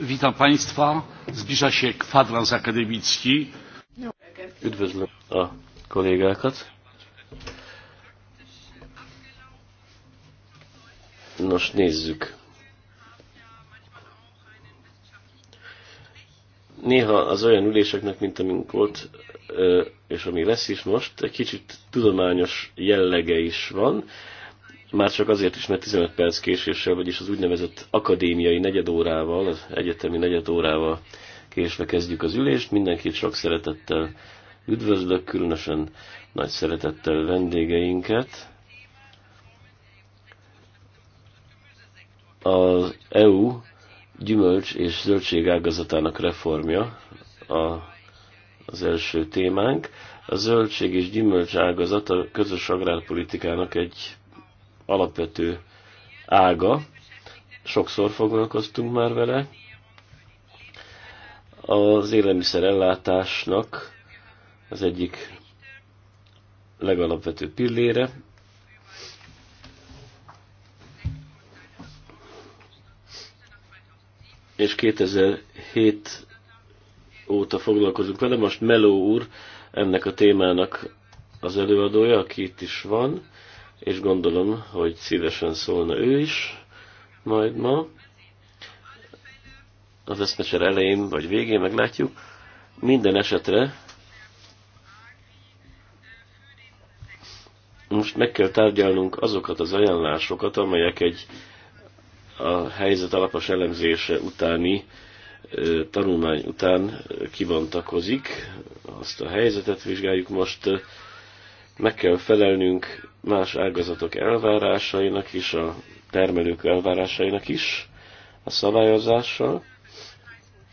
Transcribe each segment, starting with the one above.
Witam Państwa. Zbliża się kwadrans akademicki. Üdvözlöm a kollégákat. Nos, nézzük. Néha az olyan üléseknek, mint amink volt, és ami lesz is most, egy kicsit tudományos jellege is van már csak azért is, mert 15 perc késéssel, vagyis az úgynevezett akadémiai negyedórával, az egyetemi negyedórával késve kezdjük az ülést. Mindenkit sok szeretettel üdvözlök, különösen nagy szeretettel vendégeinket. Az EU gyümölcs és zöldség ágazatának reformja a, az első témánk. A zöldség és gyümölcs ágazat a közös agrárpolitikának egy alapvető ága. Sokszor foglalkoztunk már vele. Az élelmiszer ellátásnak az egyik legalapvető pillére. És 2007 óta foglalkozunk vele. Most Meló úr ennek a témának az előadója, aki itt is van, és gondolom, hogy szívesen szólna ő is majd ma. Az eszmecser elején vagy végén meglátjuk. Minden esetre most meg kell tárgyalnunk azokat az ajánlásokat, amelyek egy a helyzet alapos elemzése utáni tanulmány után kibantakozik. Azt a helyzetet vizsgáljuk most meg kell felelnünk más ágazatok elvárásainak is, a termelők elvárásainak is, a szabályozással.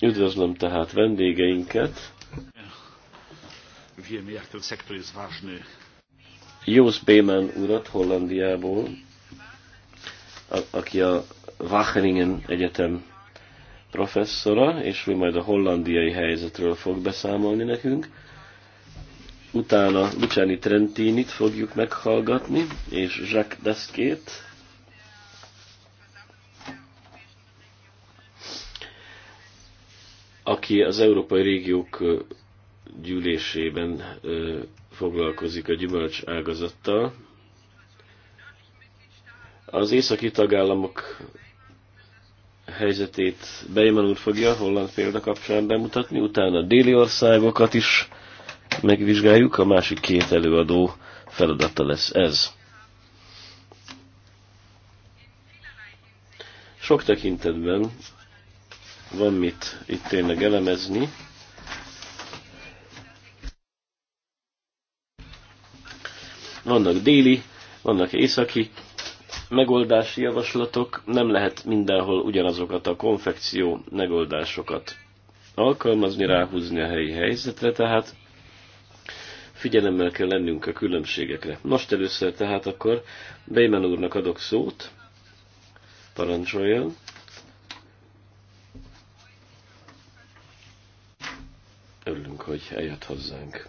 Üdvözlöm tehát vendégeinket. Wiemy, jak Jós Béman urat Hollandiából, a, aki a Wacheningen Egyetem professzora, és mi majd a hollandiai helyzetről fog beszámolni nekünk utána Luciani Trentinit fogjuk meghallgatni, és Jacques Deszkét. aki az Európai Régiók gyűlésében foglalkozik a gyümölcs ágazattal. Az északi tagállamok helyzetét Beiman úr fogja holland példa kapcsán bemutatni, utána a déli országokat is megvizsgáljuk, a másik két előadó feladata lesz ez. Sok tekintetben van mit itt tényleg elemezni. Vannak déli, vannak északi megoldási javaslatok, nem lehet mindenhol ugyanazokat a konfekció megoldásokat alkalmazni, ráhúzni a helyi helyzetre, tehát figyelemmel kell lennünk a különbségekre. Most először tehát akkor Bejmen úrnak adok szót, parancsoljon. Örülünk, hogy eljött hozzánk.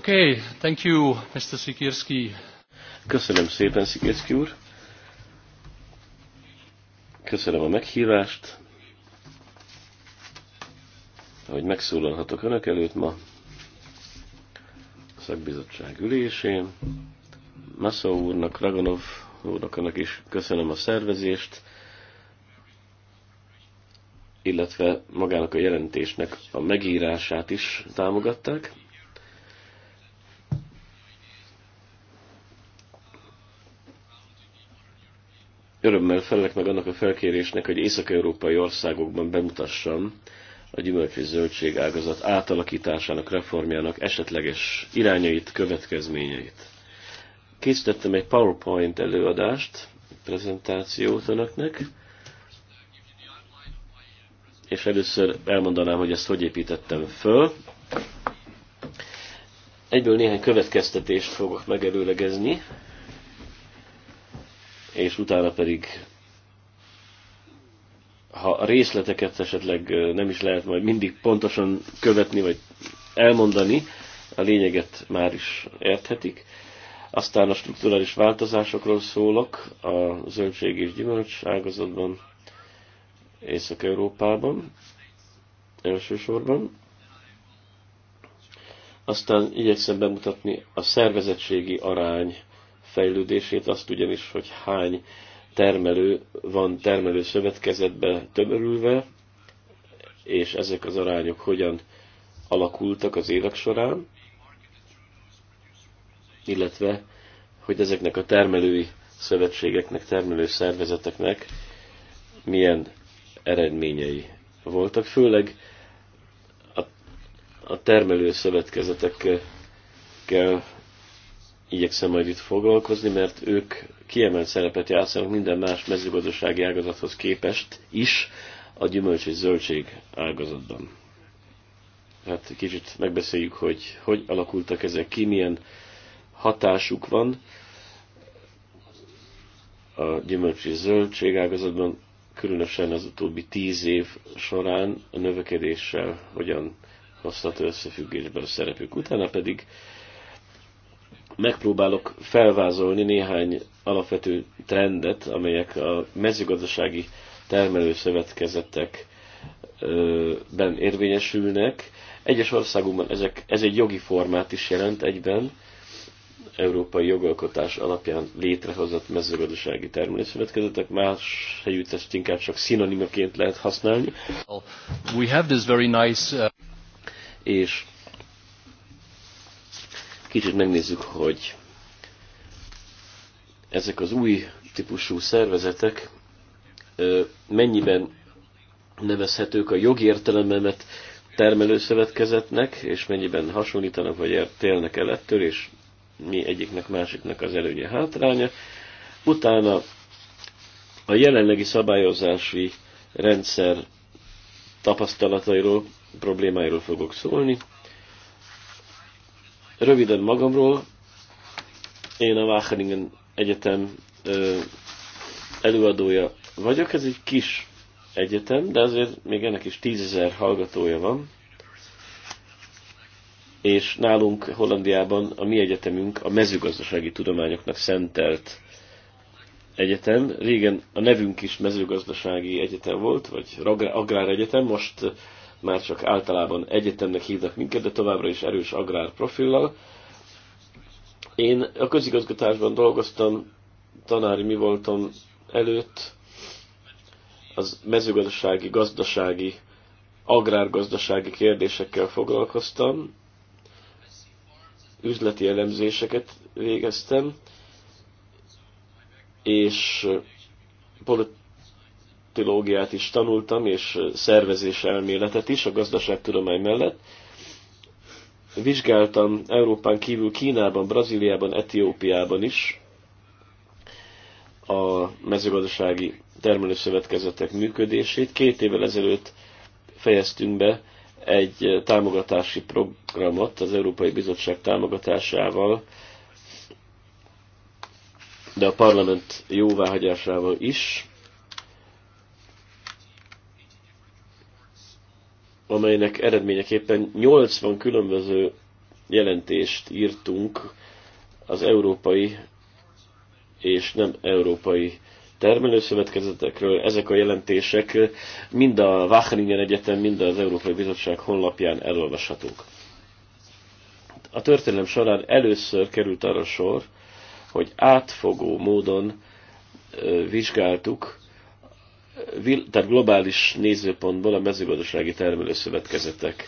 Okay, thank you, Mr. Sikirski. Köszönöm szépen, Szikirski úr. Köszönöm a meghívást, hogy megszólalhatok Önök előtt ma a szakbizottság ülésén. Massa úrnak, Raganov úrnak, önök is köszönöm a szervezést, illetve magának a jelentésnek a megírását is támogatták. örömmel felelek meg annak a felkérésnek, hogy észak-európai országokban bemutassam a gyümölcs és zöldség ágazat átalakításának, reformjának esetleges irányait, következményeit. Készítettem egy PowerPoint előadást, prezentációt önöknek, és először elmondanám, hogy ezt hogy építettem föl. Egyből néhány következtetést fogok megelőlegezni, és utána pedig ha a részleteket esetleg nem is lehet majd mindig pontosan követni, vagy elmondani, a lényeget már is érthetik. Aztán a strukturális változásokról szólok a zöldség és gyümölcs ágazatban, Észak-Európában elsősorban. Aztán igyekszem bemutatni a szervezettségi arány fejlődését, azt ugyanis, hogy hány termelő van termelő szövetkezetbe tömörülve, és ezek az arányok hogyan alakultak az évek során, illetve hogy ezeknek a termelői szövetségeknek, termelő szervezeteknek milyen eredményei voltak, főleg a, a termelő szövetkezetekkel igyekszem majd itt foglalkozni, mert ők kiemelt szerepet játszanak minden más mezőgazdasági ágazathoz képest is a gyümölcs és zöldség ágazatban. Hát kicsit megbeszéljük, hogy hogy alakultak ezek ki, milyen hatásuk van a gyümölcs és zöldség ágazatban, különösen az utóbbi tíz év során a növekedéssel hogyan hozhat összefüggésben a szerepük. Utána pedig megpróbálok felvázolni néhány alapvető trendet, amelyek a mezőgazdasági termelőszövetkezetekben érvényesülnek. Egyes országokban ezek, ez egy jogi formát is jelent egyben, európai jogalkotás alapján létrehozott mezőgazdasági termelőszövetkezetek, más helyütt ezt inkább csak szinonimaként lehet használni. We have this very nice, uh... És kicsit megnézzük, hogy ezek az új típusú szervezetek mennyiben nevezhetők a jogi értelememet termelő szövetkezetnek, és mennyiben hasonlítanak vagy télnek el ettől, és mi egyiknek másiknak az előnye hátránya. Utána a jelenlegi szabályozási rendszer tapasztalatairól, problémáiról fogok szólni, Röviden magamról, én a Wageningen Egyetem előadója vagyok, ez egy kis egyetem, de azért még ennek is tízezer hallgatója van, és nálunk Hollandiában a mi egyetemünk a mezőgazdasági tudományoknak szentelt egyetem. Régen a nevünk is mezőgazdasági egyetem volt, vagy agráregyetem, most már csak általában egyetemnek hívnak minket, de továbbra is erős profillal. Én a közigazgatásban dolgoztam, tanári mi voltam előtt, az mezőgazdasági, gazdasági, agrárgazdasági kérdésekkel foglalkoztam, üzleti elemzéseket végeztem, és politológiát is tanultam, és szervezés elméletet is a gazdaságtudomány mellett. Vizsgáltam Európán kívül Kínában, Brazíliában, Etiópiában is a mezőgazdasági termelőszövetkezetek működését. Két évvel ezelőtt fejeztünk be egy támogatási programot az Európai Bizottság támogatásával, de a parlament jóváhagyásával is, amelynek eredményeképpen 80 különböző jelentést írtunk az európai és nem európai termelőszövetkezetekről. Ezek a jelentések mind a Wageningen Egyetem, mind az Európai Bizottság honlapján elolvashatók. A történelem során először került arra sor, hogy átfogó módon vizsgáltuk tehát globális nézőpontból a mezőgazdasági termelőszövetkezetek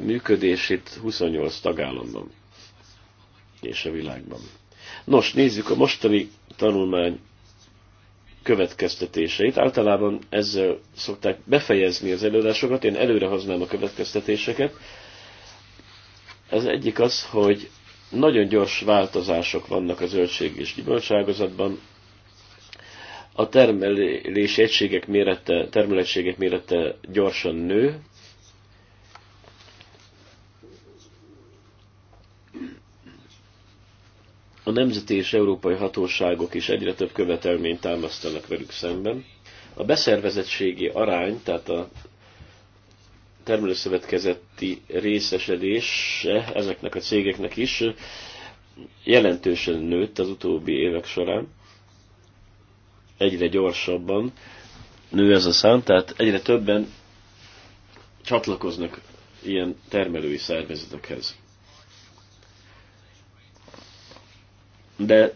működését 28 tagállamban és a világban. Nos, nézzük a mostani tanulmány következtetéseit. Általában ezzel szokták befejezni az előadásokat, én előrehoznám a következtetéseket. Az egyik az, hogy nagyon gyors változások vannak a zöldség és gyümölcságozatban, a termelési egységek mérete, termelegységek mérete gyorsan nő, a nemzeti és európai hatóságok is egyre több követelményt támasztanak velük szemben. A beszervezettségi arány, tehát a termelőszövetkezeti részesedése ezeknek a cégeknek is jelentősen nőtt az utóbbi évek során egyre gyorsabban nő ez a szám, tehát egyre többen csatlakoznak ilyen termelői szervezetekhez. De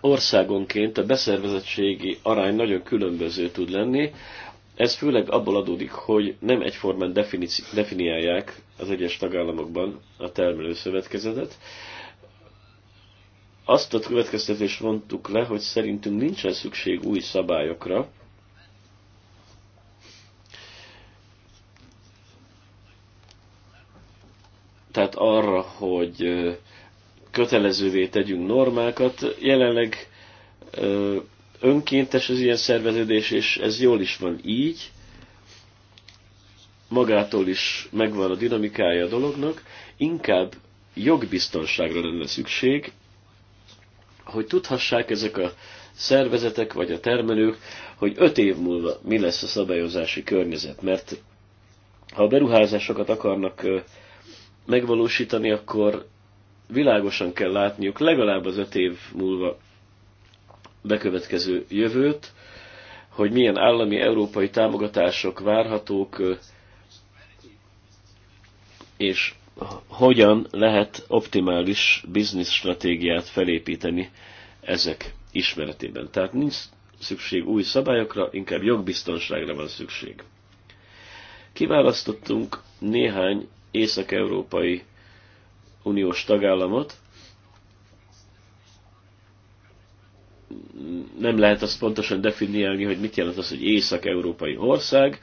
országonként a beszervezettségi arány nagyon különböző tud lenni. Ez főleg abból adódik, hogy nem egyformán definiálják az egyes tagállamokban a termelőszövetkezetet, azt a következtetést vontuk le, hogy szerintünk nincsen szükség új szabályokra, tehát arra, hogy kötelezővé tegyünk normákat. Jelenleg önkéntes az ilyen szerveződés, és ez jól is van így. Magától is megvan a dinamikája a dolognak. Inkább jogbiztonságra lenne szükség, hogy tudhassák ezek a szervezetek vagy a termelők, hogy öt év múlva mi lesz a szabályozási környezet. Mert ha a beruházásokat akarnak megvalósítani, akkor világosan kell látniuk legalább az öt év múlva bekövetkező jövőt, hogy milyen állami európai támogatások várhatók, és hogyan lehet optimális biznisz stratégiát felépíteni ezek ismeretében. Tehát nincs szükség új szabályokra, inkább jogbiztonságra van szükség. Kiválasztottunk néhány észak-európai uniós tagállamot. Nem lehet azt pontosan definiálni, hogy mit jelent az, hogy észak-európai ország.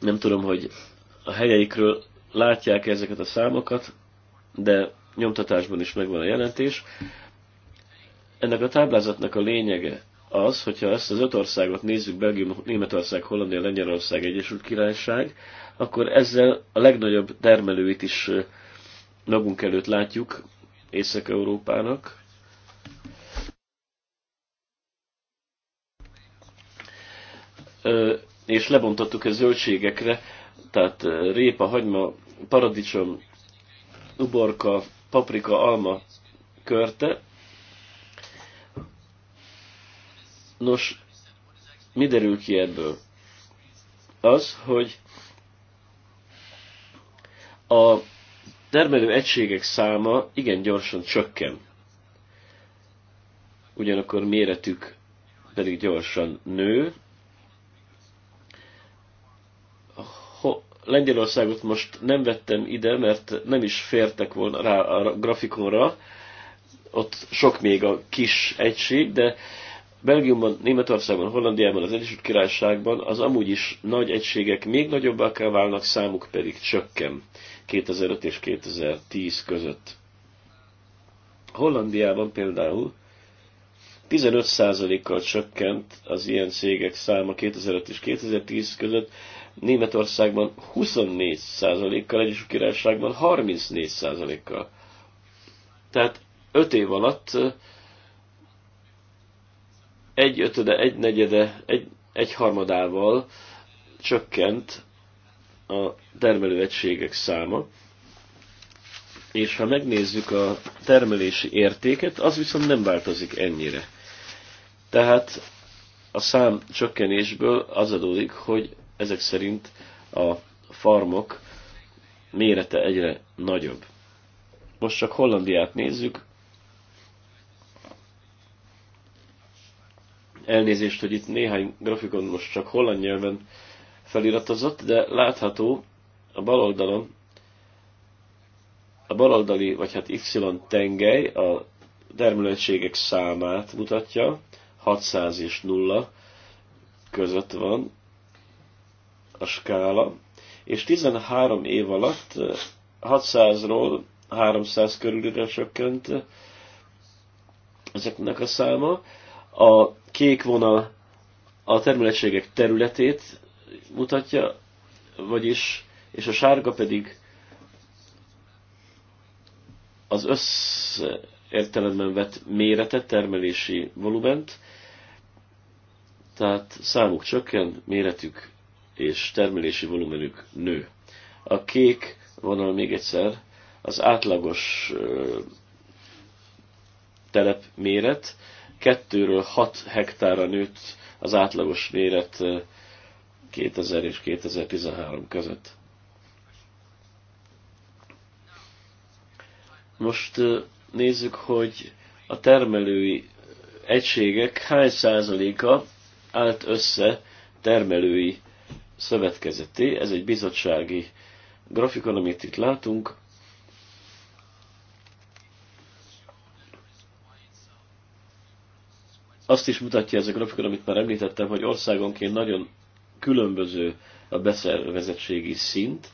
Nem tudom, hogy a helyeikről látják ezeket a számokat, de nyomtatásban is megvan a jelentés. Ennek a táblázatnak a lényege az, hogyha ezt az öt országot nézzük, Belgium, Németország, Hollandia, Lengyelország, Egyesült Királyság, akkor ezzel a legnagyobb termelőit is magunk előtt látjuk Észak-Európának. És lebontottuk a zöldségekre tehát répa, hagyma, paradicsom, uborka, paprika, alma, körte. Nos, mi derül ki ebből? Az, hogy a termelő egységek száma igen gyorsan csökken. Ugyanakkor méretük pedig gyorsan nő, Lengyelországot most nem vettem ide, mert nem is fértek volna rá a grafikonra, ott sok még a kis egység, de Belgiumban, Németországban, Hollandiában, az Egyesült Királyságban az amúgy is nagy egységek még nagyobbá válnak, számuk pedig csökken 2005 és 2010 között. Hollandiában például 15%-kal csökkent az ilyen cégek száma 2005 és 2010 között, Németországban 24%-kal, Egyesült Királyságban 34%-kal. Tehát 5 év alatt egy ötöde, egy negyede, egy, egy harmadával csökkent a termelőegységek száma. És ha megnézzük a termelési értéket, az viszont nem változik ennyire. Tehát a szám csökkenésből az adódik, hogy ezek szerint a farmok mérete egyre nagyobb. Most csak Hollandiát nézzük. Elnézést, hogy itt néhány grafikon most csak holland nyelven feliratozott, de látható a bal oldalon, a baloldali, vagy hát Y tengely a termelőegységek számát mutatja, 600 és 0 között van, a skála, és 13 év alatt 600-ról 300 körülre csökkent eh, ezeknek a száma. A kék vonal a területségek területét mutatja, vagyis, és a sárga pedig az össz értelemben vett méretet, termelési volument, tehát számuk csökken, méretük és termelési volumenük nő. A kék vonal még egyszer az átlagos telep méret, 2-ről 6 hektára nőtt az átlagos méret 2000 és 2013 között. Most nézzük, hogy a termelői egységek hány százaléka állt össze termelői szövetkezeté, Ez egy bizottsági grafikon, amit itt látunk. Azt is mutatja ez a grafikon, amit már említettem, hogy országonként nagyon különböző a beszervezettségi szint.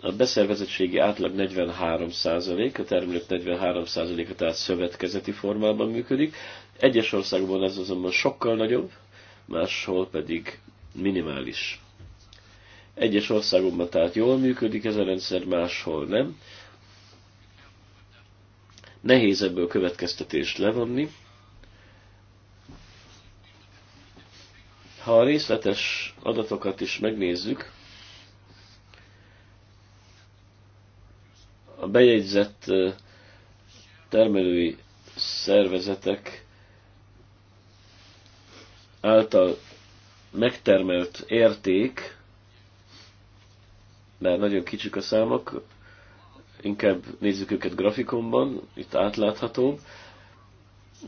A beszervezettségi átlag 43%, a termelők 43%-a tehát szövetkezeti formában működik. Egyes országban ez azonban sokkal nagyobb, máshol pedig minimális. Egyes országokban tehát jól működik ez a rendszer, máshol nem. Nehéz ebből következtetést levonni. Ha a részletes adatokat is megnézzük, a bejegyzett termelői szervezetek által megtermelt érték mert nagyon kicsik a számok, inkább nézzük őket grafikonban, itt átlátható,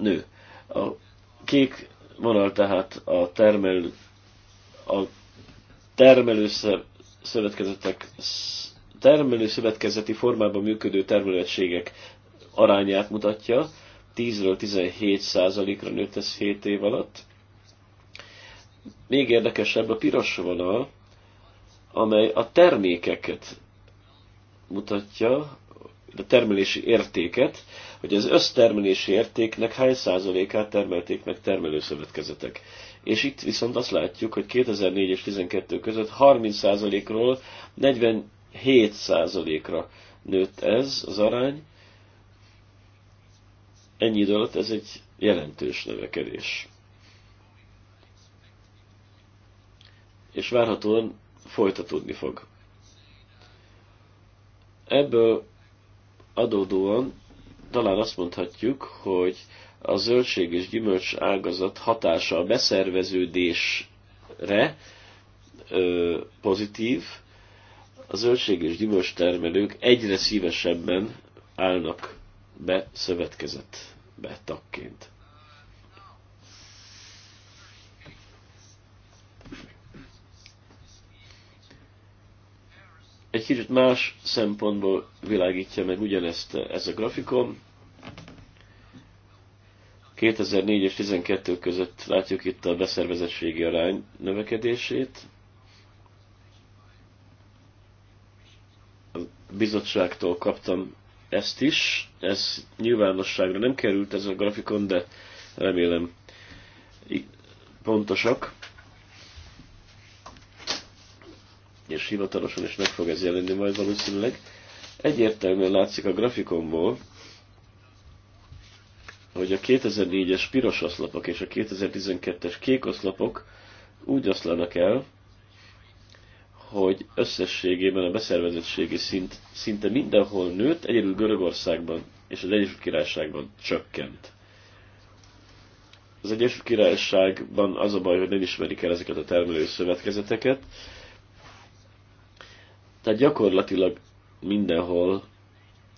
nő. A kék vonal tehát a termel, a termelő szövetkezetek termelő szövetkezeti formában működő termelőegységek arányát mutatja, 10-ről 17 százalékra nőtt ez 7 év alatt. Még érdekesebb a piros vonal, amely a termékeket mutatja, a termelési értéket, hogy az össztermelési értéknek hány százalékát termelték meg termelőszövetkezetek. És itt viszont azt látjuk, hogy 2004 és 2012 között 30 százalékról 47%-ra nőtt ez az arány. Ennyi idő alatt ez egy jelentős növekedés. És várhatóan folytatódni fog. Ebből adódóan talán azt mondhatjuk, hogy a zöldség és gyümölcs ágazat hatása a beszerveződésre ö, pozitív, a zöldség és gyümölcs termelők egyre szívesebben állnak be szövetkezetbe tagként. egy kicsit más szempontból világítja meg ugyanezt ez a grafikon. 2004 és 12 között látjuk itt a beszervezettségi arány növekedését. A bizottságtól kaptam ezt is. Ez nyilvánosságra nem került ez a grafikon, de remélem pontosak. és hivatalosan is meg fog ez jelenni majd valószínűleg. Egyértelműen látszik a grafikonból, hogy a 2004-es piros oszlopok és a 2012-es kék oszlopok úgy oszlanak el, hogy összességében a beszervezettségi szint szinte mindenhol nőtt, egyedül Görögországban és az Egyesült Királyságban csökkent. Az Egyesült Királyságban az a baj, hogy nem ismerik el ezeket a termelő szövetkezeteket, tehát gyakorlatilag mindenhol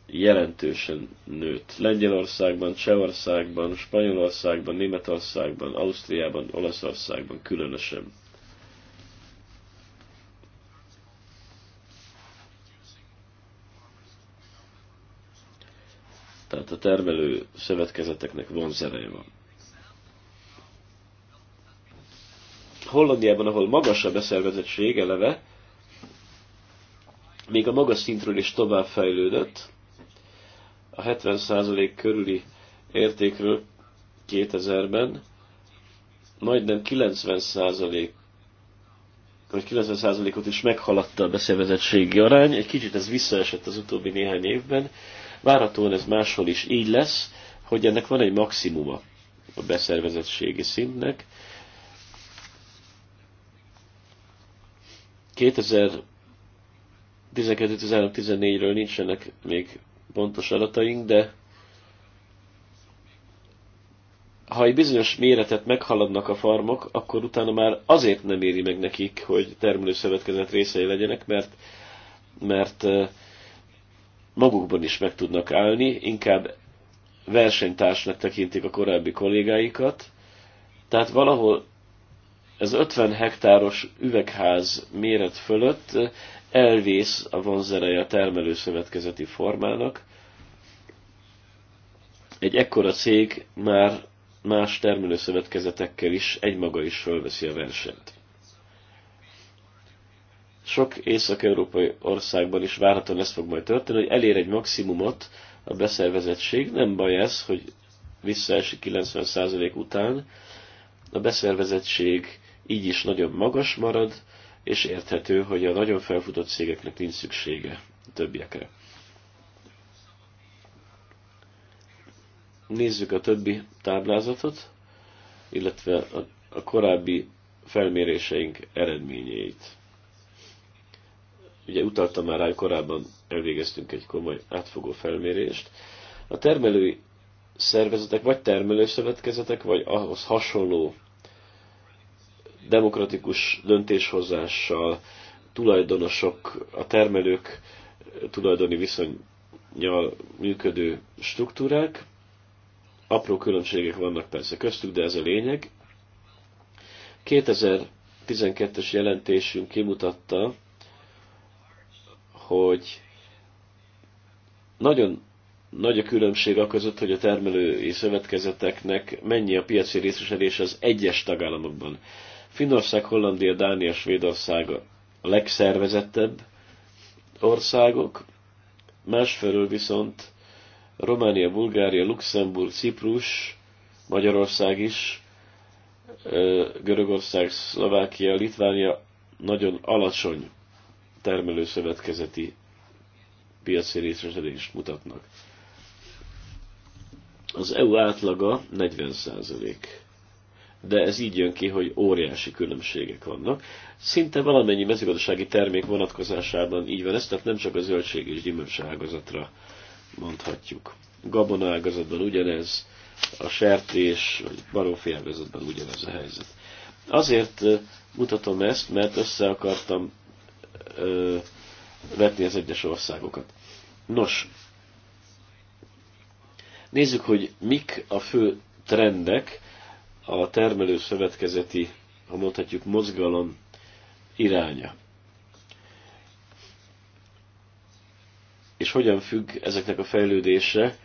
jelentősen nőtt. Lengyelországban, Csehországban, Spanyolországban, Németországban, Ausztriában, Olaszországban különösen. Tehát a termelő szövetkezeteknek vonzereje van. Hollandiában, ahol magas a beszervezettség eleve, még a magas szintről is tovább fejlődött, a 70% körüli értékről 2000-ben majdnem 90% vagy 90%-ot is meghaladta a beszervezettségi arány, egy kicsit ez visszaesett az utóbbi néhány évben, várhatóan ez máshol is így lesz, hogy ennek van egy maximuma a beszervezettségi szintnek. 2000 12-13-14-ről nincsenek még pontos adataink, de ha egy bizonyos méretet meghaladnak a farmok, akkor utána már azért nem éri meg nekik, hogy termelőszövetkezet részei legyenek, mert, mert magukban is meg tudnak állni, inkább versenytársnak tekintik a korábbi kollégáikat. Tehát valahol ez 50 hektáros üvegház méret fölött elvész a vonzereje a termelőszövetkezeti formának. Egy ekkora cég már más termelőszövetkezetekkel is egymaga is fölveszi a versenyt. Sok észak-európai országban is várhatóan ez fog majd történni, hogy elér egy maximumot a beszervezettség. Nem baj ez, hogy visszaesik 90% után. A beszervezettség így is nagyon magas marad, és érthető, hogy a nagyon felfutott cégeknek nincs szüksége a többiekre. Nézzük a többi táblázatot, illetve a, a korábbi felméréseink eredményeit. Ugye utaltam már rá, korábban elvégeztünk egy komoly átfogó felmérést. A termelői szervezetek vagy termelőszövetkezetek, vagy ahhoz hasonló demokratikus döntéshozással, tulajdonosok, a termelők tulajdoni viszonyjal működő struktúrák. Apró különbségek vannak persze köztük, de ez a lényeg. 2012-es jelentésünk kimutatta, hogy nagyon nagy a különbség a között, hogy a termelői szövetkezeteknek mennyi a piaci részesedés az egyes tagállamokban. Finnország, Hollandia, Dánia, Svédország a legszervezettebb országok, másfelől viszont Románia, Bulgária, Luxemburg, Ciprus, Magyarország is, Görögország, Szlovákia, Litvánia nagyon alacsony termelőszövetkezeti piaci részesedést mutatnak. Az EU átlaga 40 százalék de ez így jön ki, hogy óriási különbségek vannak. Szinte valamennyi mezőgazdasági termék vonatkozásában így van ez, tehát nem csak a zöldség és gyümölcs ágazatra mondhatjuk. Gabona ágazatban ugyanez, a sertés, vagy barófi ágazatban ugyanez a helyzet. Azért mutatom ezt, mert össze akartam ö, vetni az egyes országokat. Nos, nézzük, hogy mik a fő trendek, a termelő szövetkezeti, ha mondhatjuk, mozgalom iránya. És hogyan függ ezeknek a fejlődése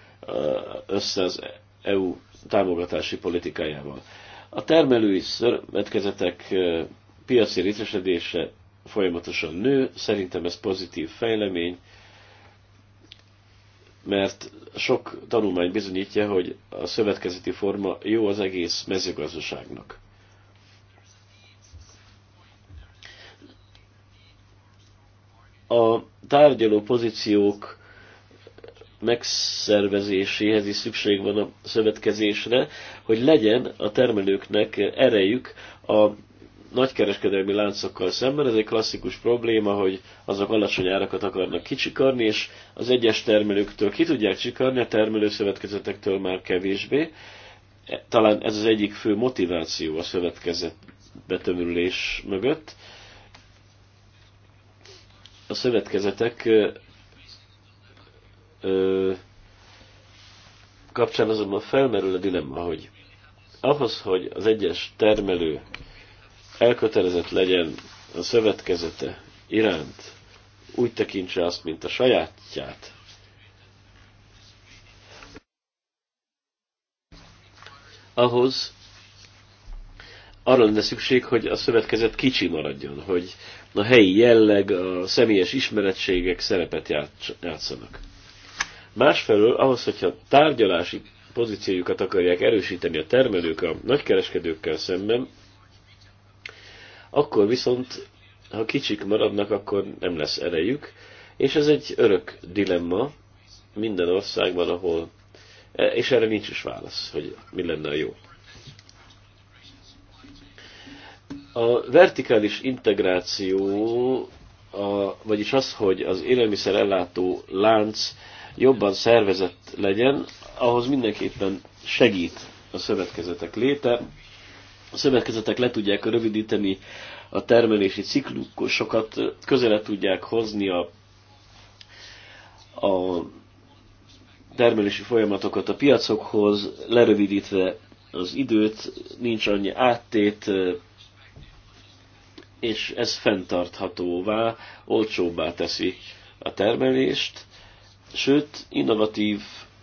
össze az EU támogatási politikájával. A termelői szövetkezetek piaci részesedése folyamatosan nő, szerintem ez pozitív fejlemény, mert sok tanulmány bizonyítja, hogy a szövetkezeti forma jó az egész mezőgazdaságnak. A tárgyaló pozíciók megszervezéséhez is szükség van a szövetkezésre, hogy legyen a termelőknek erejük a nagykereskedelmi láncokkal szemben. Ez egy klasszikus probléma, hogy azok alacsony árakat akarnak kicsikarni, és az egyes termelőktől ki tudják csikarni, a termelőszövetkezetektől már kevésbé. E, talán ez az egyik fő motiváció a szövetkezet betömülés mögött. A szövetkezetek ö, kapcsán azonban felmerül a dilemma, hogy ahhoz, hogy az egyes termelő elkötelezett legyen a szövetkezete iránt, úgy tekintse azt, mint a sajátját, ahhoz arra lenne szükség, hogy a szövetkezet kicsi maradjon, hogy a helyi jelleg, a személyes ismerettségek szerepet játszanak. Másfelől ahhoz, hogyha tárgyalási pozíciójukat akarják erősíteni a termelők a nagykereskedőkkel szemben, akkor viszont, ha kicsik maradnak, akkor nem lesz erejük, és ez egy örök dilemma minden országban, ahol, e, és erre nincs is válasz, hogy mi lenne a jó. A vertikális integráció, a, vagyis az, hogy az élelmiszer ellátó lánc jobban szervezett legyen, ahhoz mindenképpen segít a szövetkezetek léte, a szövetkezetek le tudják rövidíteni a termelési ciklusokat, közele tudják hozni a, a termelési folyamatokat a piacokhoz, lerövidítve az időt, nincs annyi áttét, és ez fenntarthatóvá, olcsóbbá teszi a termelést, sőt, innovatív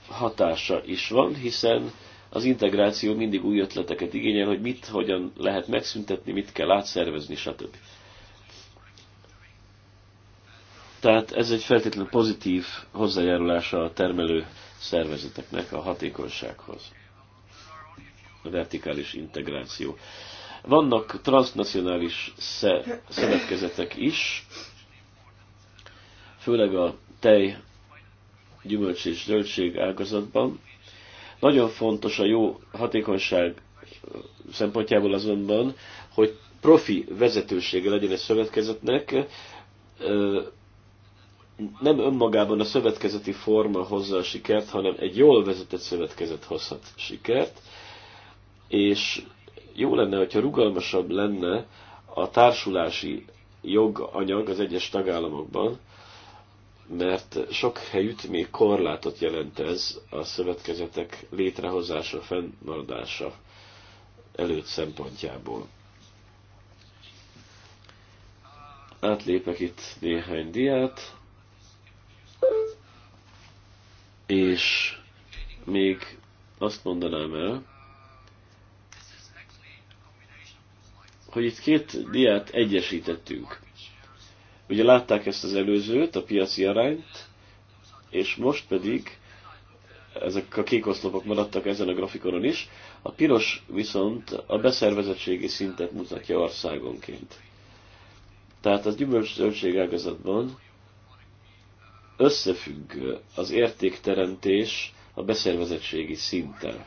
hatása is van, hiszen az integráció mindig új ötleteket igényel, hogy mit, hogyan lehet megszüntetni, mit kell átszervezni, stb. Tehát ez egy feltétlenül pozitív hozzájárulása a termelő szervezeteknek a hatékonysághoz. A vertikális integráció. Vannak transnacionális szövetkezetek is, főleg a tej, gyümölcs és zöldség ágazatban, nagyon fontos a jó hatékonyság szempontjából azonban, hogy profi vezetősége legyen egy szövetkezetnek, nem önmagában a szövetkezeti forma hozza a sikert, hanem egy jól vezetett szövetkezet hozhat sikert, és jó lenne, hogyha rugalmasabb lenne a társulási joganyag az egyes tagállamokban, mert sok helyütt még korlátot jelent ez a szövetkezetek létrehozása, fennmaradása előtt szempontjából. Átlépek itt néhány diát, és még azt mondanám el, hogy itt két diát egyesítettünk. Ugye látták ezt az előzőt, a piaci arányt, és most pedig ezek a kék oszlopok maradtak ezen a grafikonon is, a piros viszont a beszervezettségi szintet mutatja országonként. Tehát az gyümölcs-zöldség ágazatban összefügg az értékteremtés a beszervezettségi szinttel.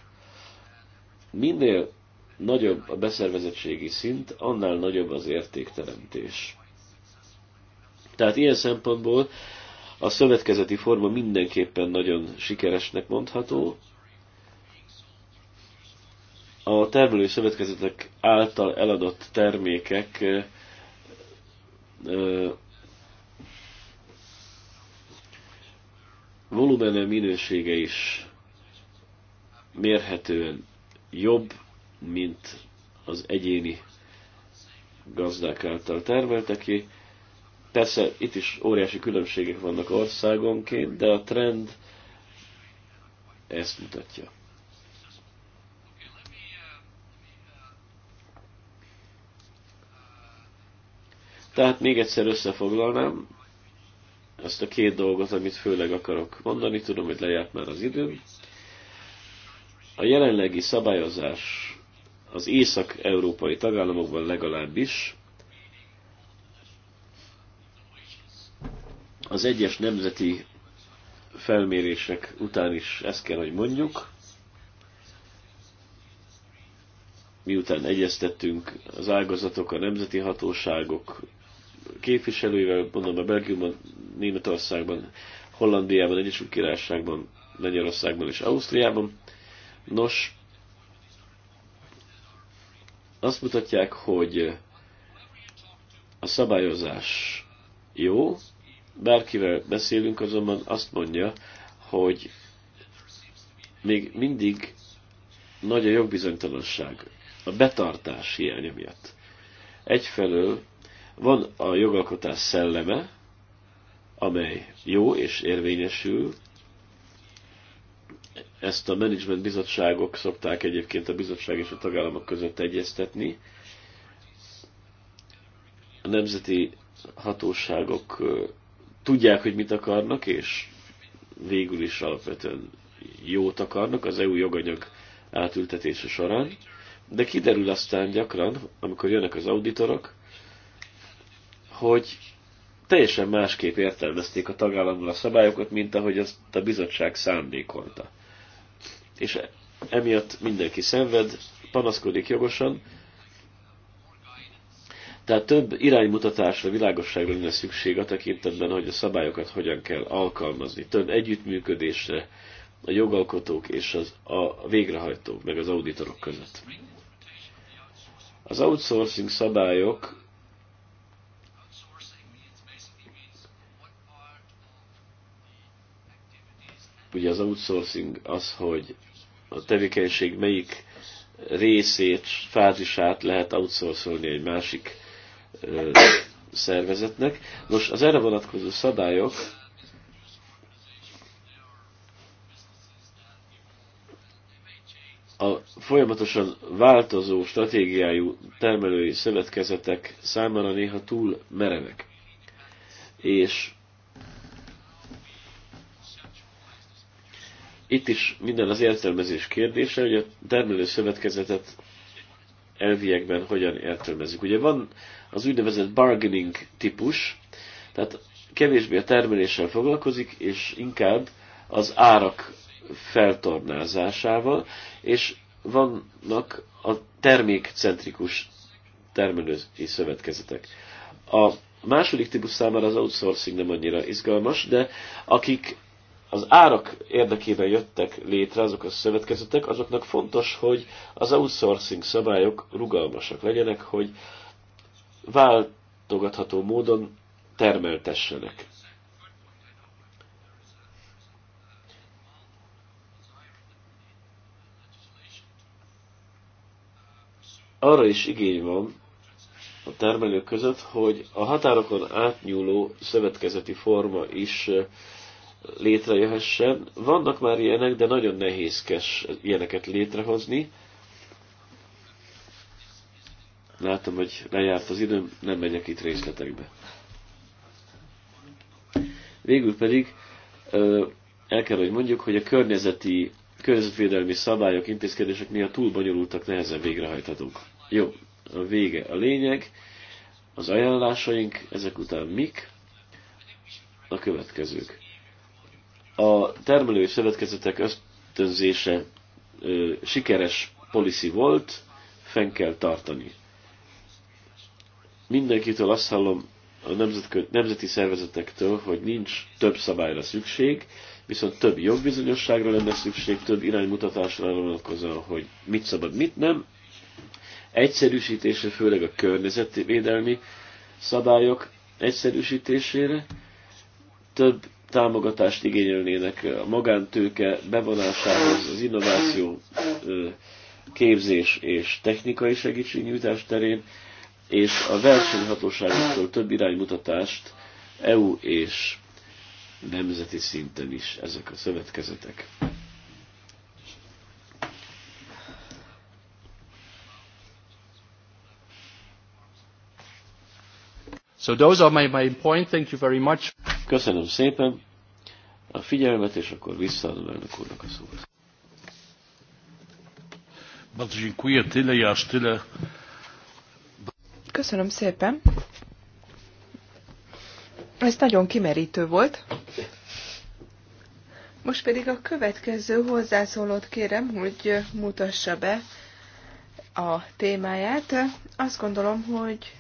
Minél nagyobb a beszervezettségi szint, annál nagyobb az értékteremtés. Tehát ilyen szempontból a szövetkezeti forma mindenképpen nagyon sikeresnek mondható. A termelő szövetkezetek által eladott termékek ö, volumene minősége is mérhetően jobb, mint az egyéni gazdák által termelteké. Persze itt is óriási különbségek vannak országonként, de a trend ezt mutatja. Tehát még egyszer összefoglalnám ezt a két dolgot, amit főleg akarok mondani, tudom, hogy lejárt már az időm. A jelenlegi szabályozás az észak-európai tagállamokban legalábbis az egyes nemzeti felmérések után is ezt kell, hogy mondjuk. Miután egyeztettünk az ágazatok, a nemzeti hatóságok képviselőivel, mondom a Belgiumban, Németországban, Hollandiában, Egyesült Királyságban, Lengyelországban és Ausztriában. Nos, azt mutatják, hogy a szabályozás jó, Bárkivel beszélünk, azonban azt mondja, hogy még mindig nagy a jogbizonytalanság, a betartás hiánya miatt. Egyfelől van a jogalkotás szelleme, amely jó és érvényesül, ezt a menedzsment bizottságok szokták egyébként a bizottság és a tagállamok között egyeztetni. A nemzeti hatóságok tudják, hogy mit akarnak, és végül is alapvetően jót akarnak az EU joganyag átültetése során, de kiderül aztán gyakran, amikor jönnek az auditorok, hogy teljesen másképp értelmezték a tagállamban a szabályokat, mint ahogy azt a bizottság szándékolta. És e- emiatt mindenki szenved, panaszkodik jogosan, tehát több iránymutatásra, világosságra lenne szükség a tekintetben, hogy a szabályokat hogyan kell alkalmazni. Több együttműködésre a jogalkotók és az, a végrehajtók, meg az auditorok között. Az outsourcing szabályok ugye az outsourcing az, hogy a tevékenység melyik részét, fázisát lehet outsourcolni egy másik szervezetnek. Nos, az erre vonatkozó szabályok a folyamatosan változó stratégiájú termelői szövetkezetek számára néha túl merevek. És itt is minden az értelmezés kérdése, hogy a termelő szövetkezetet elviekben hogyan értelmezzük. Ugye van az úgynevezett bargaining típus, tehát kevésbé a termeléssel foglalkozik, és inkább az árak feltornázásával, és vannak a termékcentrikus termelői szövetkezetek. A második típus számára az outsourcing nem annyira izgalmas, de akik az árak érdekében jöttek létre azok a szövetkezetek, azoknak fontos, hogy az outsourcing szabályok rugalmasak legyenek, hogy váltogatható módon termeltessenek. Arra is igény van a termelők között, hogy a határokon átnyúló szövetkezeti forma is létrejöhessen. Vannak már ilyenek, de nagyon nehézkes ilyeneket létrehozni Látom, hogy lejárt az időm, nem megyek itt részletekbe. Végül pedig el kell, hogy mondjuk, hogy a környezeti közvédelmi szabályok, intézkedések néha túl bonyolultak, nehezen végrehajthatók. Jó, a vége a lényeg, az ajánlásaink, ezek után mik? A következők. A termelői szövetkezetek ösztönzése ö, sikeres policy volt, fenn kell tartani. Mindenkitől azt hallom a nemzetközi, nemzeti szervezetektől, hogy nincs több szabályra szükség, viszont több jogbizonyosságra lenne szükség, több iránymutatásra vonatkozóan, hogy mit szabad, mit nem. Egyszerűsítésre, főleg a környezetvédelmi szabályok egyszerűsítésére, több támogatást igényelnének a magántőke bevonásához, az innováció képzés és technikai segítségnyújtás terén, és a versenyhatóságoktól több iránymutatást EU és nemzeti szinten is ezek a szövetkezetek. So those are my my point. Thank you very much. Köszönöm szépen a figyelmet, és akkor visszaadom elnök úrnak a szót. Bardzo dziękuję. Tyle, ja aż tyle. Köszönöm szépen. Ez nagyon kimerítő volt. Most pedig a következő hozzászólót kérem, hogy mutassa be a témáját. Azt gondolom, hogy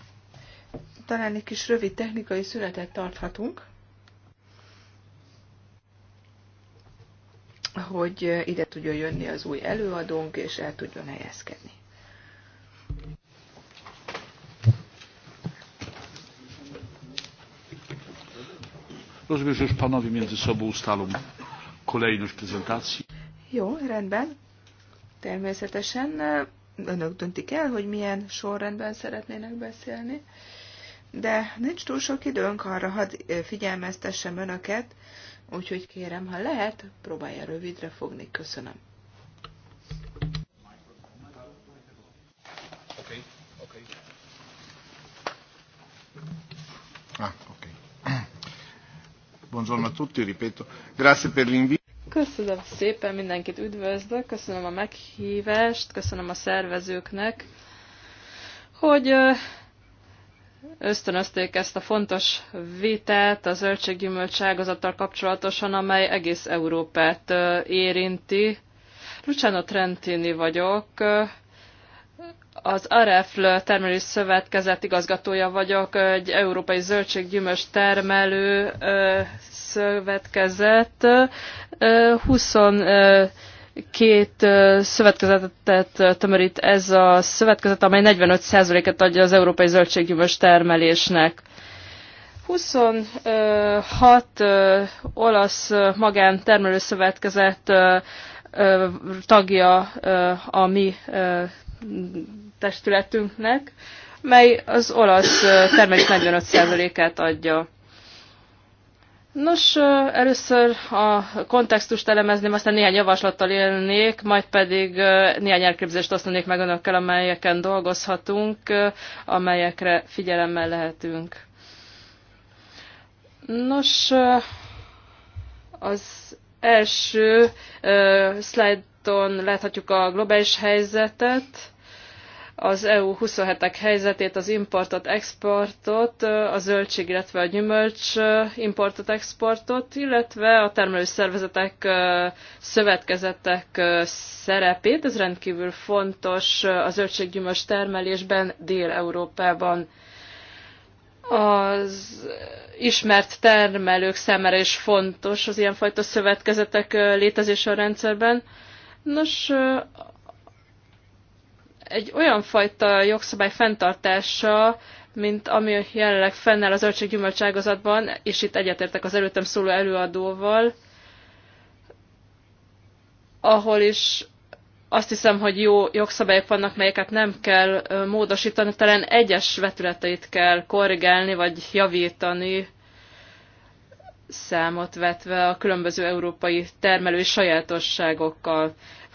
talán egy kis rövid technikai szünetet tarthatunk, hogy ide tudjon jönni az új előadónk, és el tudjon helyezkedni. Rozumiem, że już panowie między sobą ustalą kolejność prezentacji. Jó, rendben. Természetesen e, önök döntik el, hogy milyen sorrendben szeretnének beszélni, de nincs túl sok időnk arra, hadd e, figyelmeztessem önöket, úgyhogy kérem, ha lehet, próbálja rövidre fogni. Köszönöm. Buongiorno a tutti, ripeto. Grazie per l'invito. Köszönöm szépen, mindenkit üdvözlök, köszönöm a meghívást, köszönöm a szervezőknek, hogy ösztönözték ezt a fontos vitát a zöldséggyümölcs ágazattal kapcsolatosan, amely egész Európát érinti. Luciano Trentini vagyok, az Arefl termelő szövetkezet igazgatója vagyok, egy európai zöldséggyümös termelő szövetkezet. 22 szövetkezetet tömörít ez a szövetkezet, amely 45%-et adja az európai zöldséggyümös termelésnek. 26 olasz szövetkezet tagja a mi testületünknek, mely az olasz termés 45%-át adja. Nos, először a kontextust elemezném, aztán néhány javaslattal élnék, majd pedig néhány elképzelést osztanék meg önökkel, amelyeken dolgozhatunk, amelyekre figyelemmel lehetünk. Nos, az első uh, szlájdon láthatjuk a globális helyzetet az EU 27-ek helyzetét, az importot, exportot, a zöldség, illetve a gyümölcs importot, exportot, illetve a termelő szervezetek, szövetkezetek szerepét. Ez rendkívül fontos a zöldséggyümölcs termelésben Dél-Európában az ismert termelők számára is fontos az ilyenfajta szövetkezetek létezése a rendszerben. Nos, egy olyan fajta jogszabály fenntartása, mint ami jelenleg fennáll a zöldséggyümölcságazatban, és itt egyetértek az előttem szóló előadóval, ahol is azt hiszem, hogy jó jogszabályok vannak, melyeket nem kell módosítani, talán egyes vetületeit kell korrigálni, vagy javítani, számot vetve a különböző európai termelői sajátosságokkal.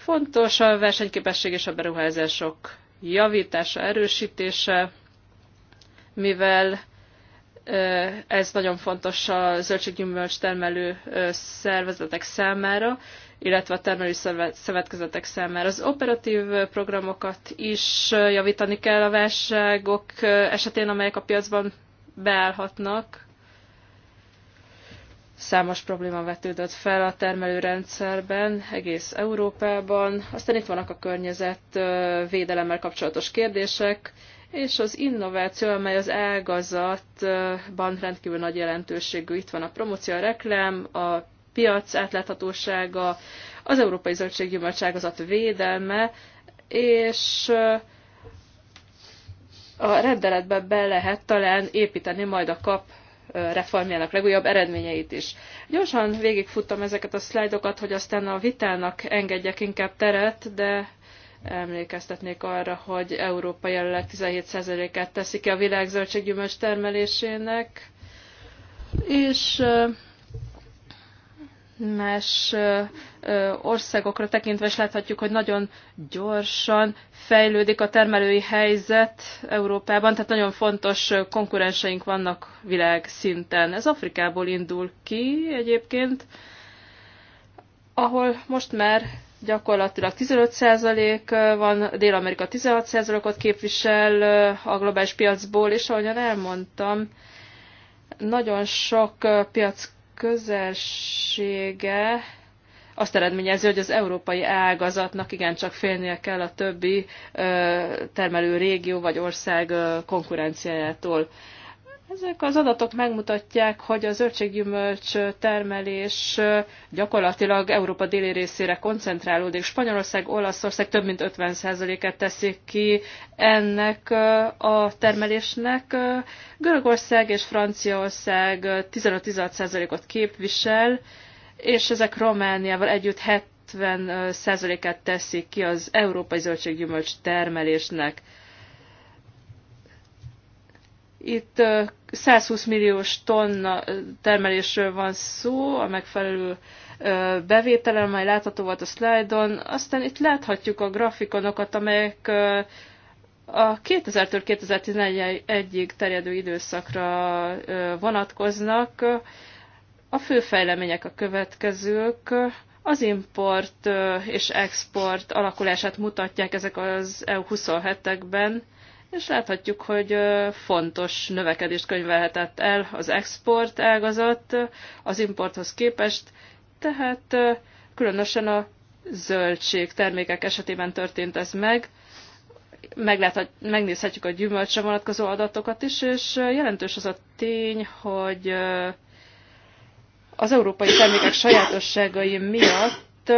Fontos a versenyképesség és a beruházások javítása, erősítése, mivel ez nagyon fontos a zöldséggyümölcs termelő szervezetek számára, illetve a termelő szövetkezetek számára. Az operatív programokat is javítani kell a válságok esetén, amelyek a piacban beállhatnak. Számos probléma vetődött fel a termelőrendszerben, egész Európában. Aztán itt vannak a környezet védelemmel kapcsolatos kérdések, és az innováció, amely az ágazatban rendkívül nagy jelentőségű. Itt van a promóció, a reklám, a piac átláthatósága, az európai zöldséggyümölcs ágazat védelme, és a rendeletbe be lehet talán építeni majd a kap reformjának legújabb eredményeit is. Gyorsan végigfuttam ezeket a szlájdokat, hogy aztán a vitának engedjek inkább teret, de emlékeztetnék arra, hogy Európa jelenleg 17%-át teszi ki a világ termelésének, és más országokra tekintve is láthatjuk, hogy nagyon gyorsan fejlődik a termelői helyzet Európában, tehát nagyon fontos konkurenseink vannak világszinten. Ez Afrikából indul ki egyébként, ahol most már gyakorlatilag 15% van, Dél-Amerika 16%-ot képvisel a globális piacból, és ahogyan elmondtam, nagyon sok piac közelsége azt eredményezi, hogy az európai ágazatnak igencsak félnie kell a többi termelő régió vagy ország konkurenciájától. Ezek az adatok megmutatják, hogy az zöldséggyümölcs termelés gyakorlatilag Európa déli részére koncentrálódik. Spanyolország, Olaszország több mint 50%-et teszik ki ennek a termelésnek. Görögország és Franciaország 15-16%-ot képvisel, és ezek Romániával együtt 70 et teszik ki az európai zöldséggyümölcs termelésnek. Itt 120 milliós tonna termelésről van szó, a megfelelő bevételen majd látható volt a szlájdon. Aztán itt láthatjuk a grafikonokat, amelyek a 2000-től 2011-ig terjedő időszakra vonatkoznak. A fő fejlemények a következők. Az import és export alakulását mutatják ezek az EU 27-ekben és láthatjuk, hogy fontos növekedést könyvelhetett el az export ágazat az importhoz képest, tehát különösen a zöldség termékek esetében történt ez meg. Megláthat, megnézhetjük a gyümölcsre vonatkozó adatokat is, és jelentős az a tény, hogy az európai termékek sajátosságai miatt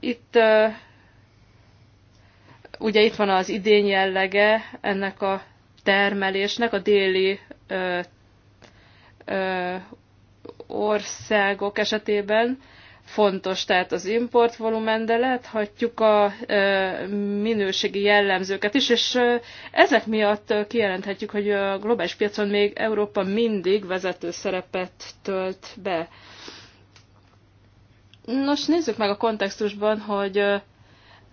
itt Ugye itt van az idény jellege ennek a termelésnek, a déli ö, ö, országok esetében fontos, tehát az import volumen, de láthatjuk a ö, minőségi jellemzőket is, és ö, ezek miatt kijelenthetjük, hogy a globális piacon még Európa mindig vezető szerepet tölt be. Nos, nézzük meg a kontextusban, hogy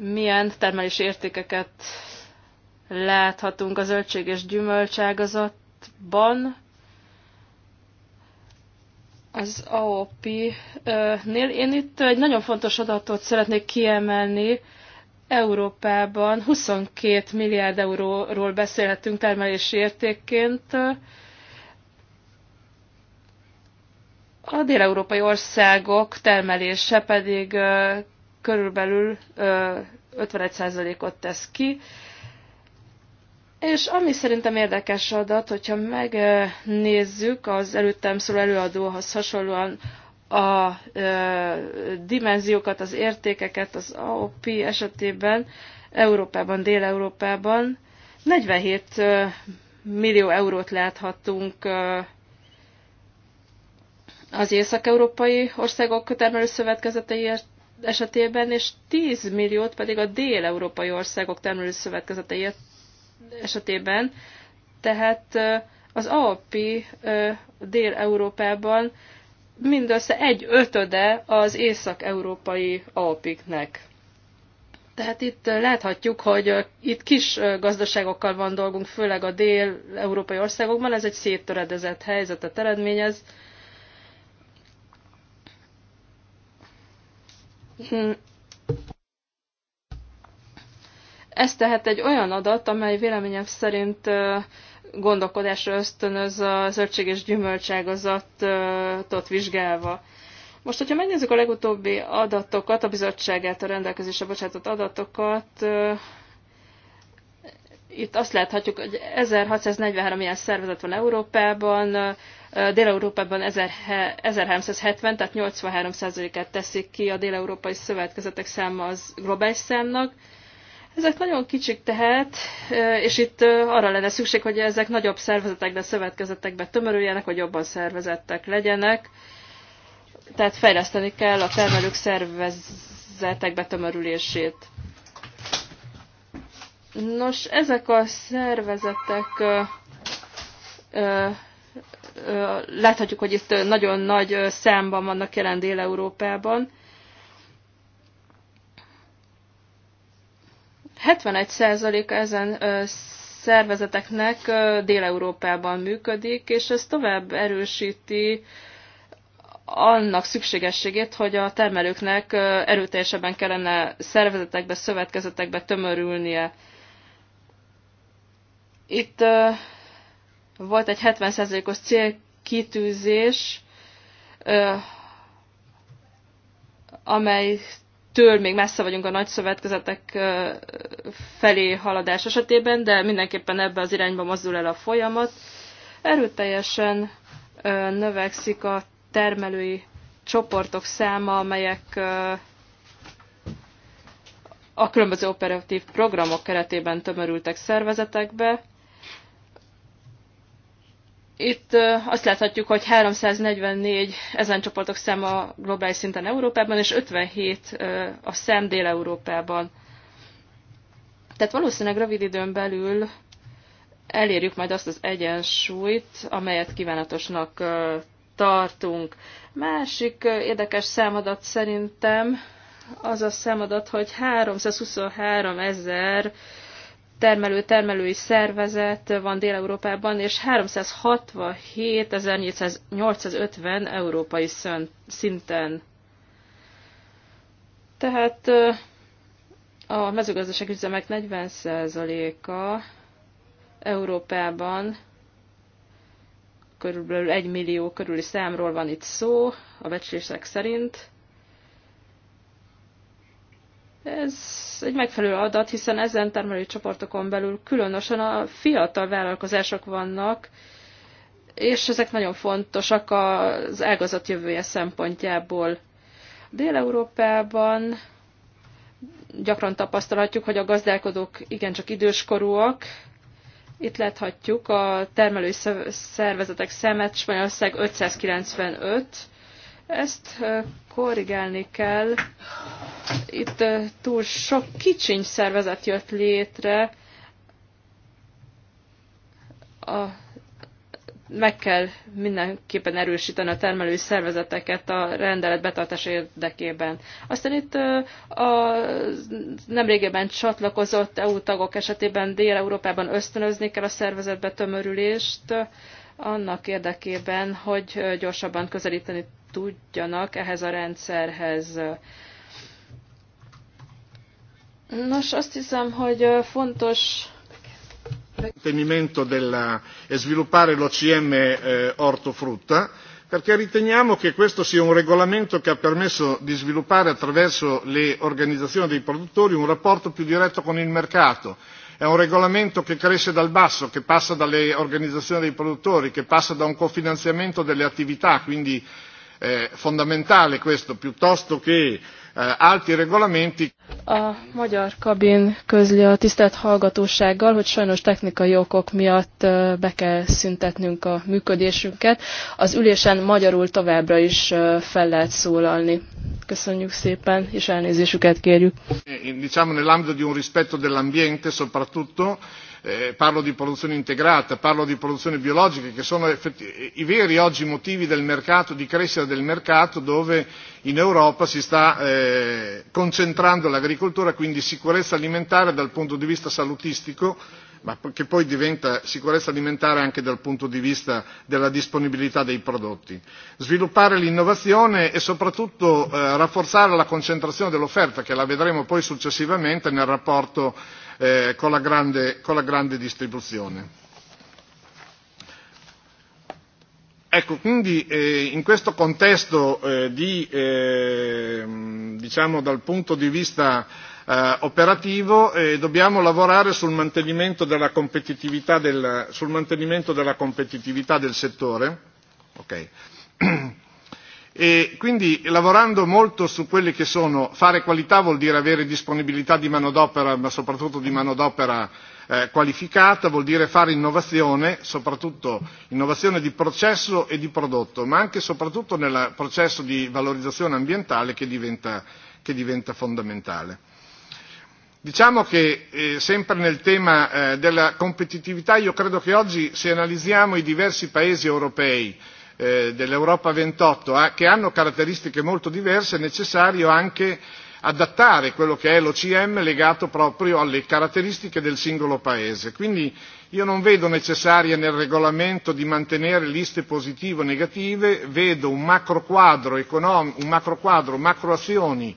milyen termelési értékeket láthatunk a zöldség és gyümölcságazatban. Az AOP-nél én itt egy nagyon fontos adatot szeretnék kiemelni, Európában 22 milliárd euróról beszélhetünk termelési értékként. A dél-európai országok termelése pedig körülbelül 51%-ot tesz ki. És ami szerintem érdekes adat, hogyha megnézzük az előttem szóló előadóhoz hasonlóan a dimenziókat, az értékeket az AOP esetében, Európában, Dél-Európában 47 millió eurót láthatunk az észak-európai országok termelőszövetkezeteiért, esetében, és 10 milliót pedig a dél-európai országok termelő szövetkezetei esetében. Tehát az AOP dél-európában mindössze egy ötöde az észak-európai alpiknek. Tehát itt láthatjuk, hogy itt kis gazdaságokkal van dolgunk, főleg a dél-európai országokban, ez egy széttöredezett helyzetet eredményez, Ez tehát egy olyan adat, amely véleményem szerint gondolkodásra ösztönöz a zöldség és gyümölcságazatot vizsgálva. Most, hogyha megnézzük a legutóbbi adatokat, a bizottságát, a rendelkezésre bocsátott adatokat, itt azt láthatjuk, hogy 1643 ilyen szervezet van Európában, Dél-Európában 1370, tehát 83%-át teszik ki a dél-európai szövetkezetek száma az globális számnak. Ezek nagyon kicsik tehát, és itt arra lenne szükség, hogy ezek nagyobb szervezetekbe, szövetkezetekben tömörüljenek, hogy jobban szervezettek legyenek. Tehát fejleszteni kell a termelők szervezetekbe tömörülését. Nos, ezek a szervezetek ö, ö, ö, láthatjuk, hogy itt nagyon nagy számban vannak jelen Dél-Európában. 71%-a ezen szervezeteknek Dél-Európában működik, és ez tovább erősíti annak szükségességét, hogy a termelőknek erőteljesebben kellene szervezetekbe, szövetkezetekbe tömörülnie. Itt volt egy 70%-os célkitűzés, amely től még messze vagyunk a nagy szövetkezetek felé haladás esetében, de mindenképpen ebbe az irányba mozdul el a folyamat. Erőteljesen növekszik a termelői csoportok száma, amelyek a különböző operatív programok keretében tömörültek szervezetekbe, itt azt láthatjuk, hogy 344 ezen csoportok száma globális szinten Európában, és 57 a szem Dél-Európában. Tehát valószínűleg rövid időn belül elérjük majd azt az egyensúlyt, amelyet kívánatosnak tartunk. Másik érdekes számadat szerintem az a számadat, hogy 323 ezer termelő-termelői szervezet van Dél-Európában, és 367.850 európai szinten. Tehát a mezőgazdaság üzemek 40%-a Európában körülbelül 1 millió körüli számról van itt szó, a becslések szerint. Ez egy megfelelő adat, hiszen ezen termelő csoportokon belül különösen a fiatal vállalkozások vannak, és ezek nagyon fontosak az ágazat jövője szempontjából. Dél-Európában gyakran tapasztalhatjuk, hogy a gazdálkodók igencsak időskorúak. Itt láthatjuk a termelői szervezetek szemet, Spanyolország 595, ezt korrigálni kell. Itt túl sok kicsiny szervezet jött létre. A, meg kell mindenképpen erősíteni a termelői szervezeteket a rendelet betartása érdekében. Aztán itt a nemrégében csatlakozott EU tagok esetében Dél-Európában ösztönözni kell a szervezetbe tömörülést annak érdekében, hogy gyorsabban közelíteni tudjanak ehhez a rendszerhez. Nos, azt hiszem, hogy fontos tenimento della e sviluppare l'OCM eh, ortofrutta perché riteniamo che questo sia un regolamento che ha permesso di sviluppare attraverso le organizzazioni dei produttori un rapporto più diretto con il mercato è un regolamento che cresce dal basso che passa dalle organizzazioni dei produttori che passa da un cofinanziamento delle attività quindi è eh, fondamentale questo piuttosto che álti eh, regolamenti. A magyar kabin közli a tisztelt hallgatósággal, hogy sajnos technikai okok miatt eh, be kell szüntetnünk a működésünket. Az ülésen magyarul továbbra is eh, fel lehet szólalni. Köszönjük szépen, és elnézésüket kérjük. Diciamo nell'ambito di un rispetto dell'ambiente soprattutto Eh, parlo di produzione integrata parlo di produzione biologica che sono i veri oggi motivi del mercato di crescita del mercato dove in europa si sta eh, concentrando l'agricoltura quindi sicurezza alimentare dal punto di vista salutistico ma che poi diventa sicurezza alimentare anche dal punto di vista della disponibilità dei prodotti. Sviluppare l'innovazione e soprattutto eh, rafforzare la concentrazione dell'offerta, che la vedremo poi successivamente nel rapporto eh, con, la grande, con la grande distribuzione. Ecco, quindi eh, in questo contesto eh, di, eh, diciamo dal punto di vista eh, operativo eh, dobbiamo lavorare sul mantenimento della competitività del, sul mantenimento della competitività del settore. Okay. e quindi lavorando molto su quelli che sono fare qualità vuol dire avere disponibilità di manodopera ma soprattutto di manodopera eh, qualificata vuol dire fare innovazione soprattutto innovazione di processo e di prodotto ma anche e soprattutto nel processo di valorizzazione ambientale che diventa, che diventa fondamentale. Diciamo che eh, sempre nel tema eh, della competitività io credo che oggi se analizziamo i diversi paesi europei Eh, dell'Europa 28 ah, che hanno caratteristiche molto diverse, è necessario anche adattare quello che è l'OCM legato proprio alle caratteristiche del singolo paese. Quindi io non vedo necessaria nel regolamento di mantenere liste positive o negative, vedo un macro quadro, econom- un macro quadro macroazioni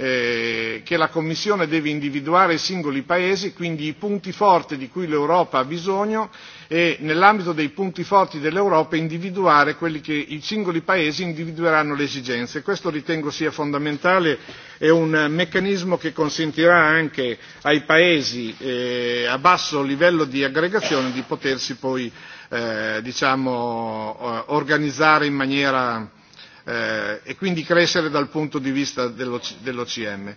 eh, che la Commissione deve individuare i singoli Paesi, quindi i punti forti di cui l'Europa ha bisogno e nell'ambito dei punti forti dell'Europa individuare quelli che i singoli Paesi individueranno le esigenze. Questo ritengo sia fondamentale, è un meccanismo che consentirà anche ai Paesi eh, a basso livello di aggregazione di potersi poi eh, diciamo, eh, organizzare in maniera eh, e quindi crescere dal punto di vista dell'OCM.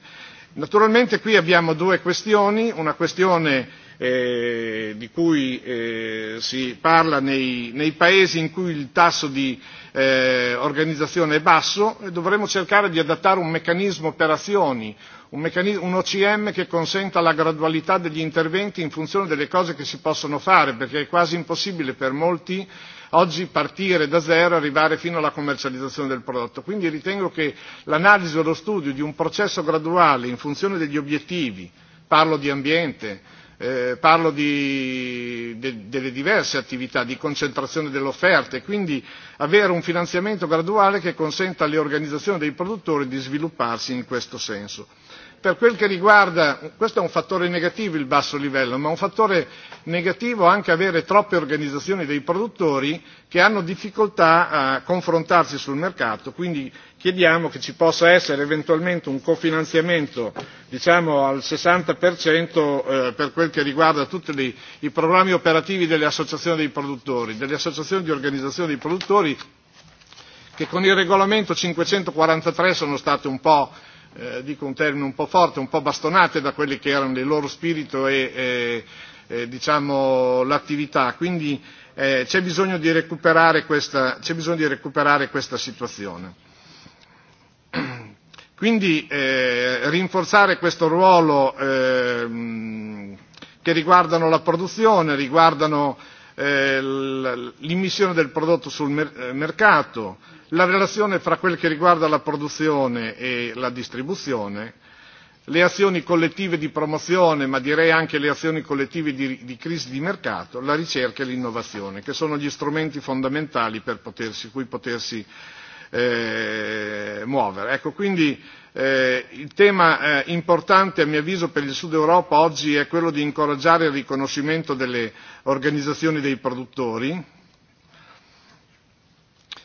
Naturalmente qui abbiamo due questioni, una questione eh, di cui eh, si parla nei, nei paesi in cui il tasso di eh, organizzazione è basso e dovremo cercare di adattare un meccanismo per azioni, un, meccanismo, un OCM che consenta la gradualità degli interventi in funzione delle cose che si possono fare, perché è quasi impossibile per molti oggi partire da zero e arrivare fino alla commercializzazione del prodotto. Quindi ritengo che l'analisi o lo studio di un processo graduale in funzione degli obiettivi, parlo di ambiente, eh, parlo di, de, delle diverse attività di concentrazione dell'offerta e quindi avere un finanziamento graduale che consenta alle organizzazioni dei produttori di svilupparsi in questo senso per quel che riguarda, questo è un fattore negativo il basso livello, ma un fattore negativo anche avere troppe organizzazioni dei produttori che hanno difficoltà a confrontarsi sul mercato, quindi chiediamo che ci possa essere eventualmente un cofinanziamento diciamo al 60% eh, per quel che riguarda tutti gli, i programmi operativi delle associazioni dei produttori, delle associazioni di organizzazione dei produttori che con il regolamento 543 sono state un po' eh, dico un termine un po' forte, un po' bastonate da quelli che erano il loro spirito e, e, e diciamo, l'attività. Quindi eh, c'è, bisogno di questa, c'è bisogno di recuperare questa situazione. Quindi eh, rinforzare questo ruolo eh, che riguardano la produzione, riguardano eh, l'immissione del prodotto sul mer- eh, mercato, la relazione fra quel che riguarda la produzione e la distribuzione, le azioni collettive di promozione, ma direi anche le azioni collettive di, di crisi di mercato, la ricerca e l'innovazione, che sono gli strumenti fondamentali per potersi, cui potersi eh, muovere. Ecco, quindi eh, il tema eh, importante a mio avviso per il Sud Europa oggi è quello di incoraggiare il riconoscimento delle organizzazioni dei produttori,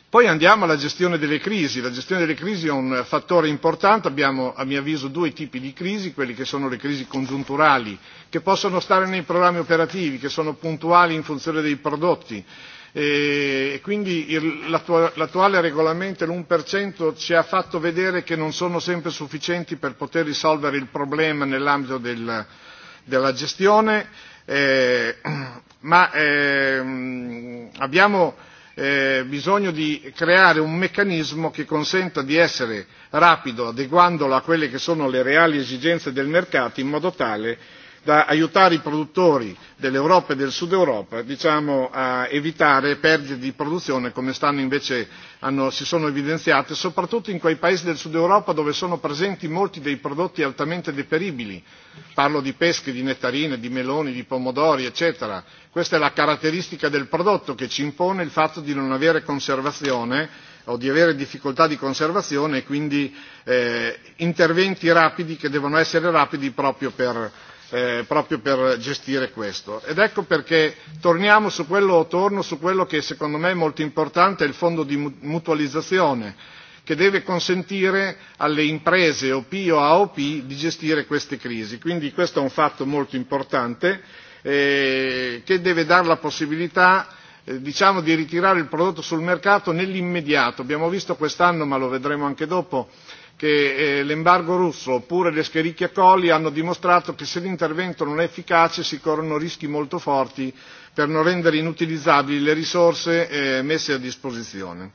Poi andiamo alla gestione delle crisi. La gestione delle crisi è un fattore importante. Abbiamo, a mio avviso, due tipi di crisi, quelle che sono le crisi congiunturali, che possono stare nei programmi operativi, che sono puntuali in funzione dei prodotti. E, e quindi l'attuale regolamento, l'1%, ci ha fatto vedere che non sono sempre sufficienti per poter risolvere il problema nell'ambito del, della gestione, eh, ma eh, abbiamo eh, bisogno di creare un meccanismo che consenta di essere rapido adeguandolo a quelle che sono le reali esigenze del mercato in modo tale da aiutare i produttori dell'Europa e del Sud Europa diciamo, a evitare perdite di produzione come stanno invece, hanno, si sono evidenziate, soprattutto in quei paesi del Sud Europa dove sono presenti molti dei prodotti altamente deperibili, parlo di pesche, di nettarine, di meloni, di pomodori eccetera, Questa è la caratteristica del prodotto che ci impone il fatto di non avere conservazione o di avere difficoltà di conservazione e quindi eh, interventi rapidi che devono essere rapidi proprio per, eh, proprio per gestire questo. Ed ecco perché torniamo su quello, torno su quello che secondo me è molto importante, il fondo di mutualizzazione che deve consentire alle imprese OP o AOP di gestire queste crisi. Quindi questo è un fatto molto importante eh, che deve dare la possibilità eh, diciamo di ritirare il prodotto sul mercato nell'immediato. Abbiamo visto quest'anno, ma lo vedremo anche dopo, che eh, l'embargo russo oppure le scherichia colli hanno dimostrato che se l'intervento non è efficace si corrono rischi molto forti per non rendere inutilizzabili le risorse eh, messe a disposizione.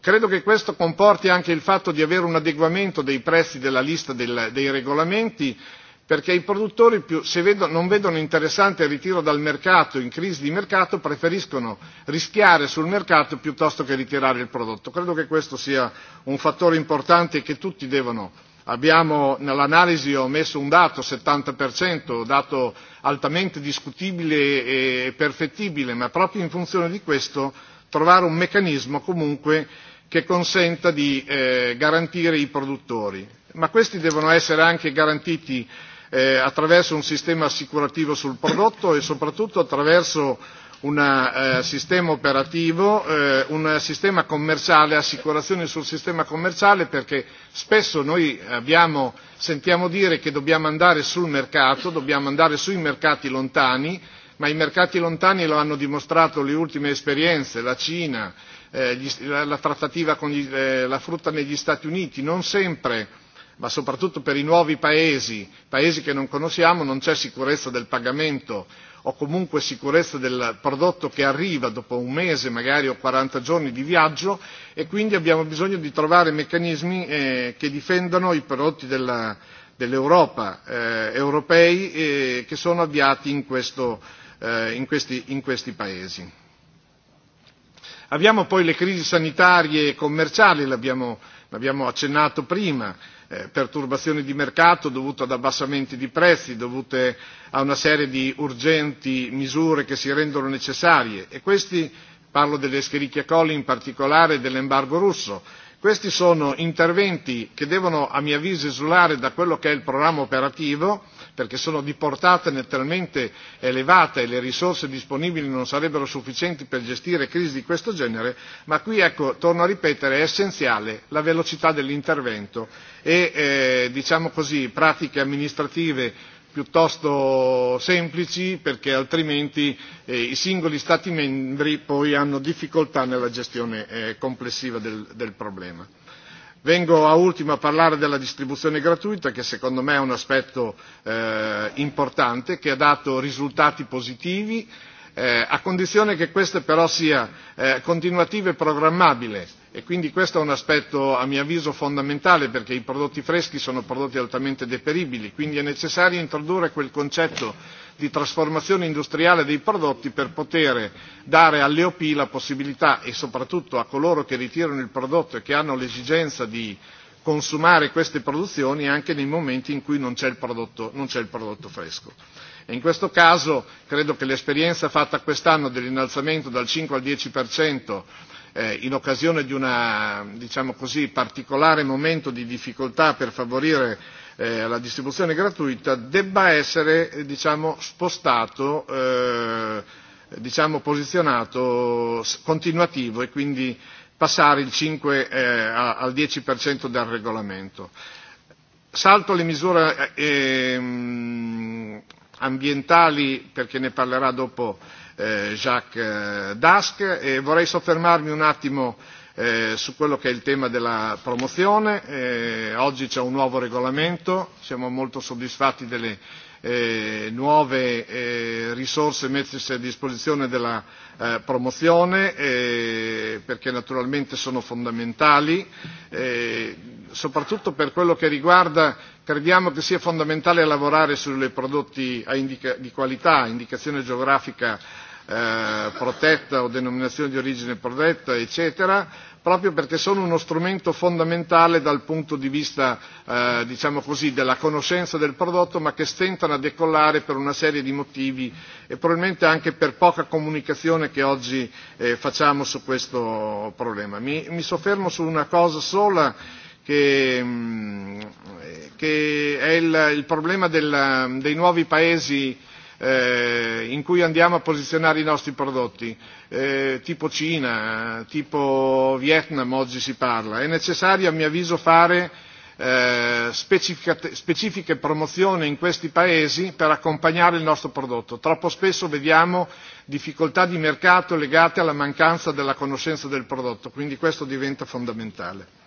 Credo che questo comporti anche il fatto di avere un adeguamento dei prezzi della lista del, dei regolamenti perché i produttori più, se vedo, non vedono interessante il ritiro dal mercato in crisi di mercato preferiscono rischiare sul mercato piuttosto che ritirare il prodotto. Credo che questo sia un fattore importante che tutti devono abbiamo nell'analisi ho messo un dato 70%, dato altamente discutibile e perfettibile, ma proprio in funzione di questo trovare un meccanismo comunque che consenta di eh, garantire i produttori. Ma questi devono essere anche garantiti eh, attraverso un sistema assicurativo sul prodotto e soprattutto attraverso un eh, sistema operativo, eh, un sistema commerciale, assicurazioni sul sistema commerciale perché spesso noi abbiamo, sentiamo dire che dobbiamo andare sul mercato, dobbiamo andare sui mercati lontani, ma i mercati lontani lo hanno dimostrato le ultime esperienze, la Cina, eh, gli, la, la trattativa con gli, eh, la frutta negli Stati Uniti, non sempre ma soprattutto per i nuovi paesi, paesi che non conosciamo, non c'è sicurezza del pagamento o comunque sicurezza del prodotto che arriva dopo un mese magari o 40 giorni di viaggio e quindi abbiamo bisogno di trovare meccanismi eh, che difendano i prodotti della, dell'Europa, eh, europei eh, che sono avviati in, questo, eh, in, questi, in questi paesi. Abbiamo poi le crisi sanitarie e commerciali, l'abbiamo, l'abbiamo accennato prima Eh, perturbazioni di mercato dovute ad abbassamenti di prezzi, dovute a una serie di urgenti misure che si rendono necessarie e questi parlo delle Escherichia Coli in particolare e dell'embargo russo. Questi sono interventi che devono, a mio avviso, esulare da quello che è il programma operativo perché sono di portata talmente elevata e le risorse disponibili non sarebbero sufficienti per gestire crisi di questo genere, ma qui ecco, torno a ripetere, è essenziale la velocità dell'intervento e eh, diciamo così, pratiche amministrative piuttosto semplici perché altrimenti eh, i singoli Stati membri poi hanno difficoltà nella gestione eh, complessiva del, del problema. Vengo a ultimo a parlare della distribuzione gratuita, che secondo me è un aspetto eh, importante, che ha dato risultati positivi Eh, a condizione che questa però sia eh, continuativa e programmabile e quindi questo è un aspetto a mio avviso fondamentale perché i prodotti freschi sono prodotti altamente deperibili, quindi è necessario introdurre quel concetto di trasformazione industriale dei prodotti per poter dare alle OP la possibilità e soprattutto a coloro che ritirano il prodotto e che hanno l'esigenza di consumare queste produzioni anche nei momenti in cui non c'è il prodotto, non c'è il prodotto fresco e in questo caso credo che l'esperienza fatta quest'anno dell'innalzamento dal 5 al 10% eh, in occasione di un diciamo particolare momento di difficoltà per favorire eh, la distribuzione gratuita debba essere eh, diciamo, spostato eh, diciamo posizionato continuativo e quindi passare il 5 eh, al 10% del regolamento. Salto le misure eh, ehm, ambientali, perché ne parlerà dopo eh, Jacques eh, Dask, e vorrei soffermarmi un attimo eh, su quello che è il tema della promozione. Eh, oggi c'è un nuovo regolamento, siamo molto soddisfatti delle eh, nuove eh, risorse messe a disposizione della eh, promozione eh, perché naturalmente sono fondamentali, eh, soprattutto per quello che riguarda crediamo che sia fondamentale lavorare sui prodotti di qualità indicazione geografica eh, protetta o denominazione di origine protetta eccetera proprio perché sono uno strumento fondamentale dal punto di vista eh, diciamo così della conoscenza del prodotto ma che stentano a decollare per una serie di motivi e probabilmente anche per poca comunicazione che oggi eh, facciamo su questo problema. Mi, mi soffermo su una cosa sola che, mm, che è il, il problema della, dei nuovi paesi eh, in cui andiamo a posizionare i nostri prodotti, eh, tipo Cina, tipo Vietnam oggi si parla. È necessario, a mio avviso, fare eh, specifiche promozioni in questi paesi per accompagnare il nostro prodotto. Troppo spesso vediamo difficoltà di mercato legate alla mancanza della conoscenza del prodotto, quindi questo diventa fondamentale.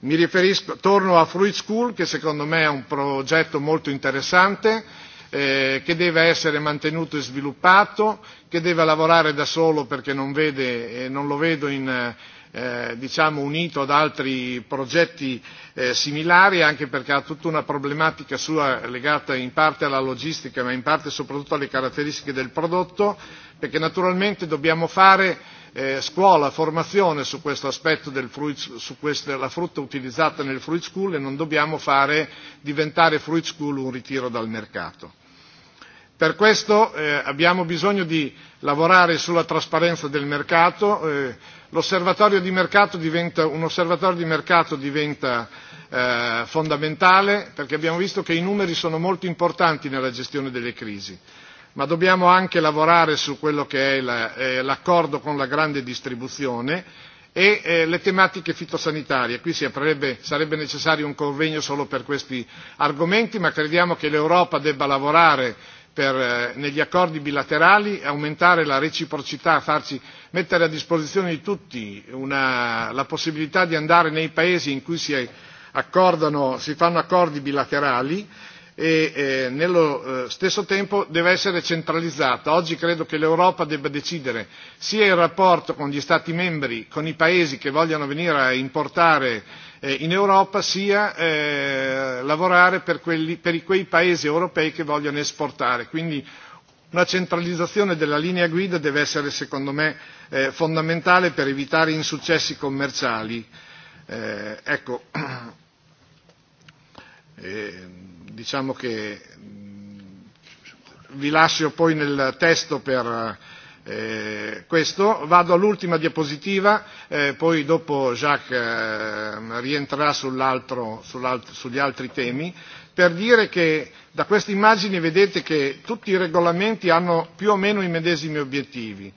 Mi riferisco, torno a Fruit School, che secondo me è un progetto molto interessante, eh, che deve essere mantenuto e sviluppato, che deve lavorare da solo perché non, vede, eh, non lo vedo in, eh, diciamo unito ad altri progetti eh, similari, anche perché ha tutta una problematica sua legata in parte alla logistica, ma in parte soprattutto alle caratteristiche del prodotto, perché naturalmente dobbiamo fare eh, scuola, formazione su questo aspetto del fruit, su questa, la frutta utilizzata nel fruit school e non dobbiamo fare diventare fruit school un ritiro dal mercato. Per questo eh, abbiamo bisogno di lavorare sulla trasparenza del mercato, eh, l'osservatorio di mercato diventa, un osservatorio di mercato diventa eh, fondamentale perché abbiamo visto che i numeri sono molto importanti nella gestione delle crisi ma dobbiamo anche lavorare su quello che è l'accordo con la grande distribuzione e eh, le tematiche fitosanitarie. Qui si aprebbe, sarebbe necessario un convegno solo per questi argomenti, ma crediamo che l'Europa debba lavorare per, eh, negli accordi bilaterali, aumentare la reciprocità, farci mettere a disposizione di tutti una, la possibilità di andare nei paesi in cui si, accordano, si fanno accordi bilaterali e eh, nello eh, stesso tempo deve essere centralizzata. Oggi credo che l'Europa debba decidere sia il rapporto con gli Stati membri, con i paesi che vogliono venire a importare eh, in Europa, sia eh, lavorare per, quelli, per quei paesi europei che vogliono esportare. Quindi una centralizzazione della linea guida deve essere, secondo me, eh, fondamentale per evitare insuccessi commerciali. Eh, ecco, eh, diciamo che mm, vi lascio poi nel testo per eh, questo. Vado all'ultima diapositiva, eh, poi dopo Jacques eh, rientrerà sull'altro, sull'alt- sugli altri temi, per dire che da queste immagini vedete che tutti i regolamenti hanno più o meno i medesimi obiettivi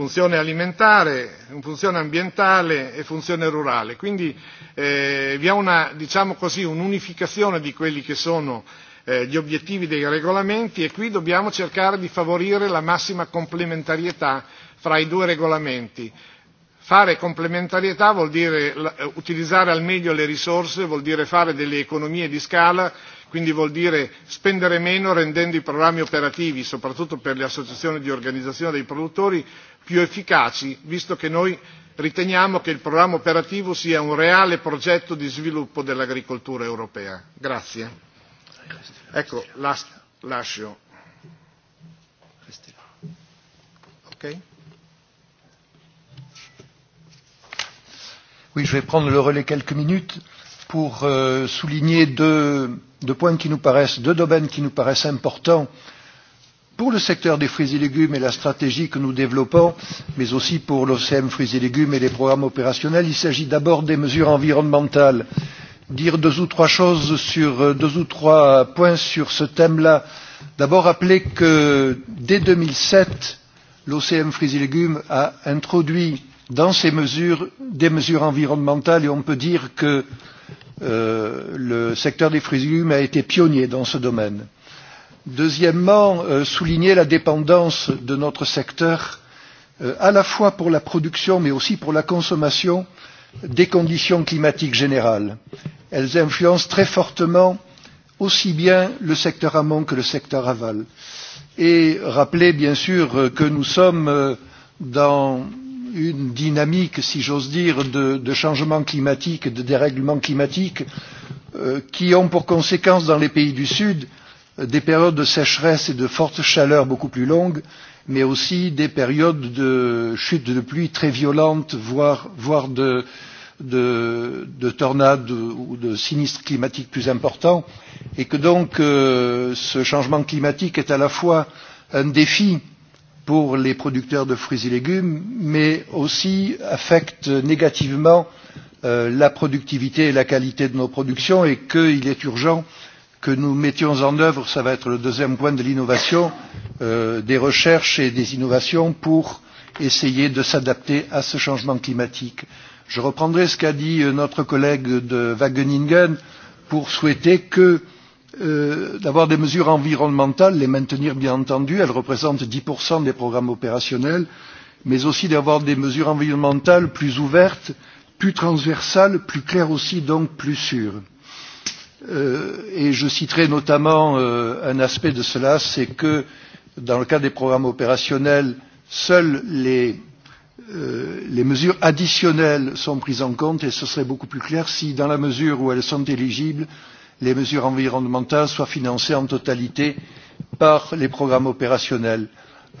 funzione alimentare, funzione ambientale e funzione rurale. Quindi eh, vi è una, diciamo così, un'unificazione di quelli che sono eh, gli obiettivi dei regolamenti e qui dobbiamo cercare di favorire la massima complementarietà fra i due regolamenti. Fare complementarietà vuol dire utilizzare al meglio le risorse, vuol dire fare delle economie di scala quindi vuol dire spendere meno rendendo i programmi operativi soprattutto per le associazioni di organizzazione dei produttori più efficaci visto che noi riteniamo che il programma operativo sia un reale progetto di sviluppo dell'agricoltura europea. Grazie. Ecco, las- lascio. Okay. Oui, je vais prendre le relais quelques minutes pour euh, souligner deux, deux points qui nous paraissent, deux domaines qui nous paraissent importants pour le secteur des fruits et légumes et la stratégie que nous développons, mais aussi pour l'OCM fruits et légumes et les programmes opérationnels. Il s'agit d'abord des mesures environnementales. Dire deux ou trois choses sur euh, deux ou trois points sur ce thème-là. D'abord, rappeler que dès 2007, l'OCM fruits et légumes a introduit dans ces mesures des mesures environnementales et on peut dire que Euh, le secteur des fruits et légumes a été pionnier dans ce domaine. Deuxièmement, euh, souligner la dépendance de notre secteur euh, à la fois pour la production mais aussi pour la consommation des conditions climatiques générales. Elles influencent très fortement aussi bien le secteur amont que le secteur aval. Et rappeler bien sûr euh, que nous sommes euh, dans une dynamique, si j'ose dire, de, de changement climatique, de dérèglement climatique, euh, qui ont pour conséquence dans les pays du Sud euh, des périodes de sécheresse et de fortes chaleurs beaucoup plus longues, mais aussi des périodes de chutes de pluie très violentes, voire, voire de, de, de tornades ou de sinistres climatiques plus importants, et que donc euh, ce changement climatique est à la fois un défi euh, pour les producteurs de fruits et légumes, mais aussi affecte négativement euh, la productivité et la qualité de nos productions et qu'il est urgent que nous mettions en œuvre, ça va être le deuxième point de l'innovation, euh, des recherches et des innovations pour essayer de s'adapter à ce changement climatique. Je reprendrai ce qu'a dit euh, notre collègue de Wageningen pour souhaiter que euh, Euh, d'avoir des mesures environnementales, les maintenir bien entendu, elles représentent 10% des programmes opérationnels, mais aussi d'avoir des mesures environnementales plus ouvertes, plus transversales, plus claires aussi, donc plus sûres. Euh, et je citerai notamment euh, un aspect de cela, c'est que dans le cadre des programmes opérationnels, seules les, euh, les mesures additionnelles sont prises en compte et ce serait beaucoup plus clair si, dans la mesure où elles sont éligibles, les mesures environnementales soient financées en totalité par les programmes opérationnels.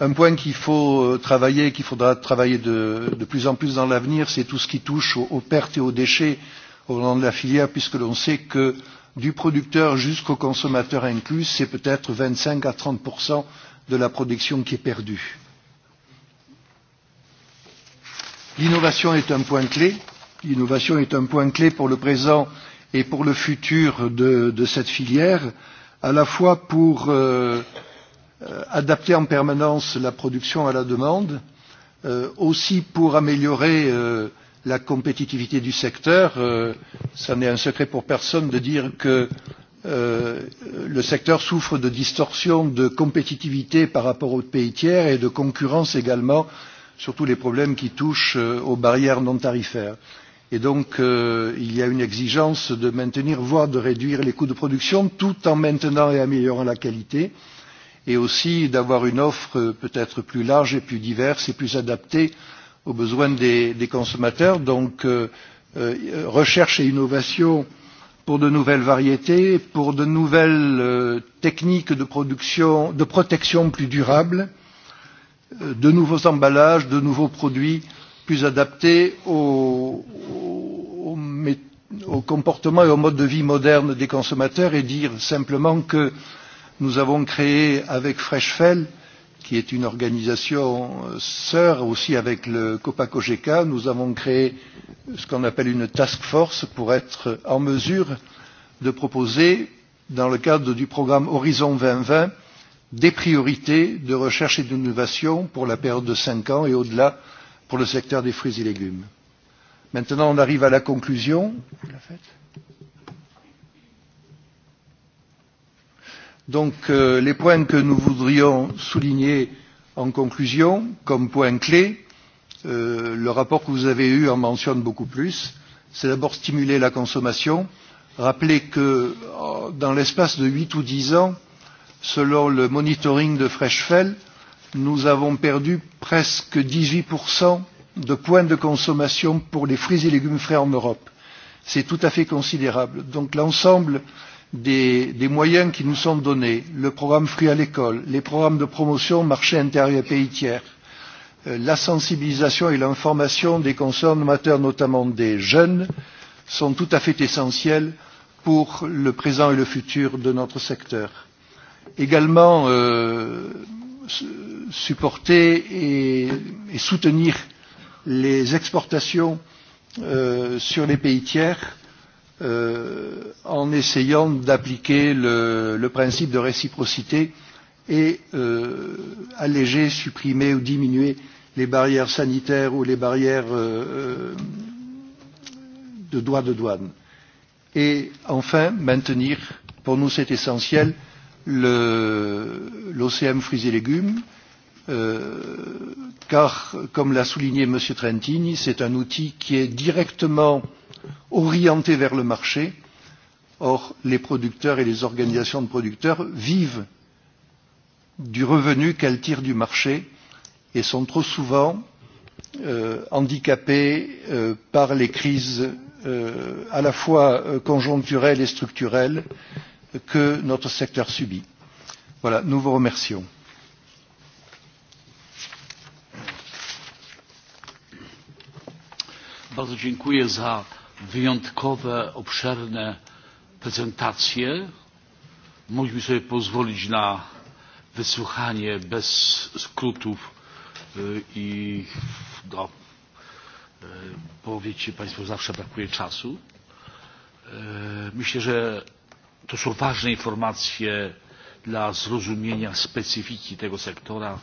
Un point qu'il faut euh, travailler et qu'il faudra travailler de, de plus en plus dans l'avenir, c'est tout ce qui touche aux, aux pertes et aux déchets au long de la filière, puisque l'on sait que du producteur jusqu'au consommateur inclus, c'est peut-être 25 à 30 de la production qui est perdue. L'innovation est un point clé. L'innovation est un point clé pour le présent et pour le futur de, de cette filière, à la fois pour euh, euh, adapter en permanence la production à la demande, euh, aussi pour améliorer euh, la compétitivité du secteur. Euh, ça n'est un secret pour personne de dire que euh, le secteur souffre de distorsions de compétitivité par rapport aux pays tiers et de concurrence également, surtout les problèmes qui touchent euh, aux barrières non tarifaires. Et donc, euh, il y a une exigence de maintenir, voire de réduire les coûts de production, tout en maintenant et améliorant la qualité, et aussi d'avoir une offre euh, peut-être plus large et plus diverse et plus adaptée aux besoins des, des consommateurs. Donc, euh, euh, recherche et innovation pour de nouvelles variétés, pour de nouvelles euh, techniques de production, de protection plus durables, euh, de nouveaux emballages, de nouveaux produits, plus adaptée aux, aux, aux comportements et au mode de vie moderne des consommateurs et dire simplement que nous avons créé avec Freshfell, qui est une organisation sœur aussi avec le Copacogeca, nous avons créé ce qu'on appelle une task force pour être en mesure de proposer, dans le cadre du programme Horizon 2020, des priorités de recherche et d'innovation pour la période de cinq ans et au-delà pour le secteur des fruits et légumes. Maintenant, on arrive à la conclusion. Donc, euh, les points que nous voudrions souligner en conclusion, comme point clé, euh, le rapport que vous avez eu en mentionne beaucoup plus. C'est d'abord stimuler la consommation, rappeler que euh, dans l'espace de 8 ou 10 ans, selon le monitoring de Freshfell, euh, nous avons perdu presque 18% de points de consommation pour les fruits et légumes frais en Europe. C'est tout à fait considérable. Donc l'ensemble des, des moyens qui nous sont donnés, le programme Fruits à l'école, les programmes de promotion marché intérieur et pays tiers, euh, la sensibilisation et l'information des consommateurs, notamment des jeunes, sont tout à fait essentiels pour le présent et le futur de notre secteur. Également, euh, supporter et, et soutenir les exportations euh, sur les pays tiers euh, en essayant d'appliquer le, le principe de réciprocité et euh, alléger, supprimer ou diminuer les barrières sanitaires ou les barrières euh, de droits de douane. Et enfin, maintenir, pour nous c'est essentiel, l'OCM fruits et légumes, euh, Euh, car, comme l'a souligné M. Trentini, c'est un outil qui est directement orienté vers le marché. Or, les producteurs et les organisations de producteurs vivent du revenu qu'elles tirent du marché et sont trop souvent euh, handicapées euh, par les crises euh, à la fois euh, conjoncturelles et structurelles que notre secteur subit. Voilà, nous vous remercions. bardzo dziękuję za wyjątkowe, obszerne prezentacje. Mogliśmy sobie pozwolić na wysłuchanie bez skrótów i no, bo wiecie Państwo, zawsze brakuje czasu. Myślę, że to są ważne informacje dla zrozumienia specyfiki tego sektora,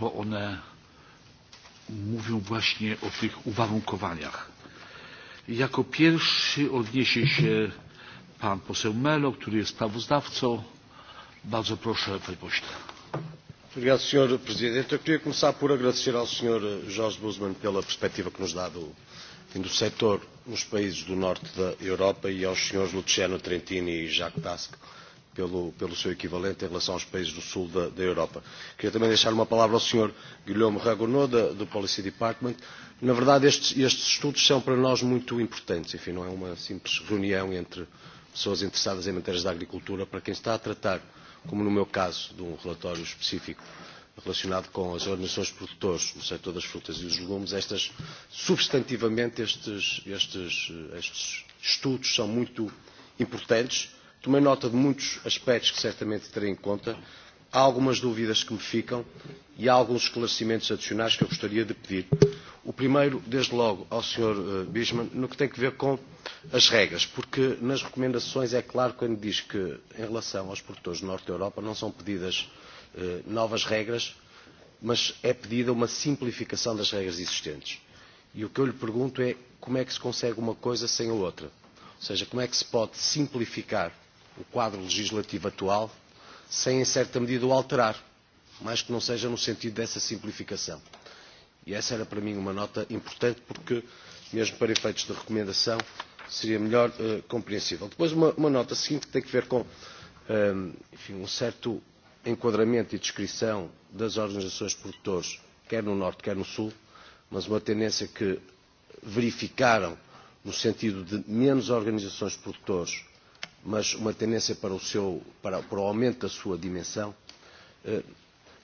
bo one mówią właśnie o tych uwarunkowaniach. Jako pierwszy odniesie się pan poseł Melo, który jest sprawozdawcą. Bardzo proszę, panie pośle. Obrigado, Sr. Presidente. Eu queria começar por agradecer ao Sr. Jorge Busman pela perspectiva que nos dá do, do setor nos países do norte da Europa e aos Srs. Luciano Trentini e Jacques Tasque pelo, pelo seu equivalente em relação aos países do sul da, da Europa. Queria também deixar uma palavra ao Sr. Guilherme Ragonot, da, do Policy Department. Na verdade, estes, estes estudos são para nós muito importantes. Enfim, não é uma simples reunião entre pessoas interessadas em matérias da agricultura. Para quem está a tratar, como no meu caso, de um relatório específico relacionado com as organizações produtores no setor das frutas e dos legumes, estas, substantivamente estes, estes, eh, estes estudos são muito importantes Tomei nota de muitos aspectos que certamente terei em conta. Há algumas dúvidas que me ficam e há alguns esclarecimentos adicionais que eu gostaria de pedir. O primeiro, desde logo, ao Sr. Eh, Bisman, no que tem a ver com as regras, porque nas recomendações é claro quando diz que, em relação aos produtores do Norte da Europa, não são pedidas eh, novas regras, mas é pedida uma simplificação das regras existentes. E o que eu lhe pergunto é como é que se consegue uma coisa sem a outra? Ou seja, como é que se pode simplificar o quadro legislativo atual, sem em certa medida o alterar, mais que não seja no sentido dessa simplificação. E essa era para mim uma nota importante, porque, mesmo para efeitos de recomendação, seria melhor uh, compreensível. Depois, uma, uma nota seguinte que tem que ver com um, enfim, um certo enquadramento e descrição das organizações produtores, quer no Norte, quer no Sul, mas uma tendência que verificaram no sentido de menos organizações produtores mas uma tendência para o, seu, para, para o aumento da sua dimensão. Eh,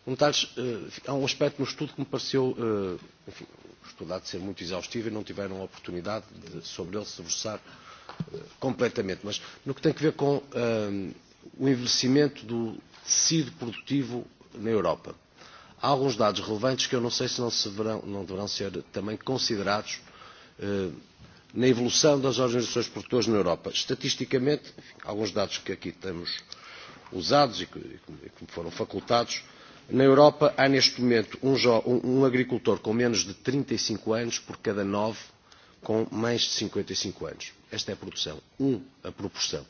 um tais, eh, há um aspecto no estudo que me pareceu, uh, enfim, o estudo há de ser muito exaustivo e não tiveram a oportunidade de, sobre ele se versar completamente, mas no que tem a ver com uh, o envelhecimento do tecido produtivo na Europa. Há alguns dados relevantes que eu não sei se não, se verão, não deverão ser também considerados uh, na evolução das organizações produtoras na Europa. Estatisticamente, enfim, alguns dados que aqui temos usados e que, e que e foram facultados, na Europa há neste momento um, um, um agricultor com menos de 35 e anos por cada nove com mais de 55 anos. Esta é a produção. Um, a proporção.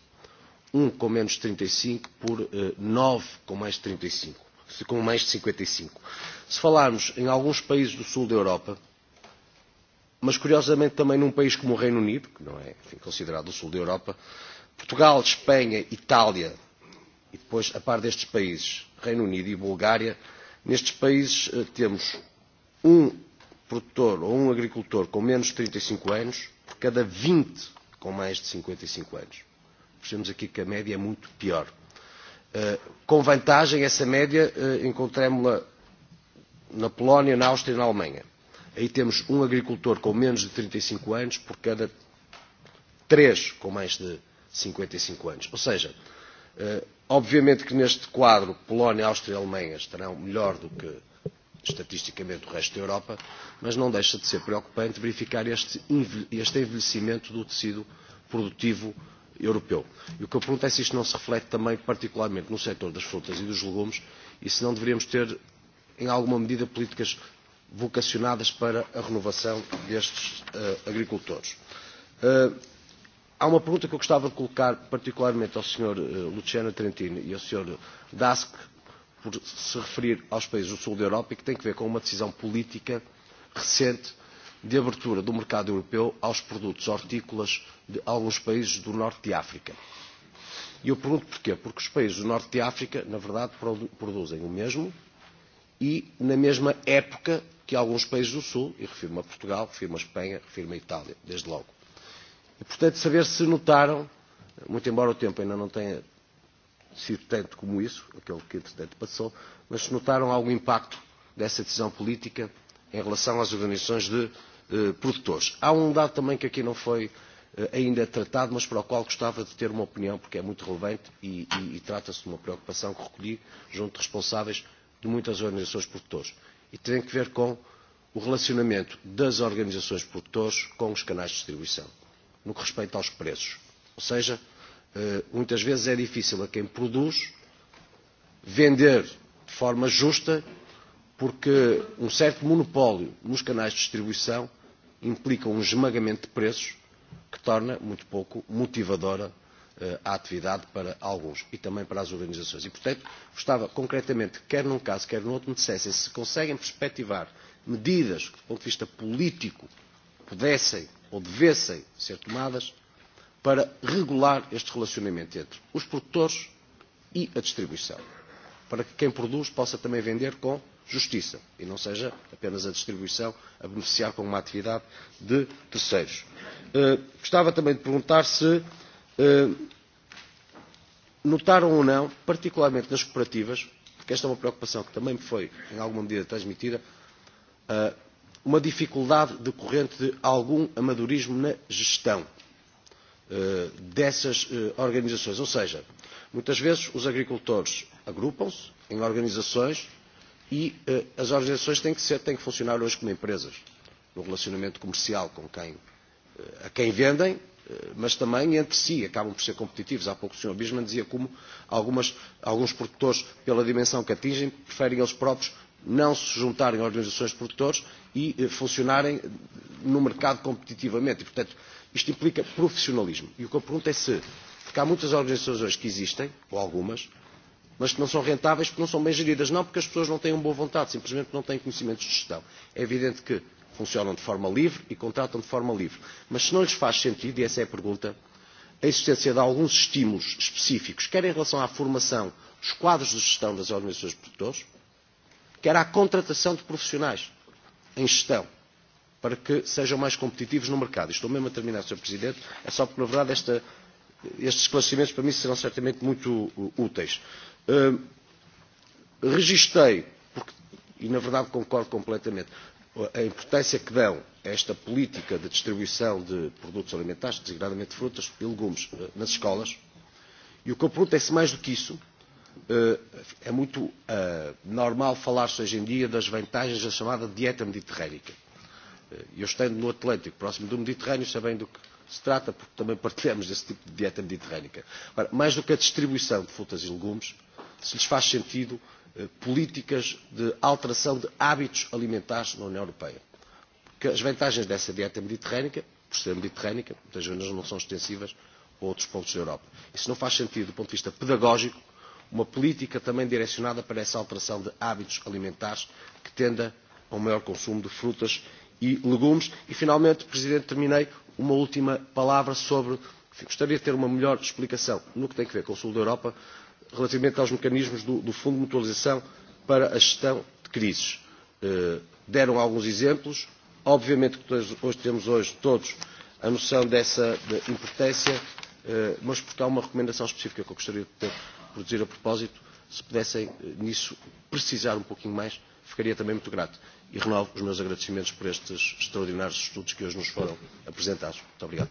Um com menos de 35 por uh, nove com mais de 35, com mais de 55. Se falarmos em alguns países do sul da Europa, mas curiosamente também num país como o Reino Unido, que não é enfim, considerado o sul da Europa, Portugal, Espanha, Itália e depois, a par destes países, Reino Unido e Bulgária, nestes países eh, temos um produtor ou um agricultor com menos de 35 e anos por cada 20 com mais de 55 e anos. Percebemos aqui que a média é muito pior. Uh, com vantagem, essa média uh, encontramos-la na Polónia, na Áustria e na Alemanha aí temos um agricultor com menos de 35 e anos por cada três com mais de 55 e anos. Ou seja, eh, obviamente que neste quadro Polónia, Áustria e Alemanha estarão melhor do que estatisticamente o resto da Europa, mas não deixa de ser preocupante verificar este envelhecimento do tecido produtivo europeu. E o que eu pergunto é se isto não se reflete também particularmente no setor das frutas e dos legumes e se não deveríamos ter, em alguma medida, políticas vocacionadas para a renovação destes uh, agricultores. Uh, há uma pergunta que eu gostava de colocar particularmente ao Sr. Eh, Luciano Trentino e ao Sr. Dask, por se referir aos países do sul da Europa e que tem que ver com uma decisão política recente de abertura do mercado europeu aos produtos hortícolas de alguns países do norte de África. E eu pergunto porquê? Porque os países do norte de África, na verdade, produzem o mesmo, e na mesma época que alguns países do Sul, e refirmo a Portugal, refirmo a Espanha, refirmo a Itália, desde logo. E, portanto, saber se notaram, muito embora o tempo ainda não tenha sido tanto como isso, aquele que entretanto passou, mas se notaram algum impacto dessa decisão política em relação às organizações de eh, produtores. Há um dado também que aqui não foi eh, ainda tratado, mas para o qual gostava de ter uma opinião, porque é muito relevante e, e, e trata-se de uma preocupação que recolhi junto de responsáveis de muitas organizações produtores. E tem que ver com o relacionamento das organizações produtores com os canais de distribuição, no que respeita aos preços. Ou seja, eh, muitas vezes é difícil a quem produz vender de forma justa, porque um certo monopólio nos canais de distribuição implica um esmagamento de preços que torna muito pouco motivadora Eh, a atividade para alguns e também para as organizações. E, portanto, gostava concretamente, quer num caso, quer no outro, me dissessem se conseguem perspectivar medidas que, do ponto de vista político, pudessem ou devessem ser tomadas para regular este relacionamento entre os produtores e a distribuição, para que quem produz possa também vender com justiça e não seja apenas a distribuição a beneficiar com uma atividade de terceiros. Uh, gostava também de perguntar se uh, Eh, notaram ou não, particularmente nas cooperativas, porque esta é uma preocupação que também foi, em alguma medida, transmitida, eh, uma dificuldade decorrente de algum amadorismo na gestão eh, dessas organizações. Ou seja, muitas vezes os agricultores agrupam-se em organizações e as organizações têm que, ser, têm que funcionar hoje como empresas, no relacionamento comercial com quem, a quem vendem Eh, mas também entre si acabam por ser competitivos. Há pouco o Sr. Bisman dizia como algumas, alguns produtores, pela dimensão que atingem, preferem eles próprios não se juntarem a organizações de produtores e eh, funcionarem no mercado competitivamente. E, portanto, isto implica profissionalismo. E o que eu pergunto é se, porque há muitas organizações hoje que existem, ou algumas, mas que não são rentáveis porque não são bem geridas. Não porque as pessoas não têm uma boa vontade, simplesmente não têm conhecimentos de gestão. É evidente que funcionam de forma livre e contratam de forma livre. Mas se não lhes faz sentido, e essa é a pergunta, a existência de alguns estímulos específicos, quer em relação à formação dos quadros de gestão das organizações de produtores, quer à contratação de profissionais em gestão, para que sejam mais competitivos no mercado. E estou mesmo a terminar, Sr. Presidente, é só porque, na verdade, esta, estes esclarecimentos para mim serão certamente muito úteis. Uh, registei, porque, e na verdade concordo completamente, a importância que dão a esta política de distribuição de produtos alimentares, designadamente frutas e legumes, eh, nas escolas. E o que eu pergunto é se mais do que isso, eh, é muito eh, normal falar-se hoje em dia das vantagens da chamada dieta mediterrânica. Eu estando no Atlântico, próximo do Mediterrâneo, sabendo do que se trata, porque também partilhamos desse tipo de dieta mediterrânica. mais do que a distribuição de frutas e legumes, se lhes faz sentido Eh, políticas de alteração de hábitos alimentares na União Europeia. Porque as vantagens dessa dieta mediterrânica, por ser mediterrânica, muitas vezes não são extensivas a outros pontos da Europa. Isso não faz sentido do ponto de vista pedagógico, uma política também direcionada para essa alteração de hábitos alimentares que tenda ao um maior consumo de frutas e legumes. E, finalmente, Presidente, terminei uma última palavra sobre. Gostaria de ter uma melhor explicação no que tem a ver com o sul da Europa relativamente aos mecanismos do, do Fundo de Mutualização para a gestão de crises. Eh, deram alguns exemplos. Obviamente que hoje temos hoje todos a noção dessa importância, eh, mas porque há uma recomendação específica que eu gostaria de produzir a propósito, se pudessem eh, nisso precisar um pouquinho mais, ficaria também muito grato. E renovo os meus agradecimentos por estes extraordinários estudos que hoje nos foram apresentados. Muito obrigado.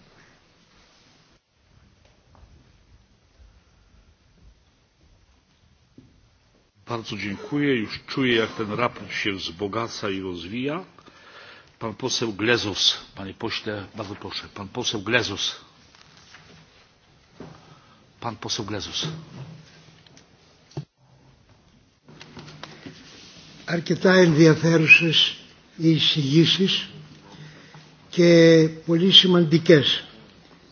Bardzo dziękuję. Już czuję, jak ten raport się wzbogaca i rozwija. Pan poseł Glezos, panie pośle, bardzo proszę. Pan poseł Glezos. Pan poseł Glezos. Αρκετά ενδιαφέρουσες οι εισηγήσεις και πολύ σημαντικές.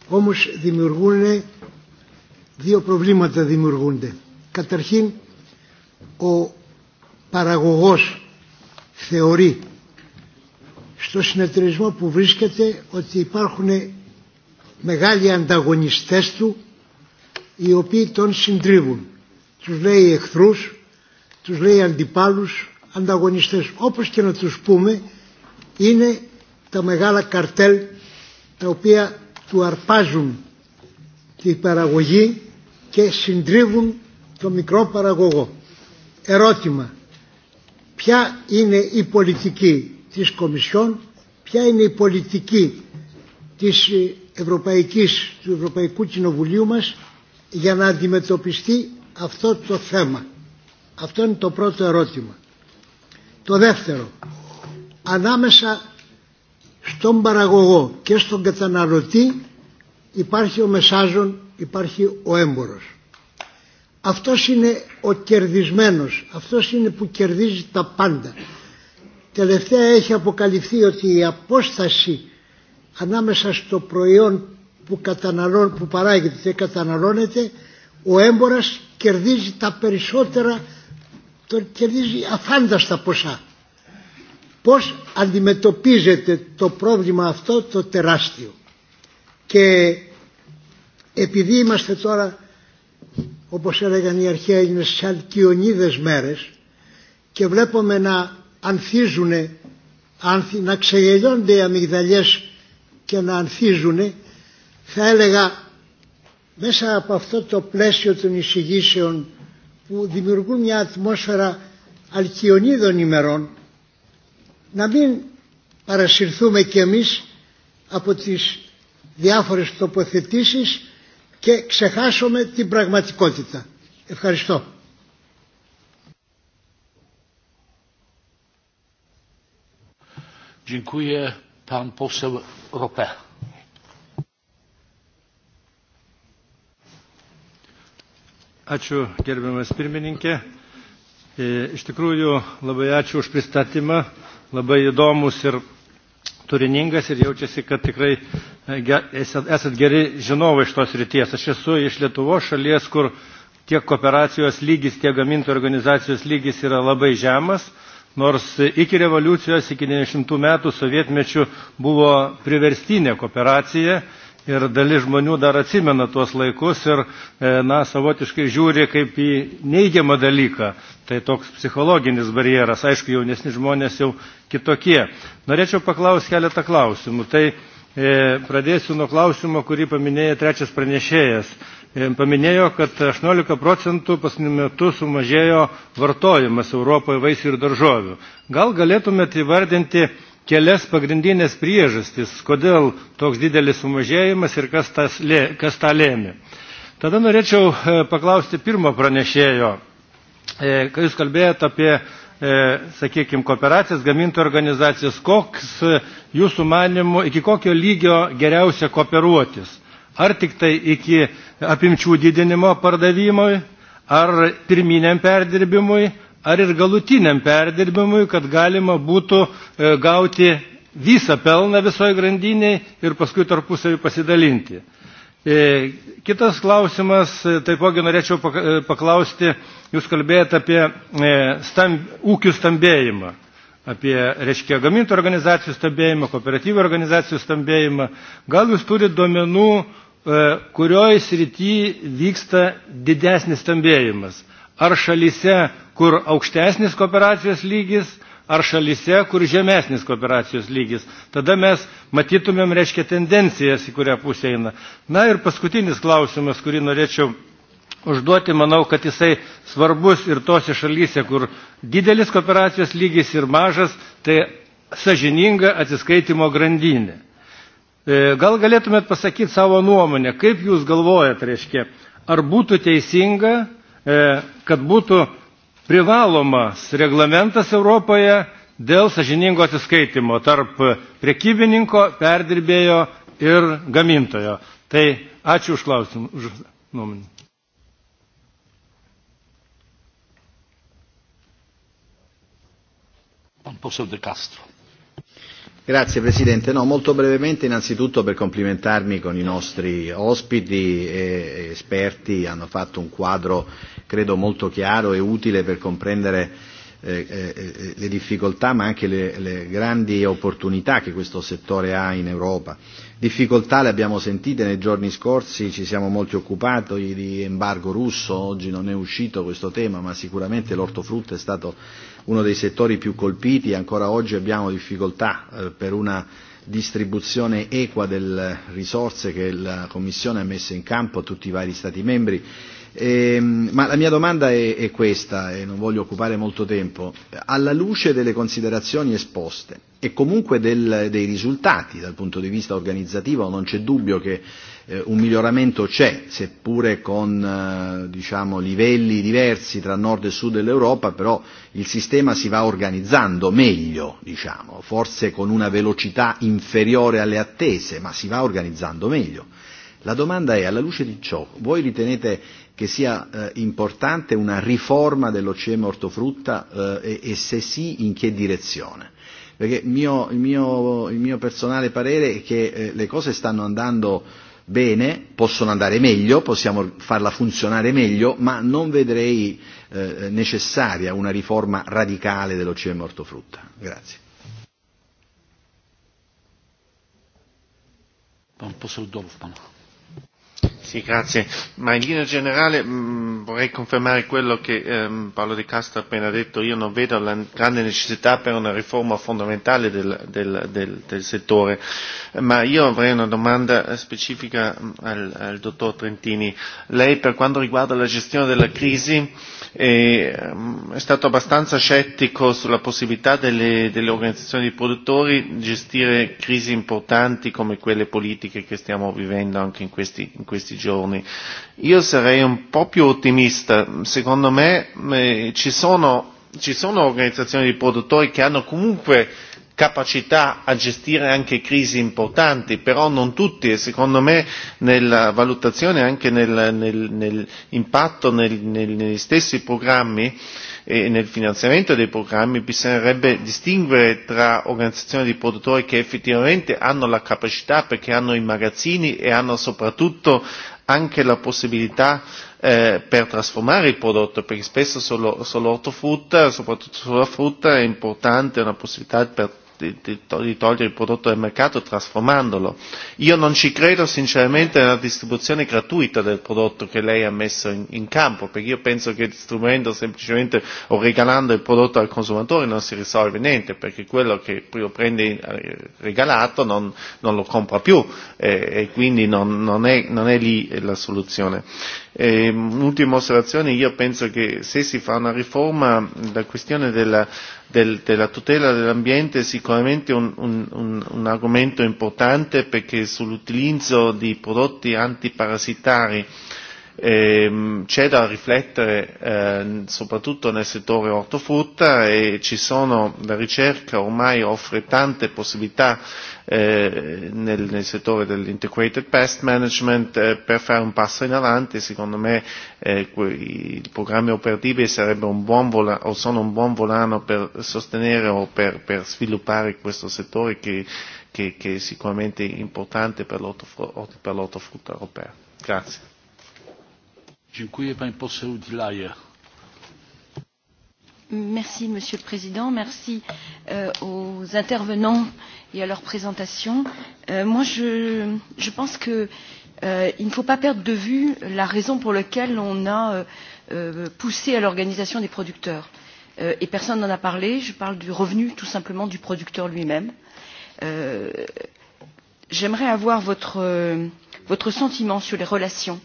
Όμως δημιουργούν δύο προβλήματα δημιουργούνται. Καταρχήν ο παραγωγός θεωρεί στο συνεταιρισμό που βρίσκεται ότι υπάρχουν μεγάλοι ανταγωνιστές του οι οποίοι τον συντρίβουν. Τους λέει εχθρούς, τους λέει αντιπάλους, ανταγωνιστές. Όπως και να τους πούμε είναι τα μεγάλα καρτέλ τα οποία του αρπάζουν την παραγωγή και συντρίβουν το μικρό παραγωγό ερώτημα. Ποια είναι η πολιτική της Κομισιόν, ποια είναι η πολιτική της Ευρωπαϊκής, του Ευρωπαϊκού Κοινοβουλίου μας για να αντιμετωπιστεί αυτό το θέμα. Αυτό είναι το πρώτο ερώτημα. Το δεύτερο, ανάμεσα στον παραγωγό και στον καταναλωτή υπάρχει ο μεσάζων, υπάρχει ο έμπορος. Αυτός είναι ο κερδισμένος, αυτός είναι που κερδίζει τα πάντα. Τελευταία έχει αποκαλυφθεί ότι η απόσταση ανάμεσα στο προϊόν που, καταναλών, που παράγεται και καταναλώνεται, ο έμπορας κερδίζει τα περισσότερα, το κερδίζει αφάνταστα ποσά. Πώς αντιμετωπίζεται το πρόβλημα αυτό το τεράστιο. Και επειδή είμαστε τώρα όπως έλεγαν οι αρχαίοι Έλληνες σαν κοιονίδες μέρες και βλέπουμε να ανθίζουν, να ξεγελιώνται οι αμυγδαλιές και να ανθίζουν, θα έλεγα μέσα από αυτό το πλαίσιο των εισηγήσεων που δημιουργούν μια ατμόσφαιρα αλκιονίδων ημερών, να μην παρασυρθούμε κι εμείς από τις διάφορες τοποθετήσεις και ξεχάσουμε την πραγματικότητα. Ευχαριστώ. Dziękuję. Pan poseł Rope. Ačiū gerbiamas pirmininkė. E, iš tikrųjų labai ačiū už pristatymą, labai įdomus ir turiningas ir jaučiasi, kad tikrai e, esat geri žinovai iš tos ryties. Aš esu iš Lietuvos šalies, kur tiek kooperacijos lygis, tiek gamintojų organizacijos lygis yra labai žemas, nors iki revoliucijos, iki 90 metų sovietmečių buvo priverstinė kooperacija ir dalis žmonių dar atsimena tuos laikus ir e, na, savotiškai žiūri kaip į neigiamą dalyką. Tai toks psichologinis barjeras, aišku, jaunesni žmonės jau kitokie. Norėčiau paklausti keletą klausimų. Tai e, pradėsiu nuo klausimo, kurį paminėjo trečias pranešėjas. E, paminėjo, kad 18 procentų paskutiniu metų sumažėjo vartojimas Europoje vaisių ir daržovių. Gal galėtumėte įvardinti kelias pagrindinės priežastis, kodėl toks didelis sumažėjimas ir kas, tas, kas tą lėmė. Tada norėčiau e, paklausti pirmo pranešėjo, e, kai jūs kalbėjote apie, e, sakykime, kooperacijas, gamintojų organizacijas, koks jūsų manimų, iki kokio lygio geriausia kooperuotis. Ar tik tai iki apimčių didinimo pardavimui, ar pirminiam perdirbimui, ar ir galutiniam perdirbimui, kad galima būtų e, gauti visą pelną visoje grandiniai ir paskui tarpusavį pasidalinti. E, kitas klausimas, e, taipogi norėčiau paklausti, jūs kalbėjate apie stamb, ūkių stambėjimą, apie, reiškia, gamintų organizacijų stambėjimą, kooperatyvų organizacijų stambėjimą. Gal jūs turite duomenų, kurioje srityje vyksta didesnis stambėjimas? Ar šalyse kur aukštesnis kooperacijos lygis ar šalise, kur žemesnis kooperacijos lygis. Tada mes matytumėm, reiškia, tendencijas, į kurią pusę eina. Na ir paskutinis klausimas, kurį norėčiau užduoti, manau, kad jisai svarbus ir tose šalyse, kur didelis kooperacijos lygis ir mažas, tai sažininga atsiskaitimo grandinė. E, gal galėtumėt pasakyti savo nuomonę, kaip jūs galvojat, reiškia, ar būtų teisinga, e, kad būtų privalomas reglamentas Europoje dėl sažiningo atsiskaitimo tarp prekybininko, perdirbėjo ir gamintojo. Tai ačiū už klausimą, už nuomonę. Pan poseł de Castro. Grazie Presidente. No, molto brevemente innanzitutto per complimentarmi con i nostri ospiti e esperti, hanno fatto un quadro credo molto chiaro e utile per comprendere eh, eh, eh, le difficoltà ma anche le, le grandi opportunità che questo settore ha in Europa. Difficoltà le abbiamo sentite nei giorni scorsi, ci siamo molti occupati di embargo russo, oggi non è uscito questo tema ma sicuramente l'ortofrutta è stato uno dei settori più colpiti, e ancora oggi abbiamo difficoltà eh, per una distribuzione equa delle risorse che la Commissione ha messo in campo a tutti i vari Stati membri. Eh, ma la mia domanda è, è questa, e non voglio occupare molto tempo. Alla luce delle considerazioni esposte e comunque del, dei risultati dal punto di vista organizzativo, non c'è dubbio che eh, eh, un miglioramento c'è, seppure con eh, diciamo, livelli diversi tra nord e sud dell'Europa, però il sistema si va organizzando meglio, diciamo, forse con una velocità inferiore alle attese, ma si va organizzando meglio. La domanda è, alla luce di ciò, voi ritenete che sia eh, importante una riforma dell'OCM ortofrutta eh, e, e se sì in che direzione? Perché mio, il, mio, il mio personale parere è che eh, le cose stanno andando eh, bene, possono andare meglio, possiamo farla funzionare meglio, ma non vedrei eh, necessaria una riforma radicale dell'OCM e ortofrutta. Grazie. Pan poseł Dorfman. Sì, grazie. Ma in linea generale mh, mm, vorrei confermare quello che ehm, Paolo De Castro ha appena detto. Io non vedo la grande necessità per una riforma fondamentale del, del, del, del settore, ma io avrei una domanda specifica mm, al, al dottor Trentini. Lei per quanto riguarda la gestione della crisi E, mm, è stato abbastanza scettico sulla possibilità delle, delle organizzazioni di produttori di gestire crisi importanti come quelle politiche che stiamo vivendo anche in questi, in questi giorni. Io sarei un po' più ottimista. Secondo me eh, ci, sono, ci sono organizzazioni di produttori che hanno comunque capacità a gestire anche crisi importanti, però non tutti e secondo me nella valutazione anche nel, nel, nel, nel, negli stessi programmi e nel finanziamento dei programmi bisognerebbe distinguere tra organizzazioni di produttori che effettivamente hanno la capacità perché hanno i magazzini e hanno soprattutto anche la possibilità eh, per trasformare il prodotto, perché spesso solo, sull'ortofrutta, soprattutto sulla frutta, è importante una possibilità per di, di, di togliere il prodotto del mercato trasformandolo. Io non ci credo sinceramente nella distribuzione gratuita del prodotto che lei ha messo in, in campo, perché io penso che distribuendo semplicemente o regalando il prodotto al consumatore non si risolve niente, perché quello che lo prende eh, regalato non, non lo compra più eh, e quindi non, non, è, non è lì eh, la soluzione. Eh, un'ultima osservazione, io penso che se si fa una riforma la questione della del, della tutela dell'ambiente è sicuramente un, un, un, un argomento importante perché sull'utilizzo di prodotti antiparassitari eh, Ehm, c'è da riflettere eh, soprattutto nel settore ortofrutta e ci sono, la ricerca ormai offre tante possibilità eh, nel, nel settore dell'integrated pest management eh, per fare un passo in avanti secondo me eh, i programmi operativi sarebbe un buon vola, o sono un buon volano per sostenere o per, per sviluppare questo settore che, che, che è sicuramente importante per l'ortofrutta europea. Grazie. Monsieur le Président. Merci euh, aux intervenants et à leur présentation. Euh, moi, je, je pense que euh, il ne faut pas perdre de vue la raison pour laquelle on a euh, euh, poussé à l'organisation des producteurs. et personne n'en a parlé. Je parle du revenu, tout simplement, du producteur lui-même. J'aimerais avoir votre, votre sentiment sur les relations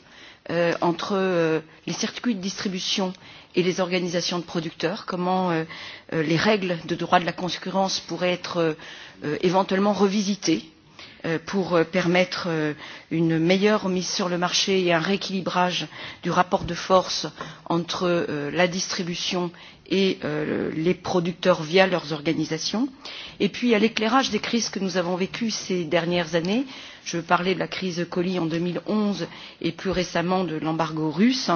euh, entre euh, les circuits de distribution et les organisations de producteurs, comment euh, euh les règles de droit de la concurrence pourraient être euh, euh éventuellement revisitées euh, pour euh, permettre euh, une meilleure mise sur le marché et un rééquilibrage du rapport de force entre euh, la distribution et euh, les producteurs via leurs organisations et puis à l'éclairage des crises que nous avons vécues ces dernières années je veux parler de la crise colis en deux mille onze et plus récemment de l'embargo russe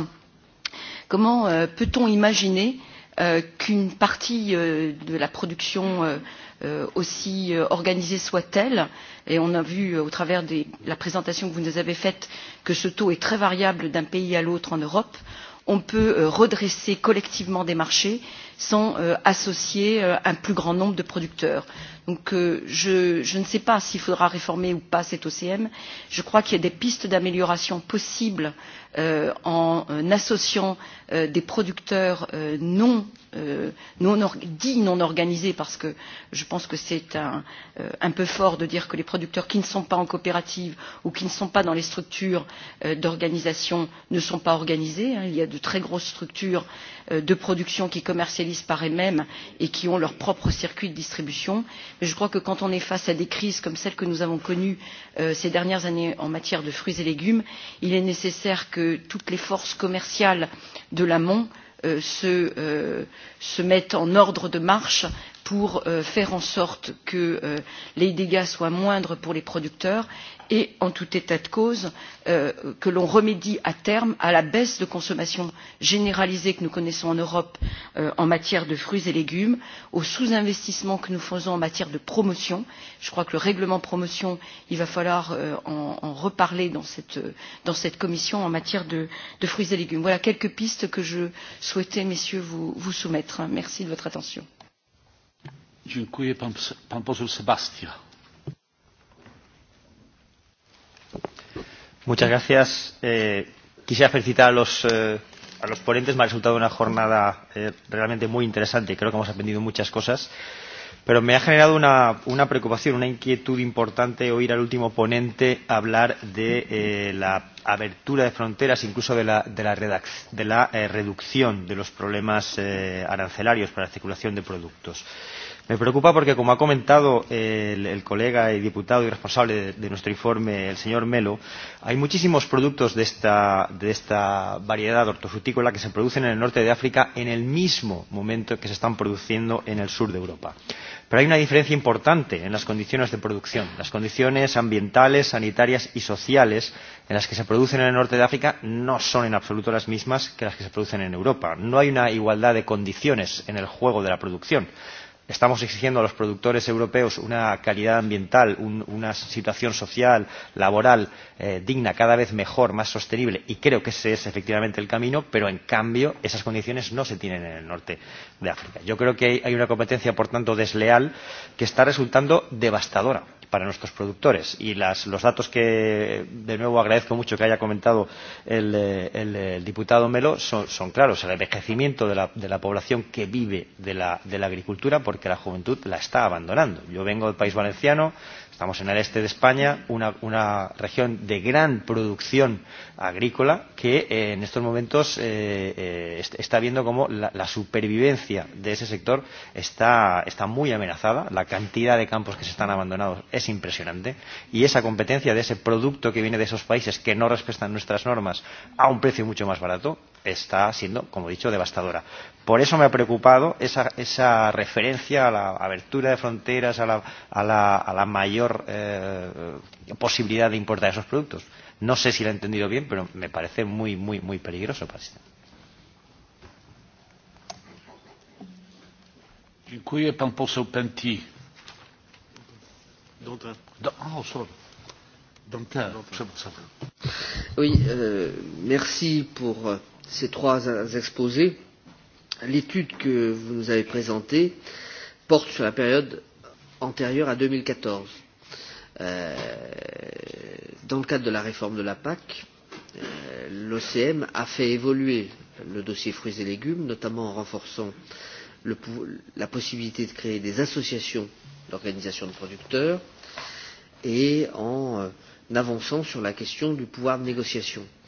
comment euh, peut on imaginer euh, qu'une partie euh, de la production aussi organisée soit elle et on a vu au travers de la présentation que vous nous avez faite que ce taux est très variable d'un pays à l'autre en europe on peut euh, redresser collectivement des marchés sans euh, associer euh, un plus grand nombre de producteurs. donc je, je ne sais pas s'il faudra réformer ou pas cet ocm je crois qu'il y a des pistes d'amélioration possibles en associant des producteurs non euh, non dits non organisés parce que je pense que c'est un, euh, un peu fort de dire que les producteurs qui ne sont pas en coopérative ou qui ne sont pas dans les structures euh, d'organisation ne sont pas organisés. Hein. Il y a de très grosses structures euh, de production qui commercialisent par elles-mêmes et qui ont leur propre circuit de distribution. Mais je crois que quand on est face à des crises comme celles que nous avons connues euh, ces dernières années en matière de fruits et légumes, il est nécessaire que toutes les forces commerciales de l'amont Euh, se, euh, mette en ordre de marche pour euh, faire en sorte que les dégâts soient moindres pour les producteurs et en tout état de cause euh, que l'on remédie à terme à la baisse de consommation généralisée que nous connaissons en europe euh, en matière de fruits et légumes au sous investissement que nous faisons en matière de promotion je crois que le règlement promotion il va falloir euh, en, reparler dans cette, commission en matière de, fruits et légumes. voilà quelques pistes que je souhaitais messieurs vous, soumettre. merci de votre attention. Muchas gracias. Eh, quisiera felicitar a los, eh, a los ponentes. Me ha resultado una jornada eh, realmente muy interesante. Creo que hemos aprendido muchas cosas. Pero me ha generado una, una preocupación, una inquietud importante oír al último ponente hablar de eh, la abertura de fronteras, incluso de la, de la, redac, de la eh, reducción de los problemas eh, arancelarios para la circulación de productos. Eh, Me preocupa porque, como ha comentado eh, el, el colega y diputado y responsable de, de nuestro informe, el señor Melo, hay muchísimos productos de esta, de esta variedad hortofrutícola que se producen en el norte de África en el mismo momento que se están produciendo en el sur de Europa. Pero hay una diferencia importante en las condiciones de producción, las condiciones ambientales, sanitarias y sociales en las que se producen en el norte de África no son en absoluto las mismas que las que se producen en Europa. No hay una igualdad de condiciones en el juego de la producción. Estamos exigiendo a los productores europeos una calidad ambiental, un, una situación social, laboral eh, digna, cada vez mejor, más sostenible, y creo que ese es efectivamente el camino, pero en cambio esas condiciones no se tienen en el norte de África. Yo creo que hay, hay una competencia, por tanto, desleal que está resultando devastadora para nuestros productores. Y las, los datos que, de nuevo, agradezco mucho que haya comentado el, eh, el, el eh, diputado Melo son, son claros. El envejecimiento de la, de la población que vive de la, de la agricultura porque la juventud la está abandonando. Yo vengo del País Valenciano, Estamos en el este de España, una, una región de gran producción agrícola que eh, en estos momentos eh, eh, está viendo cómo la, la supervivencia de ese sector está, está muy amenazada. La cantidad de campos que se están abandonados es impresionante y esa competencia de ese producto que viene de esos países que no respetan nuestras normas a un precio mucho más barato está siendo, como he dicho, devastadora. Por eso me ha preocupado esa, esa referencia a la abertura de fronteras, a la, a la, a la mayor eh, posibilidad de importar esos productos. No sé si lo he entendido bien, pero me parece muy, muy, muy peligroso. Dziękuję. Pan poseł Penti. Dantin. Da, oh, sorry. Dantin. Dantin. Oui, euh, merci pour. Euh, ces trois exposés, l'étude que vous nous avez présentée porte sur la période antérieure à 2014. Euh, dans le cadre de la réforme de la PAC, euh, l'OCM a fait évoluer le dossier fruits et légumes, notamment en renforçant le, la possibilité de créer des associations d'organisations de producteurs et en euh, avançant sur la question du pouvoir de négociation. Euh,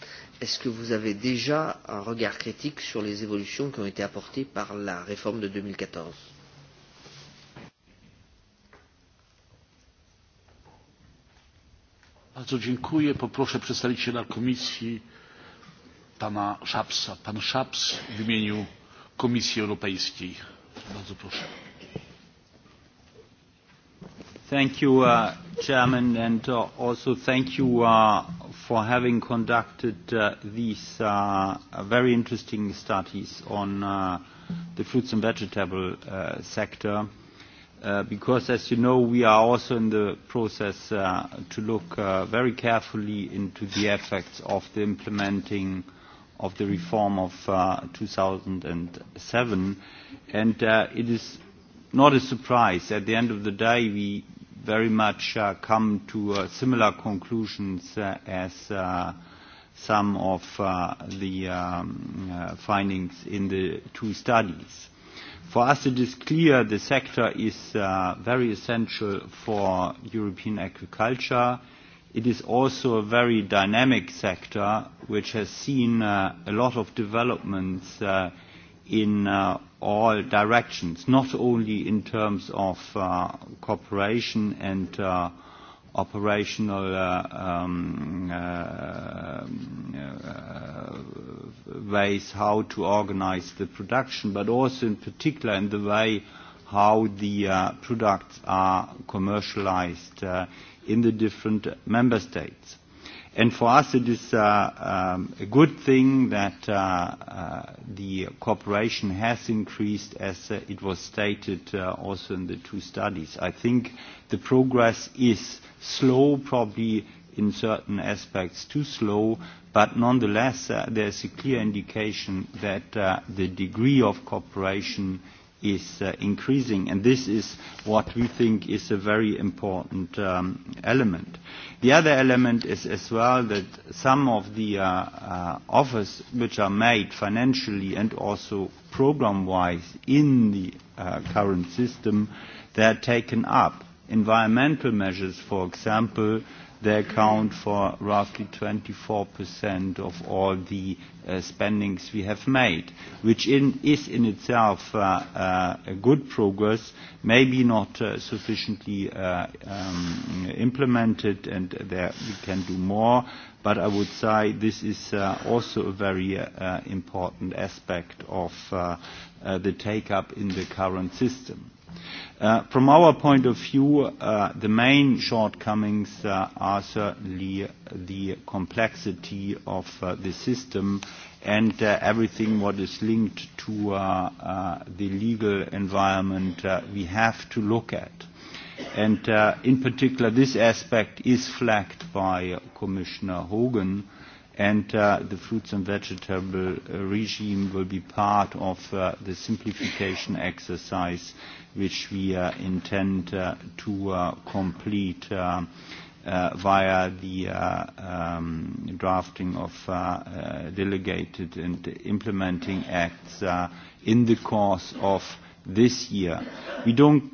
est-ce que vous avez déjà un regard critique sur les évolutions qui ont été apportées par la réforme de 2014 Bardzo dziękuję. Poproszę przedstawiciela komisji pana Szapsa. Pan Szaps w imieniu Komisji Europejskiej. Bardzo proszę. Thank you, uh, Chairman, and uh, also thank you uh, for having conducted uh, these uh, very interesting studies on uh, the fruits and vegetable uh, sector. Uh, because, as you know, we are also in the process uh, to look uh, very carefully into the effects of the implementing of the reform of uh, 2007. And uh, it is not a surprise. At the end of the day, we very much uh, come to uh, similar conclusions uh, as uh, some of uh, the um, uh, findings in the two studies. For us, it is clear the sector is uh, very essential for European agriculture. It is also a very dynamic sector which has seen uh, a lot of developments uh, in uh, all directions, not only in terms of uh, cooperation and uh, operational uh, um, uh, uh, ways how to organize the production, but also in particular in the way how the uh, products are commercialized uh, in the different member states. And for us, it is uh, um, a good thing that uh, uh, the cooperation has increased, as uh, it was stated uh, also in the two studies. I think the progress is slow, probably in certain aspects too slow, but nonetheless, uh, there is a clear indication that uh, the degree of cooperation is uh, increasing. And this is what we think is a very important um, element. The other element is as well that some of the uh, uh, offers which are made financially and also program-wise in the uh, current system, they are taken up. Environmental measures, for example, They account for roughly 24% of all the uh, spendings we have made, which in, is in itself uh, uh, a good progress, maybe not uh, sufficiently uh, um, implemented, and there we can do more. But I would say this is uh, also a very uh, uh important aspect of uh, uh, the take-up in the current system. Uh, from our point of view, uh, the main shortcomings uh, are certainly the complexity of uh, the system and uh, everything what is linked to uh, uh, the legal environment uh, we have to look at. And uh, in particular, this aspect is flagged by Commissioner Hogan and uh, the fruits and vegetable uh, regime will be part of uh, the simplification exercise which we uh, intend uh, to uh, complete uh, uh, via the uh, um, drafting of uh, uh, delegated and implementing acts uh, in the course of this year. We don't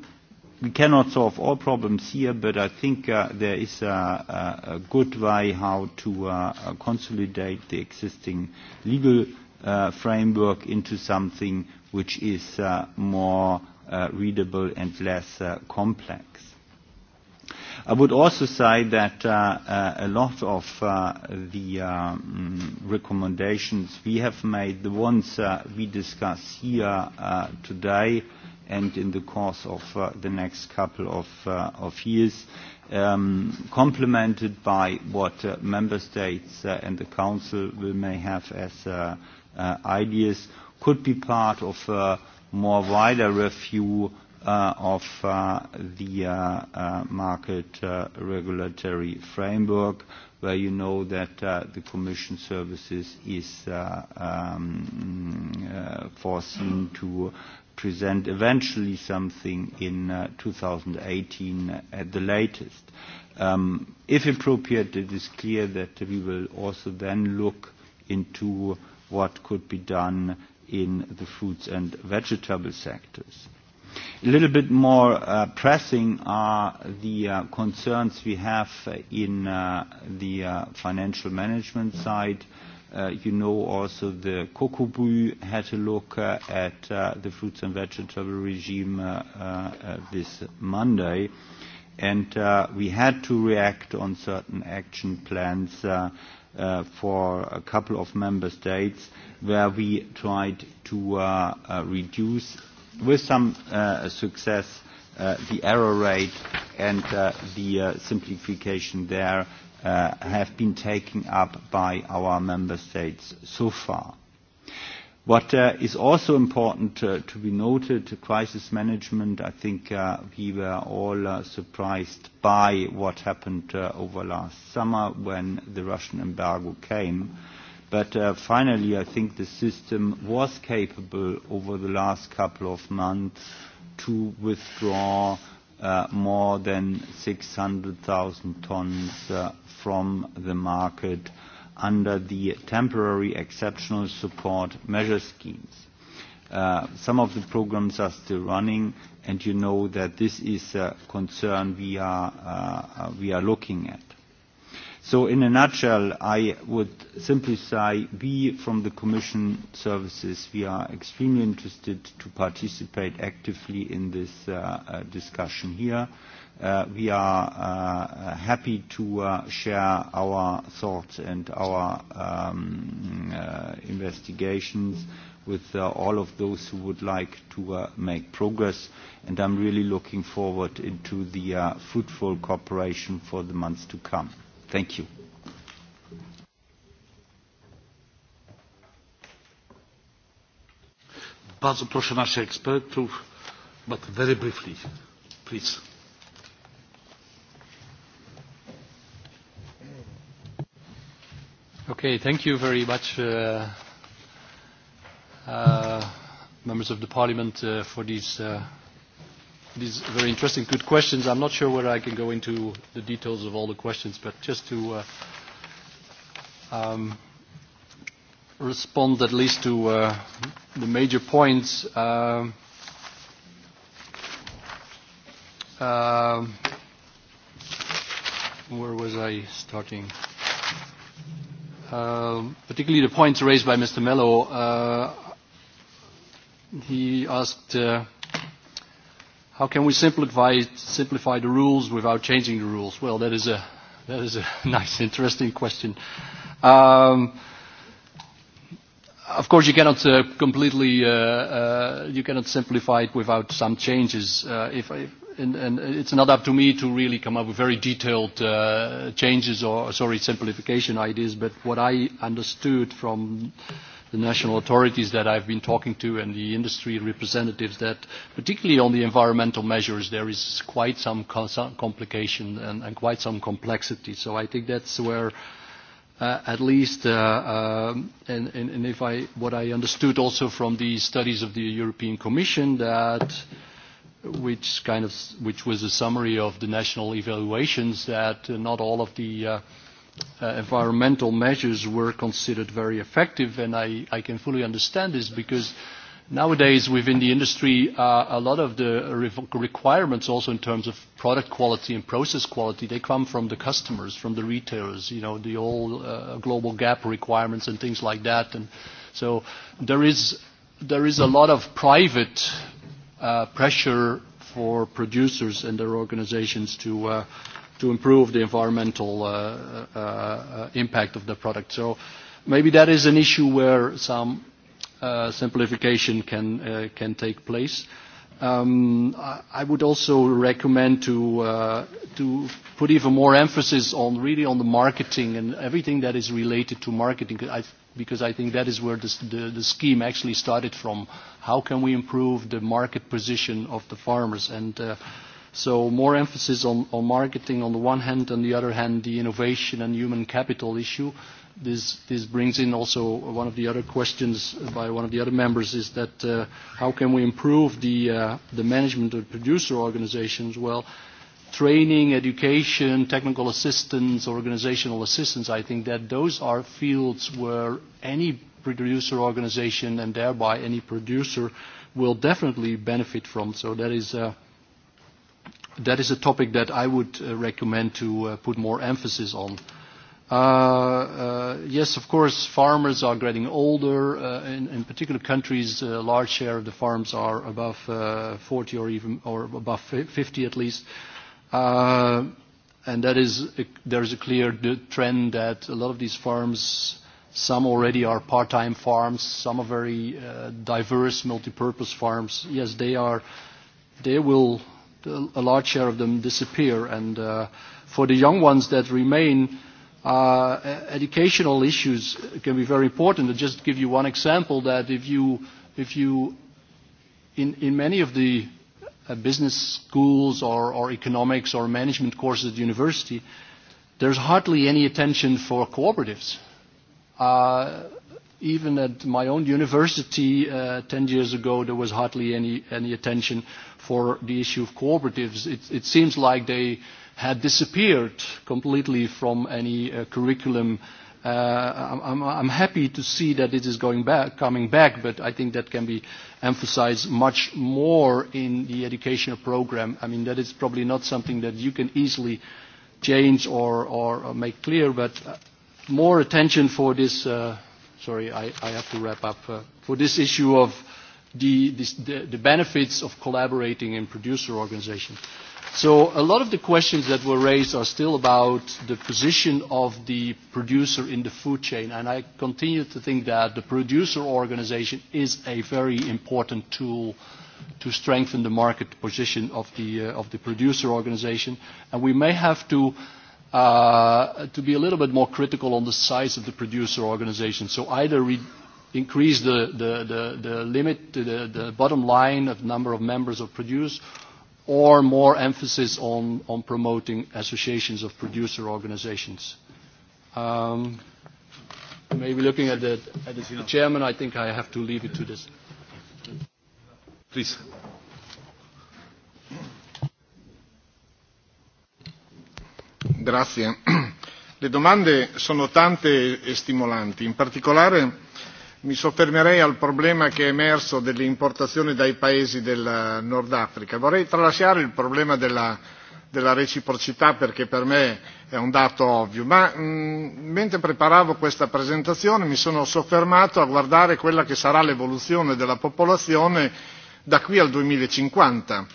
we cannot solve all problems here, but I think uh, there is a, a, a good way how to uh, uh, consolidate the existing legal uh, framework into something which is uh, more uh, readable and less uh, complex. I would also say that uh, uh, a lot of uh, the um, recommendations we have made, the ones uh, we discuss here uh, today, uh, and in the course of uh, the next couple of, uh, of years, um, complemented by what uh, member states uh, and the council will may have as uh, uh, ideas, could be part of a more wider review uh, of uh, the uh, uh, market uh, regulatory framework, where you know that uh, the Commission services is uh, um, uh, foreseen to uh, present eventually something in uh, 2018 at the latest. Um, if appropriate, it is clear that we will also then look into what could be done in the fruits and vegetable sectors. A little bit more uh, pressing are the uh, concerns we have in uh, the uh, financial management side. Uh, Uh, you know also the Kokubu had a look uh, at uh, the fruits and vegetable regime uh, uh, uh, this Monday. And uh, we had to react on certain action plans uh, uh, for a couple of member states where we tried to uh, uh, reduce, with some uh, success, uh, the error rate and uh, the uh, simplification there uh, have been taken up by our member states so far. What uh, is also important uh, to be noted, crisis management, I think uh, we were all uh, surprised by what happened uh, over last summer when the Russian embargo came. But uh, finally, I think the system was capable over the last couple of months to withdraw Uh, more than 600,000 tons uh, from the market under the temporary exceptional support measure schemes. Uh, some of the programs are still running, and you know that this is a concern we are, uh, uh we are looking at. So in a nutshell, I would simply say we from the Commission services, we are extremely interested to participate actively in this uh, uh, discussion here. Uh, we are uh, happy to uh, share our thoughts and our um, uh, investigations with uh, all of those who would like to uh, make progress. And I'm really looking forward into the uh, fruitful cooperation for the months to come. Thank you. Bardzo proszę naszych ekspertów, but very briefly, please. Okay, thank you very much, uh, uh, members of the parliament, uh, for these uh, these very interesting, good questions. I'm not sure whether I can go into the details of all the questions, but just to uh, um, respond at least to uh, the major points. Um, um, where was I starting? Um, particularly the points raised by Mr. Mello. Uh, he asked. Uh, how can we simplify, simplify the rules without changing the rules? Well, that is a, that is a nice, interesting question. Um, of course, you cannot uh, completely, uh, uh, you cannot simplify it without some changes. Uh, if, I, and, and it's not up to me to really come up with very detailed uh, changes or, sorry, simplification ideas. But what I understood from uh, the national authorities that I've been talking to and the industry representatives that, particularly on the environmental measures, there is quite some complication and, and quite some complexity. So I think that's where uh, at least, uh, um, and, and, and if I, what I understood also from the studies of the European Commission, that which kind of, which was a summary of the national evaluations, that uh, not all of the uh, uh, environmental measures were considered very effective, and I, I can fully understand this because nowadays within the industry, uh, a lot of the re requirements also in terms of product quality and process quality, they come from the customers, from the retailers, you know, the old uh, global gap requirements and things like that. And so there is, there is a lot of private uh, pressure for producers and their organizations to uh, to improve the environmental uh, uh, uh, impact of the product. So maybe that is an issue where some uh, simplification can, uh, can take place. Um, I would also recommend to, uh, to put even more emphasis on really on the marketing and everything that is related to marketing, I, because I think that is where this, the, the scheme actually started from. How can we improve the market position of the farmers? And uh, So more emphasis on, on marketing on the one hand, on the other hand, the innovation and human capital issue. This, this brings in also one of the other questions by one of the other members is that uh, how can we improve the, uh, the management of producer organizations? Well, training, education, technical assistance, organizational assistance, I think that those are fields where any producer organization and thereby any producer will definitely benefit from. So that is, uh, that is a topic that I would uh, recommend to uh, put more emphasis on. Uh, uh, yes, of course, farmers are getting older. Uh, in, in particular countries, uh, a uh, large share of the farms are above uh, 40 or even or above 50 at least. Uh, and that is a, uh, there is a clear uh, trend that a lot of these farms, some already are part-time farms, some are very uh, diverse, multi-purpose farms. Yes, they are. They will a large share of them disappear. And uh, for the young ones that remain, uh, educational issues can be very important. I'll just give you one example that if you, if you in, in many of the uh, business schools or, or economics or management courses at university, there's hardly any attention for cooperatives. Uh, even at my own university uh, 10 years ago, there was hardly any, any attention for the issue of cooperatives. It, it seems like they had disappeared completely from any uh, curriculum. Uh, I'm, I'm happy to see that it is going back, coming back, but I think that can be emphasized much more in the educational program. I mean, that is probably not something that you can easily change or, or, or make clear, but uh, more attention for this uh, sorry, I, I have to wrap up. Uh, for this issue of the, this, the, the benefits of collaborating in producer organizations. So a lot of the questions that were raised are still about the position of the producer in the food chain, and I continue to think that the producer organization is a very important tool to strengthen the market position of the, uh, of the producer organization, and we may have to uh, uh, to be a little bit more critical on the size of the producer organization. So either we increase the, the, the, the limit, the, the bottom line of number of members of produce, or more emphasis on, on promoting associations of producer organizations. Um, maybe looking at the, at the chairman, I think I have to leave it to this. Please. Grazie. Le domande sono tante e stimolanti. In particolare mi soffermerei al problema che è emerso delle importazioni dai paesi del eh, Nord Africa. Vorrei tralasciare il problema della, della reciprocità perché per me è un dato ovvio, ma mh, mm, mentre preparavo questa presentazione mi sono soffermato a guardare quella che sarà l'evoluzione della popolazione da qui al 2050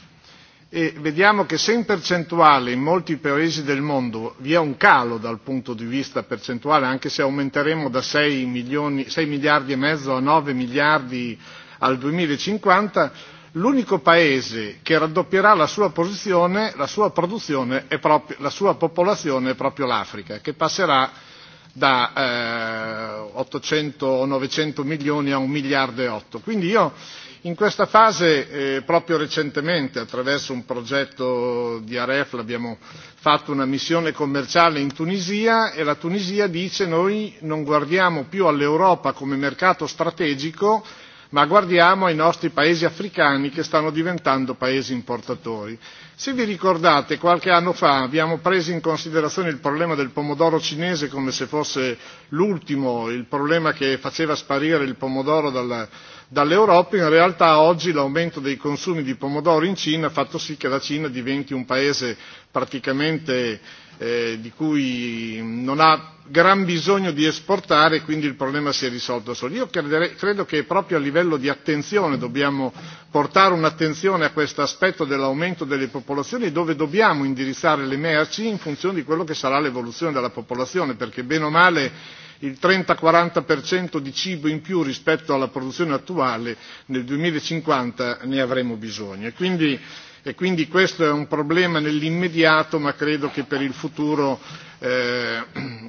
e vediamo che se in percentuale in molti paesi del mondo vi è un calo dal punto di vista percentuale, anche se aumenteremo da 6, milioni, 6 miliardi e mezzo a 9 miliardi al 2050, l'unico paese che raddoppierà la sua, posizione, la sua produzione è proprio, la sua popolazione è proprio l'Africa, che passerà da eh, 800 o 900 milioni a 1 miliardo e 8. Quindi io In questa fase eh, proprio recentemente attraverso un progetto di AREF abbiamo fatto una missione commerciale in Tunisia e la Tunisia dice noi non guardiamo più all'Europa come mercato strategico ma guardiamo ai nostri paesi africani che stanno diventando paesi importatori. Se vi ricordate, qualche anno fa abbiamo preso in considerazione il problema del pomodoro cinese come se fosse l'ultimo, il problema che faceva sparire il pomodoro dalla, dall'Europa, in realtà oggi l'aumento dei consumi di pomodoro in Cina ha fatto sì che la Cina diventi un paese praticamente eh, di cui non ha gran bisogno di esportare e quindi il problema si è risolto solo. Io credere, credo che proprio a livello di attenzione dobbiamo portare un'attenzione a questo aspetto dell'aumento delle popolazioni dove dobbiamo indirizzare le merci in funzione di quello che sarà l'evoluzione della popolazione perché bene o male il 30-40% di cibo in più rispetto alla produzione attuale nel 2050 ne avremo bisogno. E, e quindi, questo è un problema nell'immediato, ma credo che per il futuro, eh,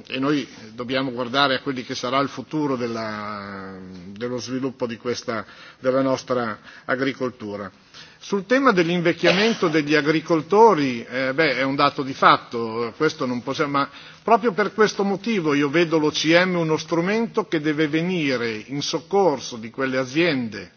e noi dobbiamo guardare a quello che sarà il futuro della, dello sviluppo di questa, della nostra agricoltura Sul tema dell'invecchiamento degli agricoltori, eh, beh, è un dato di fatto, questo non possiamo, ma proprio per questo motivo io vedo l'OCM uno strumento che deve venire in soccorso di quelle aziende,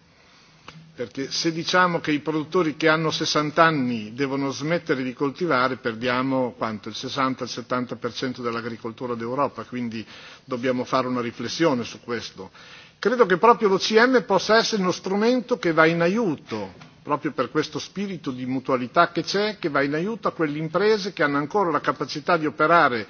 perché se diciamo che i produttori che hanno 60 anni devono smettere di coltivare, perdiamo quanto, il 60-70% dell'agricoltura d'Europa, quindi dobbiamo fare una riflessione su questo. Credo che proprio l'OCM possa essere uno strumento che va in aiuto proprio per questo spirito di mutualità che c'è, che va in aiuto a quelle imprese che hanno ancora la capacità di operare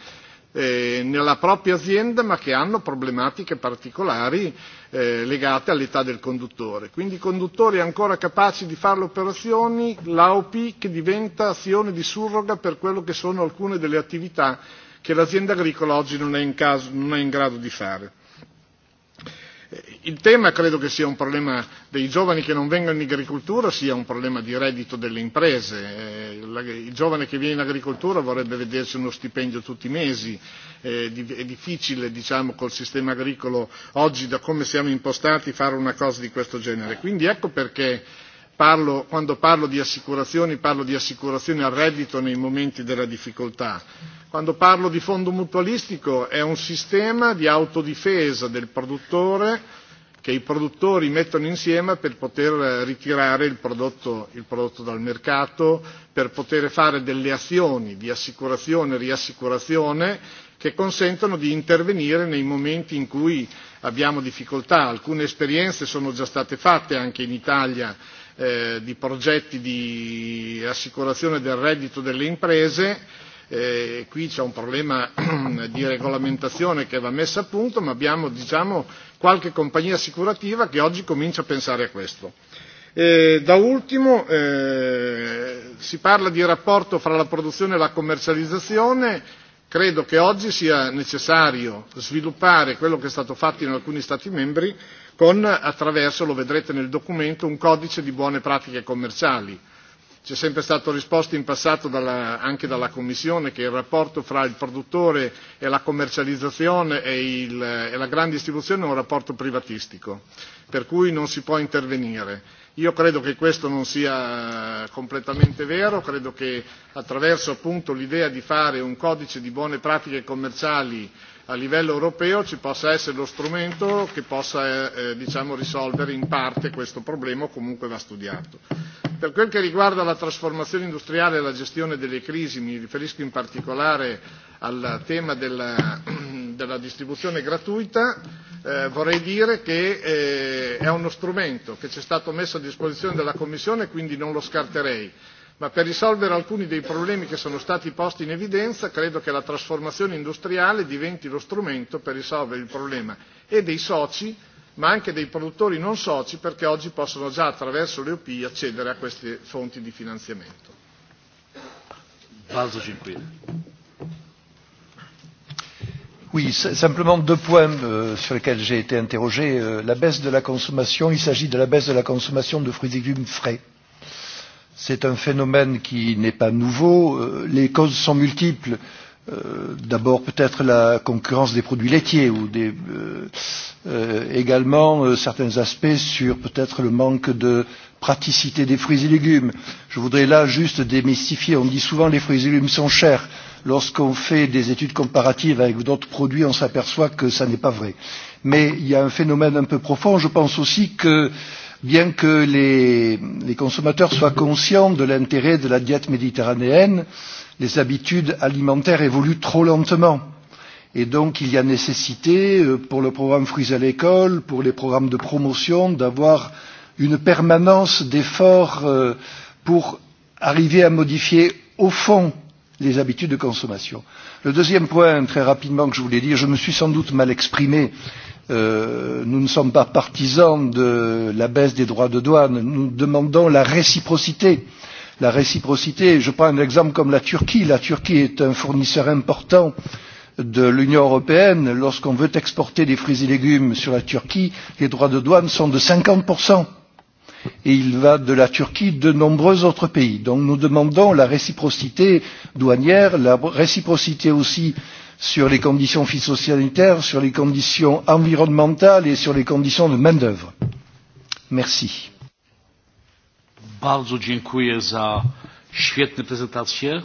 eh, nella propria azienda ma che hanno problematiche particolari eh, legate all'età del conduttore. Quindi conduttori ancora capaci di fare le operazioni, l'AOP che diventa azione di surroga per quello che sono alcune delle attività che l'azienda agricola oggi non è in, caso, non è in grado di fare. Il tema credo che sia un problema dei giovani che non vengono in agricoltura, sia un problema di reddito delle imprese. Eh, il giovane che viene in agricoltura vorrebbe vedersi uno stipendio tutti i mesi. Eh, è difficile, diciamo, col sistema agricolo oggi, da come siamo impostati, fare una cosa di questo genere. Quindi ecco perché parlo, quando parlo di assicurazioni parlo di assicurazioni al reddito nei momenti della difficoltà. Quando parlo di fondo mutualistico è un sistema di autodifesa del produttore che i produttori mettono insieme per poter ritirare il prodotto, il prodotto dal mercato, per poter fare delle azioni di assicurazione e riassicurazione che consentono di intervenire nei momenti in cui abbiamo difficoltà. Alcune esperienze sono già state fatte anche in Italia eh, di progetti di assicurazione del reddito delle imprese. Eh, qui c'è un problema di regolamentazione che va messo a punto, ma abbiamo diciamo, qualche compagnia assicurativa che oggi comincia a pensare a questo. Eh, da ultimo eh, si parla di rapporto fra la produzione e la commercializzazione. Credo che oggi sia necessario sviluppare quello che è stato fatto in alcuni Stati membri con attraverso lo vedrete nel documento un codice di buone pratiche commerciali. C'è sempre stato risposto in passato dalla, anche dalla Commissione che il rapporto fra il produttore e la commercializzazione e, il, e la grande distribuzione è un rapporto privatistico, per cui non si può intervenire. Io credo che questo non sia eh, completamente vero, credo che attraverso appunto l'idea di fare un codice di buone pratiche commerciali a livello europeo ci possa essere lo strumento che possa eh, eh, diciamo, risolvere in parte questo problema o comunque va studiato. Per quel che riguarda la trasformazione industriale e la gestione delle crisi, mi riferisco in particolare al tema della, della distribuzione gratuita, eh, vorrei dire che eh, è uno strumento che ci è stato messo a disposizione dalla Commissione e quindi non lo scarterei ma per risolvere alcuni dei problemi che sono stati posti in evidenza credo che la trasformazione industriale diventi lo strumento per risolvere il problema e dei soci ma anche dei produttori non soci perché oggi possono già attraverso le OPI accedere a queste fonti di finanziamento. Oui, simplement deux points euh, sur lesquels j'ai été interrogé. Euh, la baisse de la consommation, il s'agit de la baisse de la consommation de fruits et légumes frais. Euh, C'est un phénomène qui n'est pas nouveau. Euh, les causes sont multiples. Euh, d'abord peut-être la concurrence des produits laitiers ou des, euh, euh, également euh, certains aspects sur peut-être le manque de praticité des fruits et légumes. Je voudrais là juste démystifier. On dit souvent que les fruits et légumes sont chers. Lorsqu'on fait des études comparatives avec d'autres produits, on s'aperçoit que ça n'est pas vrai. Mais il y a un phénomène un peu profond. Je pense aussi que euh, bien que les, les consommateurs soient conscients de l'intérêt de la diète méditerranéenne, les habitudes alimentaires évoluent trop lentement. Et donc, il y a nécessité, euh, pour le programme Fruits à l'école, pour les programmes de promotion, d'avoir une permanence d'efforts euh, pour arriver à modifier au fond les habitudes de consommation. Le deuxième point, très rapidement, que je voulais dire, je me suis sans doute mal exprimé, Euh, nous ne sommes pas partisans de la baisse des droits de douane, nous demandons la réciprocité. La réciprocité, je prends un exemple comme la Turquie. La Turquie est un fournisseur important de l'Union européenne. Lorsqu'on veut exporter des fruits et légumes sur la Turquie, les droits de douane sont de 50% et il va de la Turquie de nombreux autres pays. Donc nous demandons la réciprocité douanière, la réciprocité aussi euh, sur les conditions phytosanitaires, sur les conditions environnementales et sur les conditions de main-d'œuvre. Merci. Bardzo dziękuję za świetne prezentacje,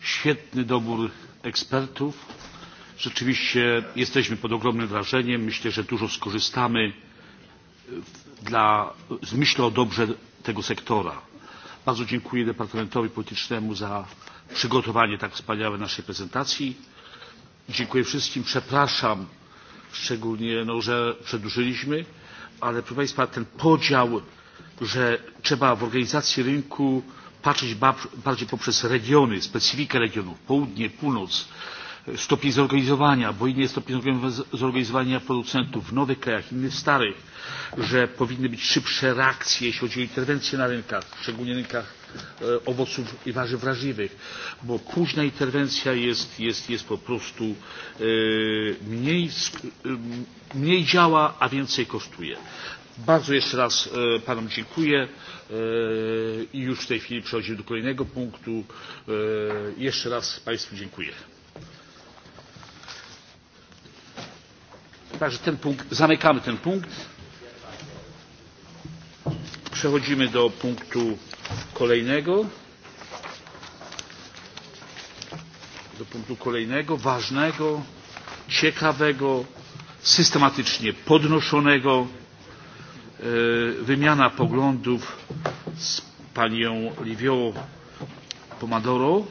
świetny dobór ekspertów. Rzeczywiście jesteśmy pod ogromnym wrażeniem. Myślę, że dużo skorzystamy e, dla, z myślą o dobrze tego sektora. Bardzo dziękuję Departamentowi Politycznemu za przygotowanie tak wspaniałej naszej prezentacji Dziękuję wszystkim. Przepraszam szczególnie, no, że przedłużyliśmy, ale proszę Państwa, ten podział, że trzeba w organizacji rynku patrzeć bardziej poprzez regiony, specyfikę regionów, południe, północ, stopień zorganizowania, bo inny jest stopień zorganizowania producentów w nowych krajach, inny w starych, że powinny być szybsze reakcje, jeśli chodzi o interwencje na rynkach, szczególnie rynkach E, owoców i warzyw wrażliwych, bo późna interwencja jest, jest, jest po prostu e, mniej, e, mniej działa, a więcej kosztuje. Bardzo jeszcze raz panom dziękuję i już w tej chwili przechodzimy do kolejnego punktu. Jeszcze raz państwu dziękuję. Także ten punkt, zamykamy ten punkt. Przechodzimy do punktu kolejnego do punktu kolejnego ważnego, ciekawego, systematycznie podnoszonego e, wymiana poglądów z panią Livio Pomadoro,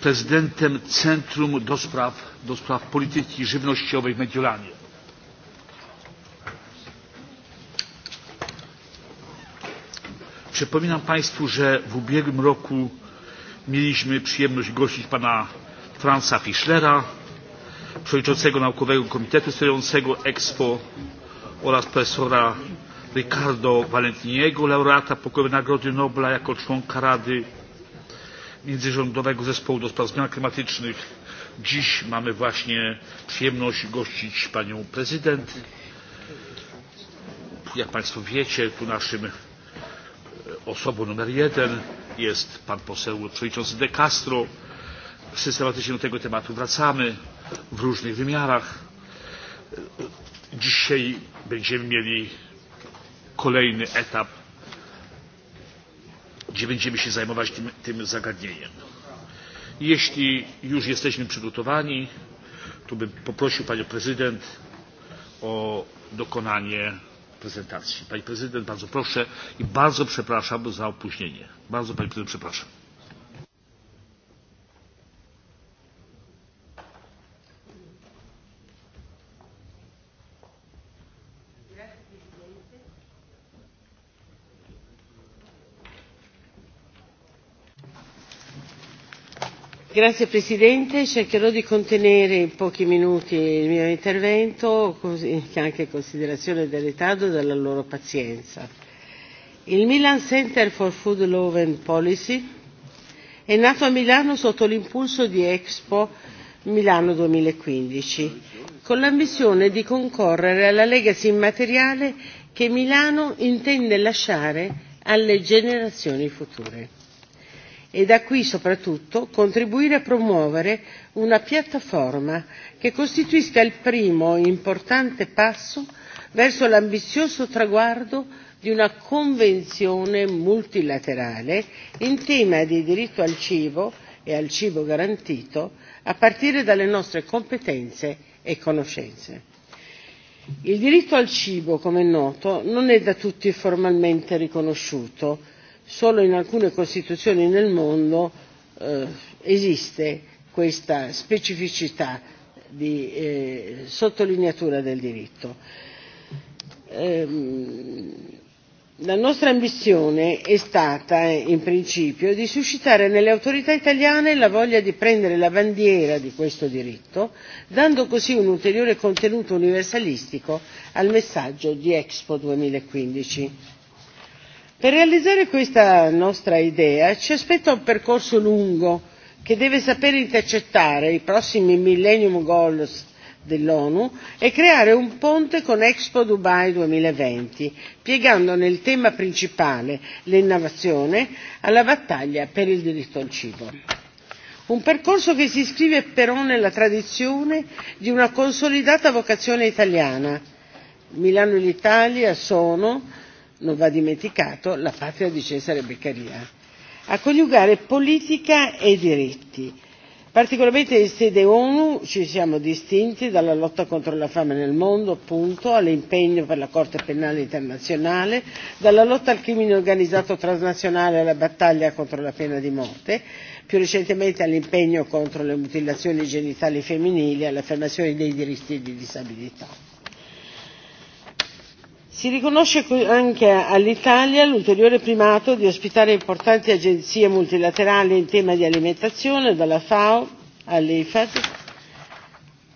prezydentem Centrum do Spraw, do Spraw Polityki Żywnościowej w Mediolanie. Przypominam Państwu, że w ubiegłym roku mieliśmy przyjemność gościć pana Franza Fischlera, przewodniczącego Naukowego Komitetu Sterującego EXPO oraz profesora Ricardo Valentiniego, laureata Pokojowej Nagrody Nobla jako członka Rady Międzyrządowego Zespołu do Spraw Zmian Klimatycznych. Dziś mamy właśnie przyjemność gościć panią prezydent. Jak Państwo wiecie, tu naszym E, osobą numer jeden jest pan poseł przewodniczący de Castro. Systematycznie do tego tematu wracamy w różnych wymiarach. E, dzisiaj będziemy mieli kolejny etap, gdzie będziemy się zajmować tym, tym zagadnieniem. Jeśli już jesteśmy przygotowani, to bym poprosił panią prezydent o dokonanie prezentacji. Pani prezydent, bardzo proszę i bardzo przepraszam za opóźnienie. Bardzo Panie prezydent, przepraszam. signor Presidente, onorevoli colleghi cercherò di contenere in pochi minuti il mio intervento, anche in considerazione del ritardo e della loro pazienza. Il Milan Center for Food Law and Policy è nato a Milano sotto l'impulso di Expo Milano duemilaquindici con l'ambizione di concorrere alla legacy immateriale che Milano intende lasciare alle generazioni future e da qui soprattutto contribuire a promuovere una piattaforma che costituisca il primo importante passo verso l'ambizioso traguardo di una convenzione multilaterale in tema di diritto al cibo e al cibo garantito a partire dalle nostre competenze e conoscenze. Il diritto al cibo, come è noto, non è da tutti formalmente riconosciuto solo in alcune costituzioni nel mondo eh, esiste questa specificità di eh, sottolineatura del diritto. Ehm, la nostra ambizione è stata, eh, in principio, di suscitare nelle autorità italiane la voglia di prendere la bandiera di questo diritto, dando così un ulteriore contenuto universalistico al messaggio di Expo 2015 per realizzare questa nostra idea ci aspetta un percorso lungo che deve sapere intercettare i prossimi millennium goals dell'onu e creare un ponte con expo dubai duemilaventi piegando nel tema principale l'innovazione alla battaglia per il diritto al cibo un percorso che si iscrive però nella tradizione di una consolidata vocazione italiana milano e l'italia sono non va dimenticato la patria di Cesare Beccaria, a coniugare politica e diritti. Particolarmente in sede ONU ci siamo distinti dalla lotta contro la fame nel mondo, appunto, all'impegno per la Corte Penale Internazionale, dalla lotta al crimine organizzato transnazionale e alla battaglia contro la pena di morte, più recentemente all'impegno contro le mutilazioni genitali femminili e all'affermazione dei diritti di disabilità si riconosce anche all'italia l'ulteriore primato di ospitare importanti agenzie multilaterali in tema di alimentazione dalla fao all'ifad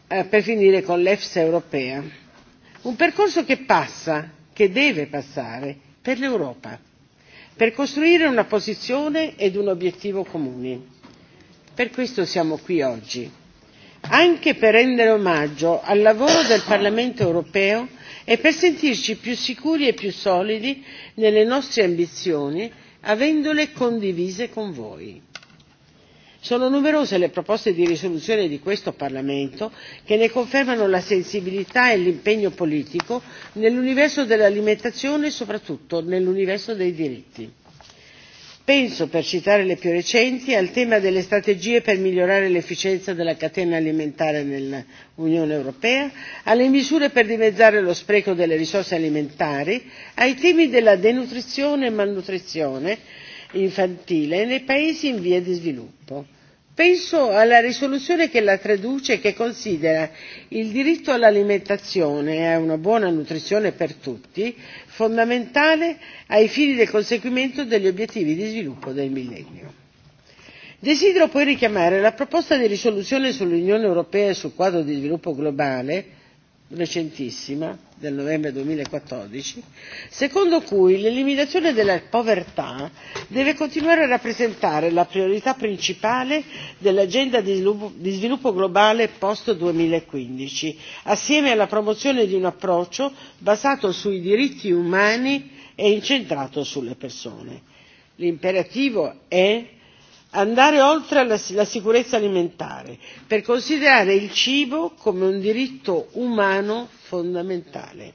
eh, per finire con l'efsa europea un percorso che passa che deve passare per l'europa per costruire una posizione ed un obiettivo comuni. per questo siamo qui oggi anche per rendere omaggio al lavoro del parlamento europeo e per sentirci più sicuri e più solidi nelle nostre ambizioni avendole condivise con voi. Sono numerose le proposte di risoluzione di questo Parlamento che ne confermano la sensibilità e l'impegno politico nell'universo dell'alimentazione e soprattutto nell'universo dei diritti penso per citare le più recenti al tema delle strategie per migliorare l'efficienza della catena alimentare nell'unione europea alle misure per dimezzare lo spreco delle risorse alimentari ai temi della denutrizione e malnutrizione infantile nei paesi in via di sviluppo. Penso alla risoluzione che la traduce e che considera il diritto all'alimentazione e a una buona nutrizione per tutti fondamentale ai fini del conseguimento degli obiettivi di sviluppo del millennio. Desidero poi richiamare la proposta di risoluzione sull'Unione europea e sul quadro di sviluppo globale recentissima del novembre 2014, secondo cui l'eliminazione della povertà deve continuare a rappresentare la priorità principale dell'agenda di sviluppo, di sviluppo globale post 2015, assieme alla promozione di un approccio basato sui diritti umani e incentrato sulle persone. L'imperativo è andare oltre la, sicurezza alimentare per considerare il cibo come un diritto umano fondamentale.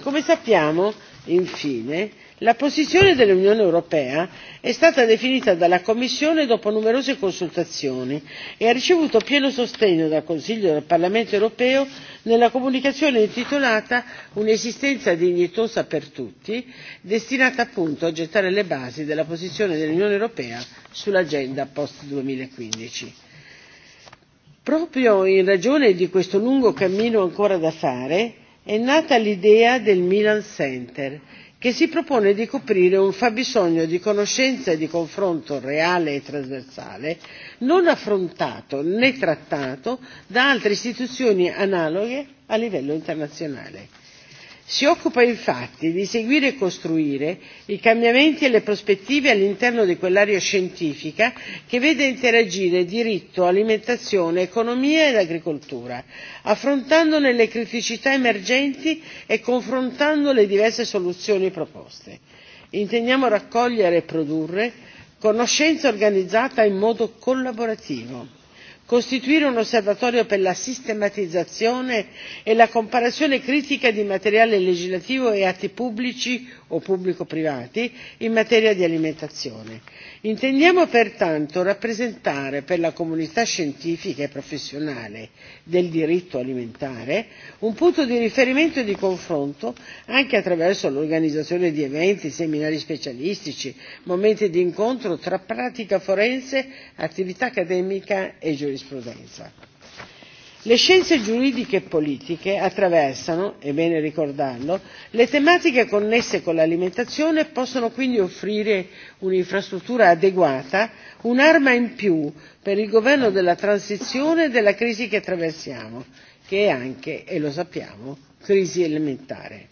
Come sappiamo, infine, la posizione dell'unione europea è stata definita dalla commissione dopo numerose consultazioni e ha ricevuto pieno sostegno dal consiglio e dal parlamento europeo nella comunicazione intitolata un'esistenza dignitosa per tutti destinata appunto a gettare le basi della posizione dell'unione europea sull'agenda post. duemilaquindici proprio in ragione di questo lungo cammino ancora da fare è nata l'idea del milan center che si propone di coprire un fabbisogno di conoscenza e di confronto reale e trasversale non affrontato né trattato da altre istituzioni analoghe a livello internazionale si occupa infatti di seguire e costruire i cambiamenti e le prospettive all'interno di quell'area scientifica che vede interagire diritto alimentazione economia ed agricoltura affrontandone le criticità emergenti e confrontando le diverse soluzioni proposte. intendiamo raccogliere e produrre conoscenza organizzata in modo collaborativo costituire un osservatorio per la sistematizzazione e la comparazione critica di materiale legislativo e atti pubblici o pubblico privati in materia di alimentazione; intendiamo pertanto rappresentare per la comunità scientifica e professionale del diritto alimentare un punto di riferimento e di confronto anche attraverso l'organizzazione di eventi seminari specialistici momenti di incontro tra pratica forense attività accademica e giurisprudenza le scienze giuridiche e politiche attraversano è bene ricordarlo le tematiche connesse con l'alimentazione e possono quindi offrire un'infrastruttura adeguata un'arma in più per il governo della transizione e della crisi che attraversiamo che è anche e lo sappiamo crisi alimentare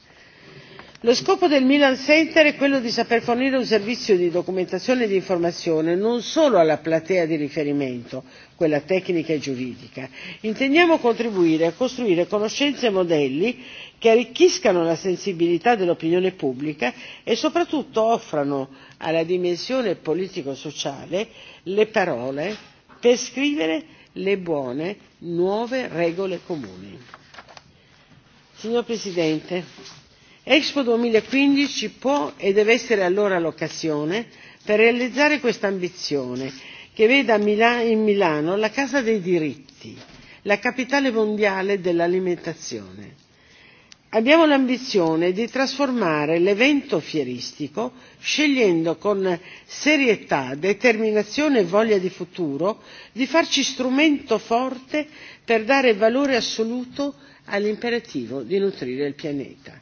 lo scopo del milan center è quello di saper fornire un servizio di documentazione e di informazione non solo alla platea di riferimento quella tecnica e giuridica intendiamo contribuire a costruire conoscenze e modelli che arricchiscano la sensibilità dell'opinione pubblica e soprattutto offrano alla dimensione politico sociale le parole per scrivere le buone nuove regole comuni. signor presidente expo duemilaquindici può e deve essere allora l'occasione per realizzare questa ambizione che veda in milano la casa dei diritti la capitale mondiale dell'alimentazione. abbiamo l'ambizione di trasformare l'evento fieristico scegliendo con serietà determinazione e voglia di futuro di farci strumento forte per dare valore assoluto all'imperativo di nutrire il pianeta.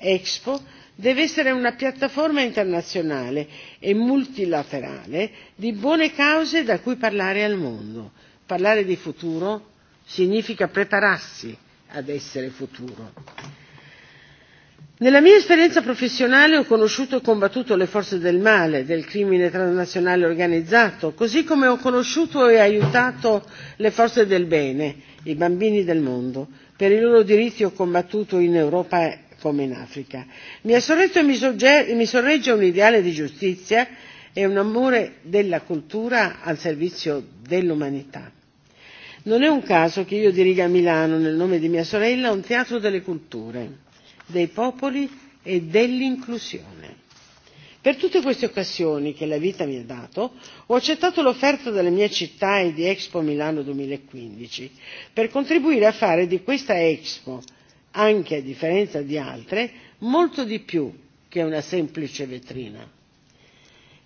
Expo deve essere una piattaforma internazionale e multilaterale di buone cause da cui parlare al mondo. Parlare di futuro significa prepararsi ad essere futuro. Nella mia esperienza professionale ho conosciuto e combattuto le forze del male, del crimine transnazionale organizzato, così come ho conosciuto e aiutato le forze del bene, i bambini del mondo. Per i loro diritti ho combattuto in Europa come in Africa. Mi ha sorretto e mi, sogge- mi sorregge un ideale di giustizia e un amore della cultura al servizio dell'umanità. Non è un caso che io diriga a Milano, nel nome di mia sorella, un teatro delle culture, dei popoli e dell'inclusione. Per tutte queste occasioni che la vita mi ha dato, ho accettato l'offerta della mia città e di Expo Milano 2015 per contribuire a fare di questa Expo anche a differenza di altre, molto di più che una semplice vetrina.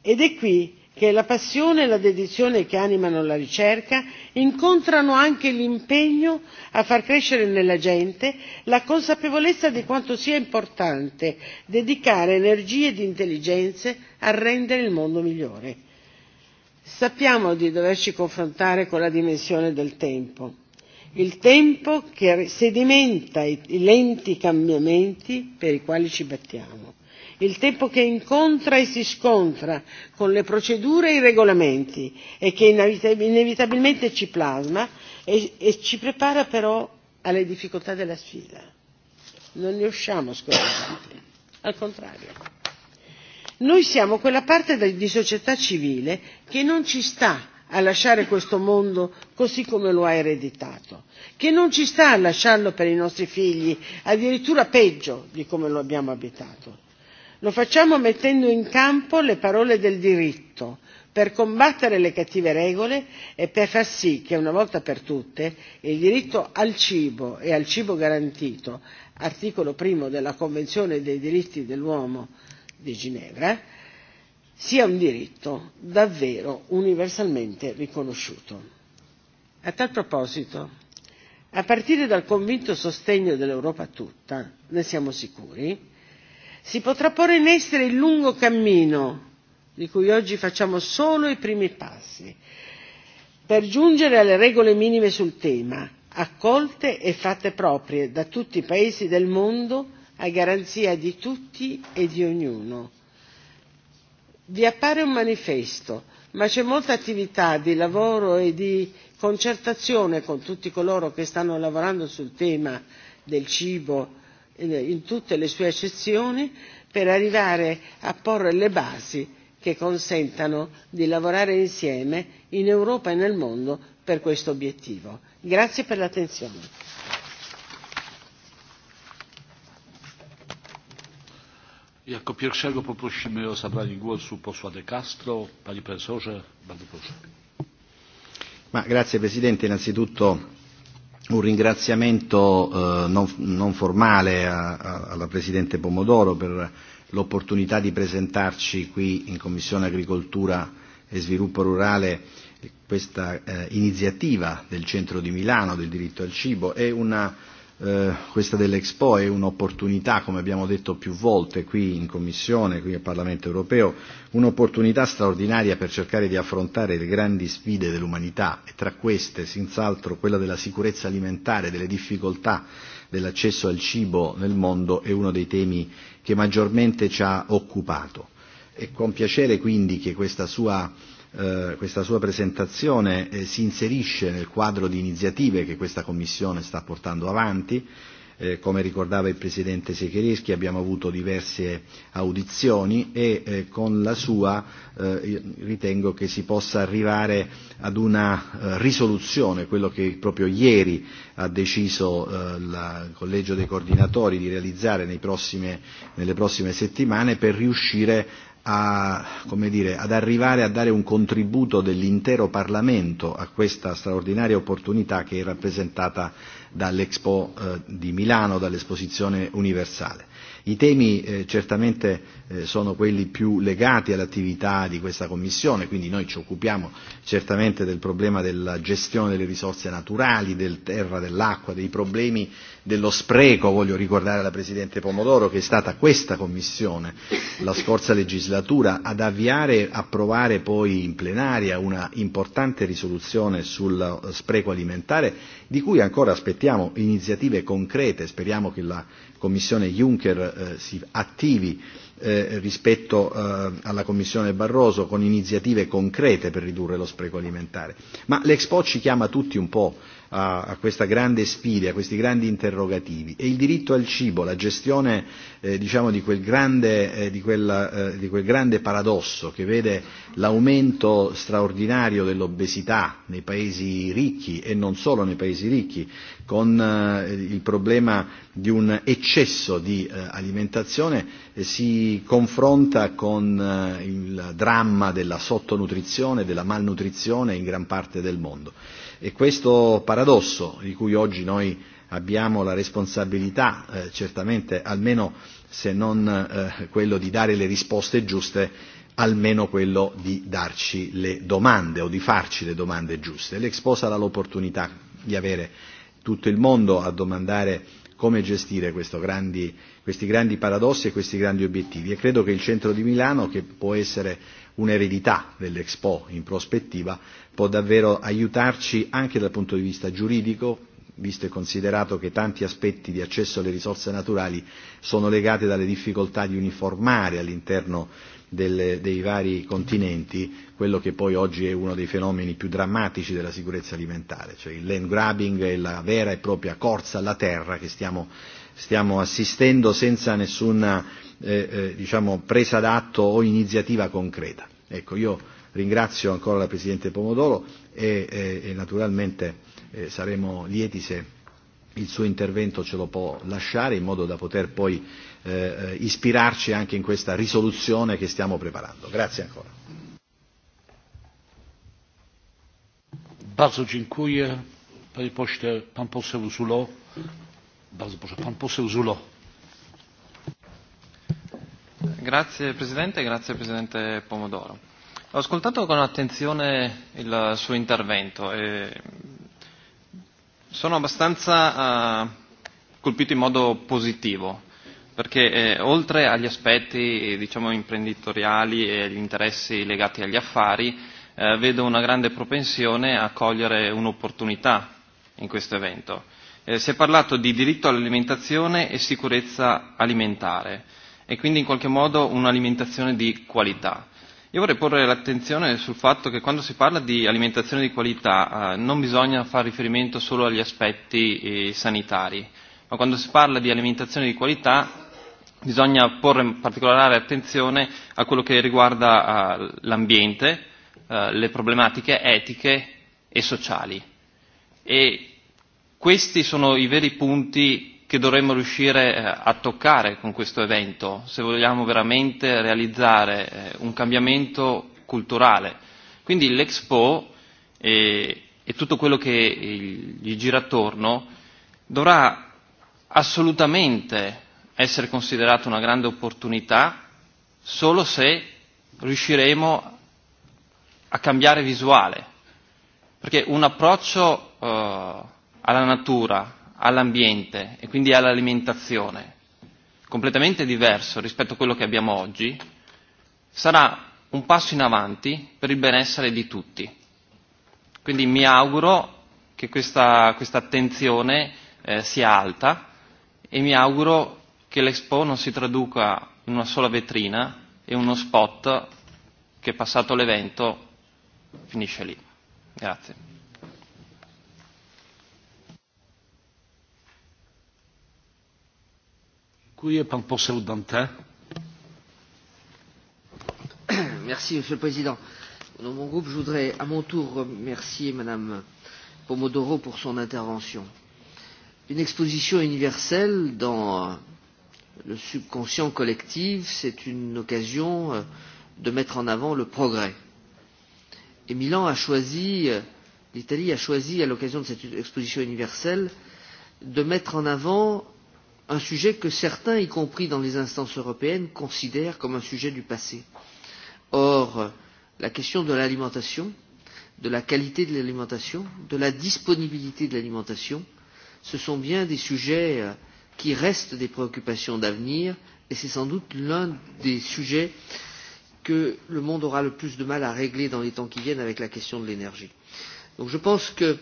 Ed è qui che la passione e la dedizione che animano la ricerca incontrano anche l'impegno a far crescere nella gente la consapevolezza di quanto sia importante dedicare energie ed intelligenze a rendere il mondo migliore. Sappiamo di doverci confrontare con la dimensione del tempo il tempo che sedimenta i lenti cambiamenti per i quali ci battiamo, il tempo che incontra e si scontra con le procedure e i regolamenti e che inevitabilmente ci plasma e, e ci prepara però alle difficoltà della sfida. Non ne usciamo scoraggiati, al contrario. Noi siamo quella parte di società civile che non ci sta a lasciare questo mondo così come lo ha ereditato, che non ci sta a lasciarlo per i nostri figli, addirittura peggio di come lo abbiamo abitato. Lo facciamo mettendo in campo le parole del diritto per combattere le cattive regole e per far sì che una volta per tutte il diritto al cibo e al cibo garantito, articolo primo della Convenzione dei diritti dell'uomo di Ginevra, sia un diritto davvero universalmente riconosciuto. A tal proposito, a partire dal convinto sostegno dell'Europa tutta, ne siamo sicuri, si potrà porre in essere il lungo cammino di cui oggi facciamo solo i primi passi, per giungere alle regole minime sul tema, accolte e fatte proprie da tutti i paesi del mondo a garanzia di tutti e di ognuno, vi appare un manifesto ma c'è molta attività di lavoro e di concertazione con tutti coloro che stanno lavorando sul tema del cibo eh, in tutte le sue accezioni per arrivare a porre le basi che consentano di lavorare insieme in Europa e nel mondo per questo obiettivo. Grazie per l'attenzione. Jako pierwszego poprosimy o zabranie głosu posła De Castro. Panie profesorze, bardzo proszę. Ma, grazie Presidente, innanzitutto un ringraziamento eh, non, non formale a, a, alla Presidente Pomodoro per l'opportunità di presentarci qui in Commissione Agricoltura e Sviluppo Rurale questa eh, iniziativa del Centro di Milano del diritto al cibo. È una Eh, questa dell'Expo è un'opportunità, come abbiamo detto più volte qui in Commissione, qui al Parlamento europeo, un'opportunità straordinaria per cercare di affrontare le grandi sfide dell'umanità e tra queste senz'altro quella della sicurezza alimentare, delle difficoltà dell'accesso al cibo nel mondo è uno dei temi che maggiormente ci ha occupato. È e con piacere quindi che questa sua Eh, questa sua presentazione eh, si inserisce nel quadro di iniziative che questa Commissione sta portando avanti. Eh, come ricordava il Presidente Secherischi abbiamo avuto diverse audizioni e eh, con la sua eh, ritengo che si possa arrivare ad una eh, risoluzione, quello che proprio ieri ha deciso eh, la, il Collegio dei Coordinatori di realizzare nei prossime, nelle prossime settimane per riuscire a, come dire, ad arrivare a dare un contributo dell'intero Parlamento a questa straordinaria opportunità che è rappresentata dall'Expo eh, di Milano, dall'esposizione universale. I temi eh, certamente Eh, sono quelli più legati all'attività di questa Commissione, quindi noi ci occupiamo certamente del problema della gestione delle risorse naturali, del terra, dell'acqua, dei problemi dello spreco, voglio ricordare alla Presidente Pomodoro che è stata questa Commissione la scorsa legislatura ad avviare approvare poi in plenaria una importante risoluzione sul spreco alimentare di cui ancora aspettiamo iniziative concrete, speriamo che la Commissione Juncker eh, si attivi Eh, rispetto eh, alla Commissione Barroso con iniziative concrete per ridurre lo spreco alimentare. Ma l'Expo ci chiama tutti un po' a, a questa grande sfida, a questi grandi interrogativi. E il diritto al cibo, la gestione eh, diciamo, di, quel grande, eh, di, quella, eh, di quel grande paradosso che vede l'aumento straordinario dell'obesità nei paesi ricchi e non solo nei paesi ricchi, con eh, il problema di un eccesso di eh, alimentazione eh, si confronta con eh, il dramma della sottonutrizione, della malnutrizione in gran parte del mondo. E questo paradosso di cui oggi noi abbiamo la responsabilità, eh, certamente almeno se non eh, quello di dare le risposte giuste, almeno quello di darci le domande o di farci le domande giuste. L'Expo sarà l'opportunità di avere tutto il mondo a domandare come gestire grandi, questi grandi paradossi e questi grandi obiettivi e credo che il centro di Milano, che può essere un'eredità dell'Expo in prospettiva, può davvero aiutarci anche dal punto di vista giuridico, visto e considerato che tanti aspetti di accesso alle risorse naturali sono legati dalle difficoltà di uniformare all'interno delle, dei vari continenti quello che poi oggi è uno dei fenomeni più drammatici della sicurezza alimentare, cioè il land grabbing e la vera e propria corsa alla terra che stiamo, stiamo assistendo senza nessuna eh, eh, diciamo, presa d'atto o iniziativa concreta. Ecco, io Ringrazio ancora la Presidente Pomodoro e, e, e naturalmente eh, saremo lieti se il suo intervento ce lo può lasciare in modo da poter poi eh, eh, ispirarci anche in questa risoluzione che stiamo preparando. Grazie ancora. Bardzo dziękuję. Panie pośle, pan poseł Zulo. Bardzo proszę, pan poseł Zulo. Grazie Presidente, grazie Presidente Pomodoro Ho ascoltato con attenzione il suo intervento e sono abbastanza uh, colpito in modo positivo, perché eh, oltre agli aspetti diciamo, imprenditoriali e agli interessi legati agli affari, eh, vedo una grande propensione a cogliere un'opportunità in questo evento. Eh, si è parlato di diritto all'alimentazione e sicurezza alimentare e quindi in qualche modo un'alimentazione di qualità. Io vorrei porre l'attenzione sul fatto che quando si parla di alimentazione di qualità eh, non bisogna fare riferimento solo agli aspetti eh, sanitari, ma quando si parla di alimentazione di qualità bisogna porre particolare attenzione a quello che riguarda eh, l'ambiente, eh, le problematiche etiche e sociali. E questi sono i veri punti che dovremmo riuscire eh, a toccare con questo evento, se vogliamo veramente realizzare eh, un cambiamento culturale. Quindi l'Expo e, e tutto quello che gli gira attorno dovrà assolutamente essere considerato una grande opportunità solo se riusciremo a cambiare visuale, perché un approccio eh, alla natura all'ambiente e quindi all'alimentazione, completamente diverso rispetto a quello che abbiamo oggi, sarà un passo in avanti per il benessere di tutti. Quindi mi auguro che questa, questa attenzione eh, sia alta e mi auguro che l'Expo non si traduca in una sola vetrina e uno spot che passato l'evento finisce lì. Grazie. Monsieur le Président. Au nom de mon groupe, je voudrais à mon tour remercier mme Pomodoro pour son intervention. Une exposition universelle dans le subconscient collectif, c'est une occasion euh, de mettre en avant le progrès. Et Milan a choisi, euh, l'Italie a choisi, à l'occasion de cette exposition universelle, de mettre en avant un sujet que certains, y compris dans les instances européennes, considèrent comme un sujet du passé. Or, la question de l'alimentation, de la qualité de l'alimentation, de la disponibilité de l'alimentation, ce sont bien des sujets euh, qui restent des préoccupations d'avenir et c'est sans doute l'un des sujets que le monde aura le plus de mal à régler dans les temps qui viennent avec la question de l'énergie. Donc je pense que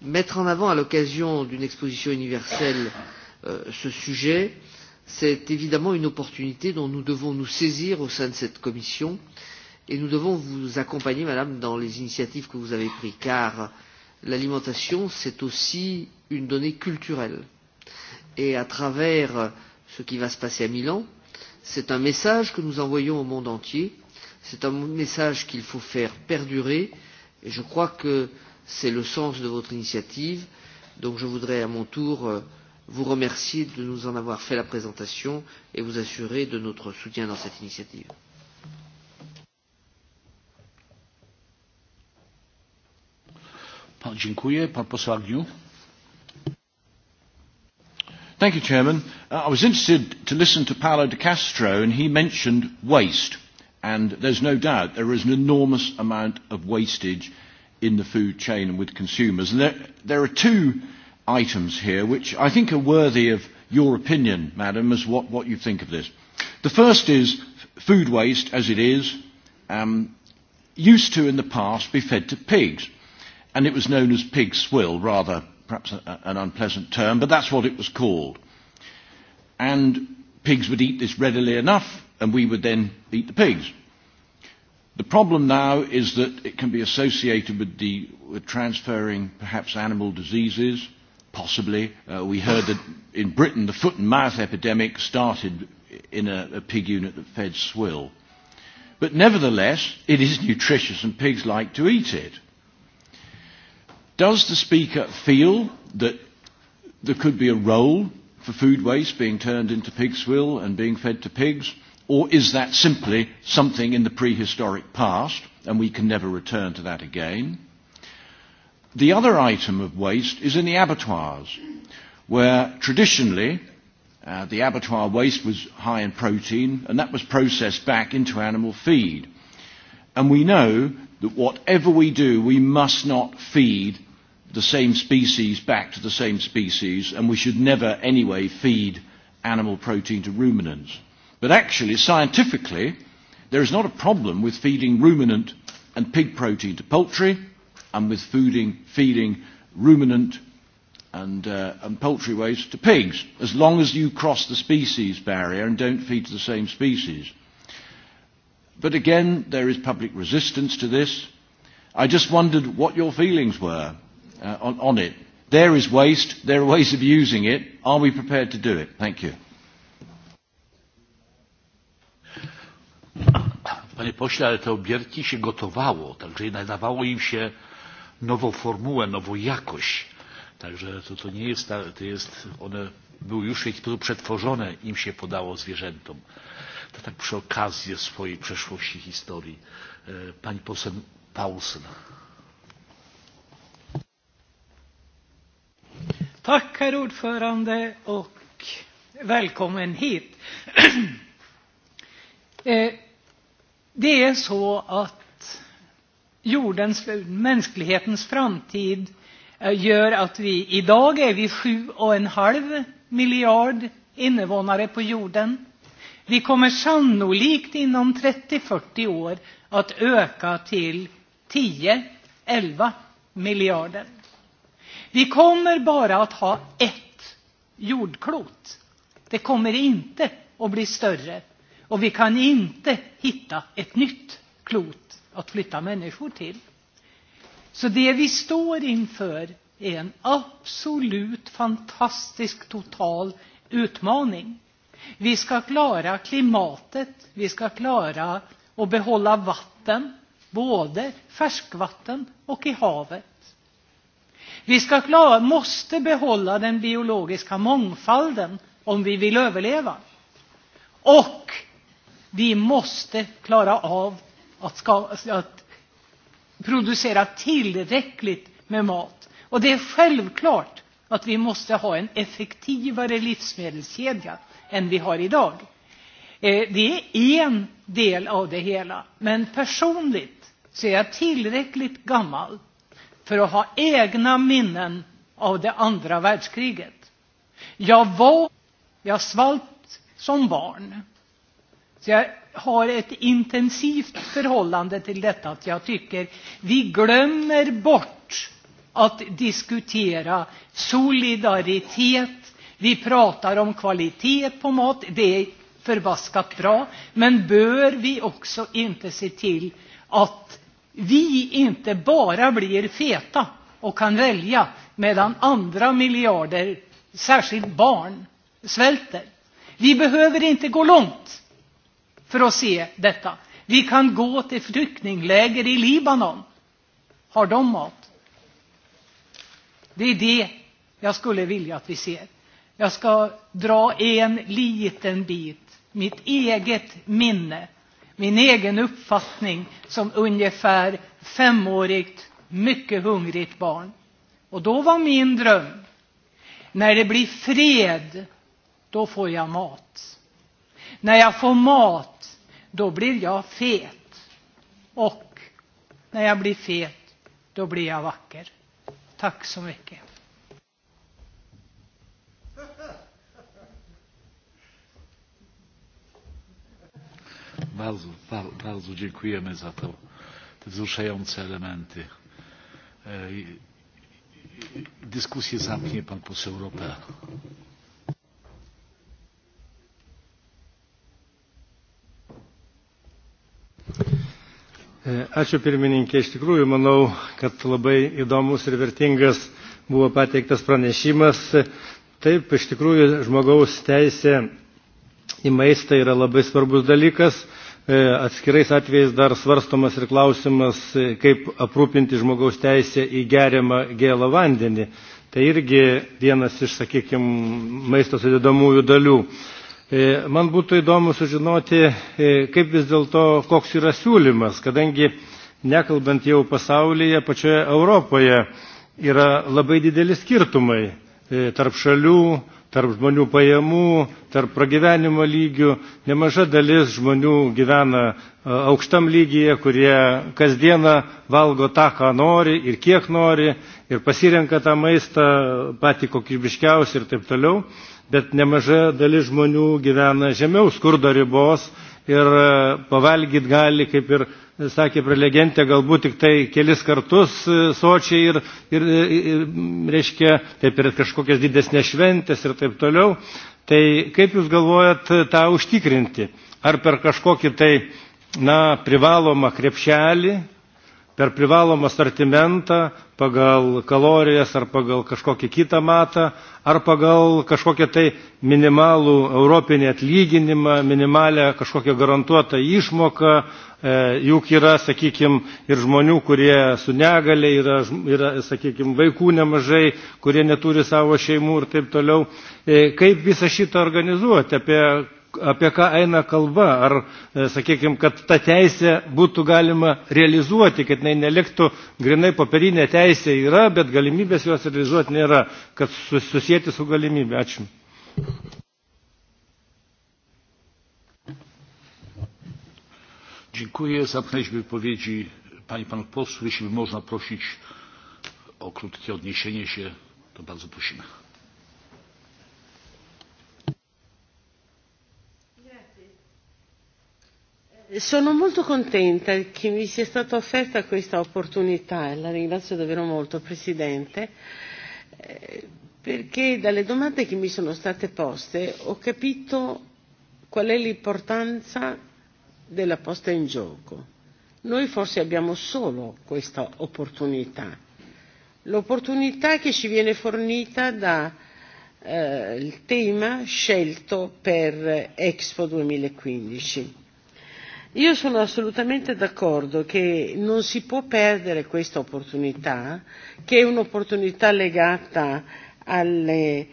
mettre en avant à l'occasion d'une exposition universelle euh, Euh, ce sujet c'est évidemment une opportunité dont nous devons nous saisir au sein de cette commission et nous devons vous accompagner madame dans les initiatives que vous avez prises car l'alimentation c'est aussi une donnée culturelle et à travers ce qui va se passer à Milan c'est un message que nous envoyons au monde entier c'est un message qu'il faut faire perdurer et je crois que c'est le sens de votre initiative donc je voudrais à mon tour euh, vous remercier de nous en avoir fait la présentation et vous assurer de notre soutien dans cette initiative. Thank you, Chairman. Uh, I was interested to listen to Paolo De Castro, and he mentioned waste. And there's no doubt there is an enormous amount of wastage in the food chain and with consumers. And there, there are two items here, which I think are worthy of your opinion, madam, as what, what you think of this. The first is food waste, as it is, um, used to in the past be fed to pigs, and it was known as pig swill, rather perhaps a, an unpleasant term, but that's what it was called. And pigs would eat this readily enough, and we would then eat the pigs. The problem now is that it can be associated with, the, with transferring perhaps animal diseases, possibly. Uh, we heard that in Britain the foot and mouth epidemic started in a, a pig unit that fed swill. But nevertheless, it is nutritious and pigs like to eat it. Does the Speaker feel that there could be a role for food waste being turned into pig swill and being fed to pigs? Or is that simply something in the prehistoric past and we can never return to that again? The other item of waste is in the abattoirs, where traditionally uh, the abattoir waste was high in protein and that was processed back into animal feed. And we know that whatever we do, we must not feed the same species back to the same species, and we should never anyway feed animal protein to ruminants. But actually, scientifically, there is not a problem with feeding ruminant and pig protein to poultry and with fooding, feeding ruminant and, uh, and poultry waste to pigs, as long as you cross the species barrier and don't feed to the same species. But again, there is public resistance to this. I just wondered what your feelings were uh, on, on it. There is waste. There are ways of using it. Are we prepared to do it? Thank you. Panie pośle, ale te obierki się gotowało, także nadawało im się nową formułę, nową jakość. Także to, to nie jest, to jest, one były już w jakiś sposób przetworzone, im się podało zwierzętom. To tak przy okazji swojej przeszłości, historii. E, pani poseł Paulsen. Tack herr ordförande och välkommen hit. Eh, det är så att jordens, mänsklighetens framtid eh, gör att vi idag är er vi sju och en halv miljard invånare på jorden. Vi kommer sannolikt inom 30-40 år att öka till 10-11 miljarder. Vi kommer bara att ha ett jordklot. Det kommer inte att bli större och vi kan inte hitta ett nytt klot att flytta människor till. Så det vi står inför är en absolut fantastisk total utmaning. Vi ska klara klimatet, vi ska klara att behålla vatten, både färskvatten och i havet. Vi ska klara, måste behålla den biologiska mångfalden om vi vill överleva. Och vi måste klara av att, ska, att producera tillräckligt med mat. Och det är självklart att vi måste ha en effektivare livsmedelskedja än vi har idag. Eh, det är en del av det hela. Men personligt så är jag tillräckligt gammal för att ha egna minnen av det andra världskriget. Jag var, jag svalt som barn. Så jag har ett intensivt förhållande till detta att jag tycker vi glömmer bort att diskutera solidaritet. Vi pratar om kvalitet på mat. Det är förbaskat bra. Men bör vi också inte se till att vi inte bara blir feta och kan välja medan andra miljarder, särskilt barn, svälter? Vi behöver inte gå långt för att se detta. Vi kan gå till flyktingläger i Libanon. Har de mat? Det är det jag skulle vilja att vi ser. Jag ska dra en liten bit, mitt eget minne, min egen uppfattning som ungefär femårigt, mycket hungrigt barn. Och då var min dröm, när det blir fred, då får jag mat. När jag får mat, då blir jag fet. Och när jag blir fet, då blir jag vacker. Tack så mycket. Bardzo, bardzo, bardzo dziękujemy za to, te wzruszające elementy. E, dyskusję zamknie pan poseł Ropea. E, ačiū pirmininkė. Iš tikrųjų, manau, kad labai įdomus ir vertingas buvo pateiktas pranešimas. Taip, iš tikrųjų, žmogaus teisė į maistą yra labai svarbus dalykas. E, atskirais atvejais dar svarstomas ir klausimas, e, kaip aprūpinti žmogaus teisę į geriamą gėlą vandenį. Tai irgi vienas iš, sakykime, maisto sudėdamųjų dalių. E, man būtų įdomu sužinoti, e, kaip vis dėlto, koks yra siūlymas, kadangi nekalbant jau pasaulyje, pačioje Europoje yra labai dideli skirtumai e, tarp šalių, tarp žmonių pajamų, tarp pragyvenimo lygių. Nemaža dalis žmonių gyvena aukštam lygyje, kurie kasdieną valgo tą, ką nori ir kiek nori ir pasirenka tą maistą patį kokybiškiausią ir taip toliau bet nemaža dalis žmonių gyvena žemiau skurdo ribos ir e, pavalgyti gali, kaip ir sakė prelegentė, galbūt tik tai kelis kartus e, sočiai ir, ir, ir e, reiškia, taip ir kažkokias didesnės šventės ir taip toliau. Tai kaip Jūs galvojat tą užtikrinti? Ar per kažkokį tai, na, privalomą krepšelį, per privalomą sortimentą pagal kalorijas ar pagal kažkokį kitą matą ar pagal kažkokį tai minimalų europinį atlyginimą minimalią kažkokią garantuotą išmoką e, juk yra sakykime ir žmonių kurie su negale yra, yra sakykime vaikų nemažai kurie neturi savo šeimų ir taip toliau e, kaip visą šitą organizuoti apie apie ką eina kalba, ar, e, sakykime, kad tą teisę būtų galima realizuoti, kad jinai neliktų grinai popierinė teisė yra, bet galimybės juos realizuoti nėra, kad susijęti su galimybė. Ačiū. Dziękuję. Zamknęliśmy wypowiedzi pani i panów posłów. Jeśli można prosić o krótkie odniesienie się, to bardzo prosimy. Sono molto contenta che mi sia stata offerta questa opportunità e la ringrazio davvero molto Presidente eh, perché dalle domande che mi sono state poste ho capito qual è l'importanza della posta in gioco. Noi forse abbiamo solo questa opportunità, l'opportunità che ci viene fornita dal eh, tema scelto per Expo 2015 Io sono assolutamente d'accordo che non si può perdere questa opportunità, che è un'opportunità legata alle,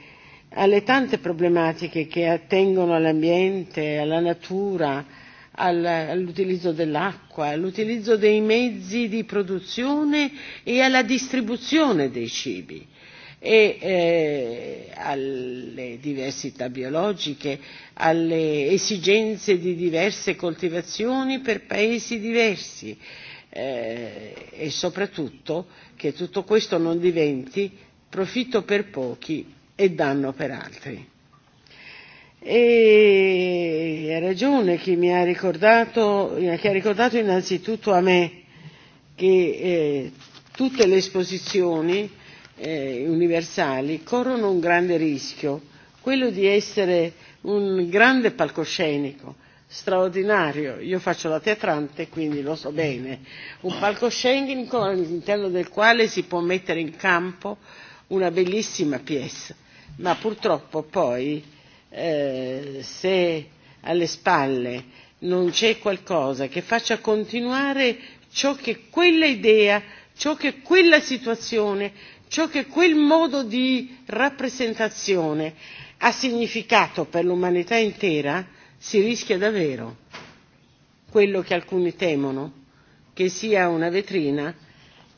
alle tante problematiche che attengono all'ambiente, alla natura, al, all'utilizzo dell'acqua, all'utilizzo dei mezzi di produzione e alla distribuzione dei cibi e eh, alle diversità biologiche, alle esigenze di diverse coltivazioni per paesi diversi eh, e soprattutto che tutto questo non diventi profitto per pochi e danno per altri. E ha ragione chi mi ha ricordato, chi ha ricordato innanzitutto a me che eh, tutte le esposizioni eh, universali corrono un grande rischio, quello di essere un grande palcoscenico straordinario. Io faccio la teatrante, quindi lo so bene. Un palcoscenico all'interno del quale si può mettere in campo una bellissima pièce, ma purtroppo poi eh, se alle spalle non c'è qualcosa che faccia continuare ciò che quella idea, ciò che quella situazione, ciò che quel modo di rappresentazione ha significato per l'umanità intera si rischia davvero quello che alcuni temono che sia una vetrina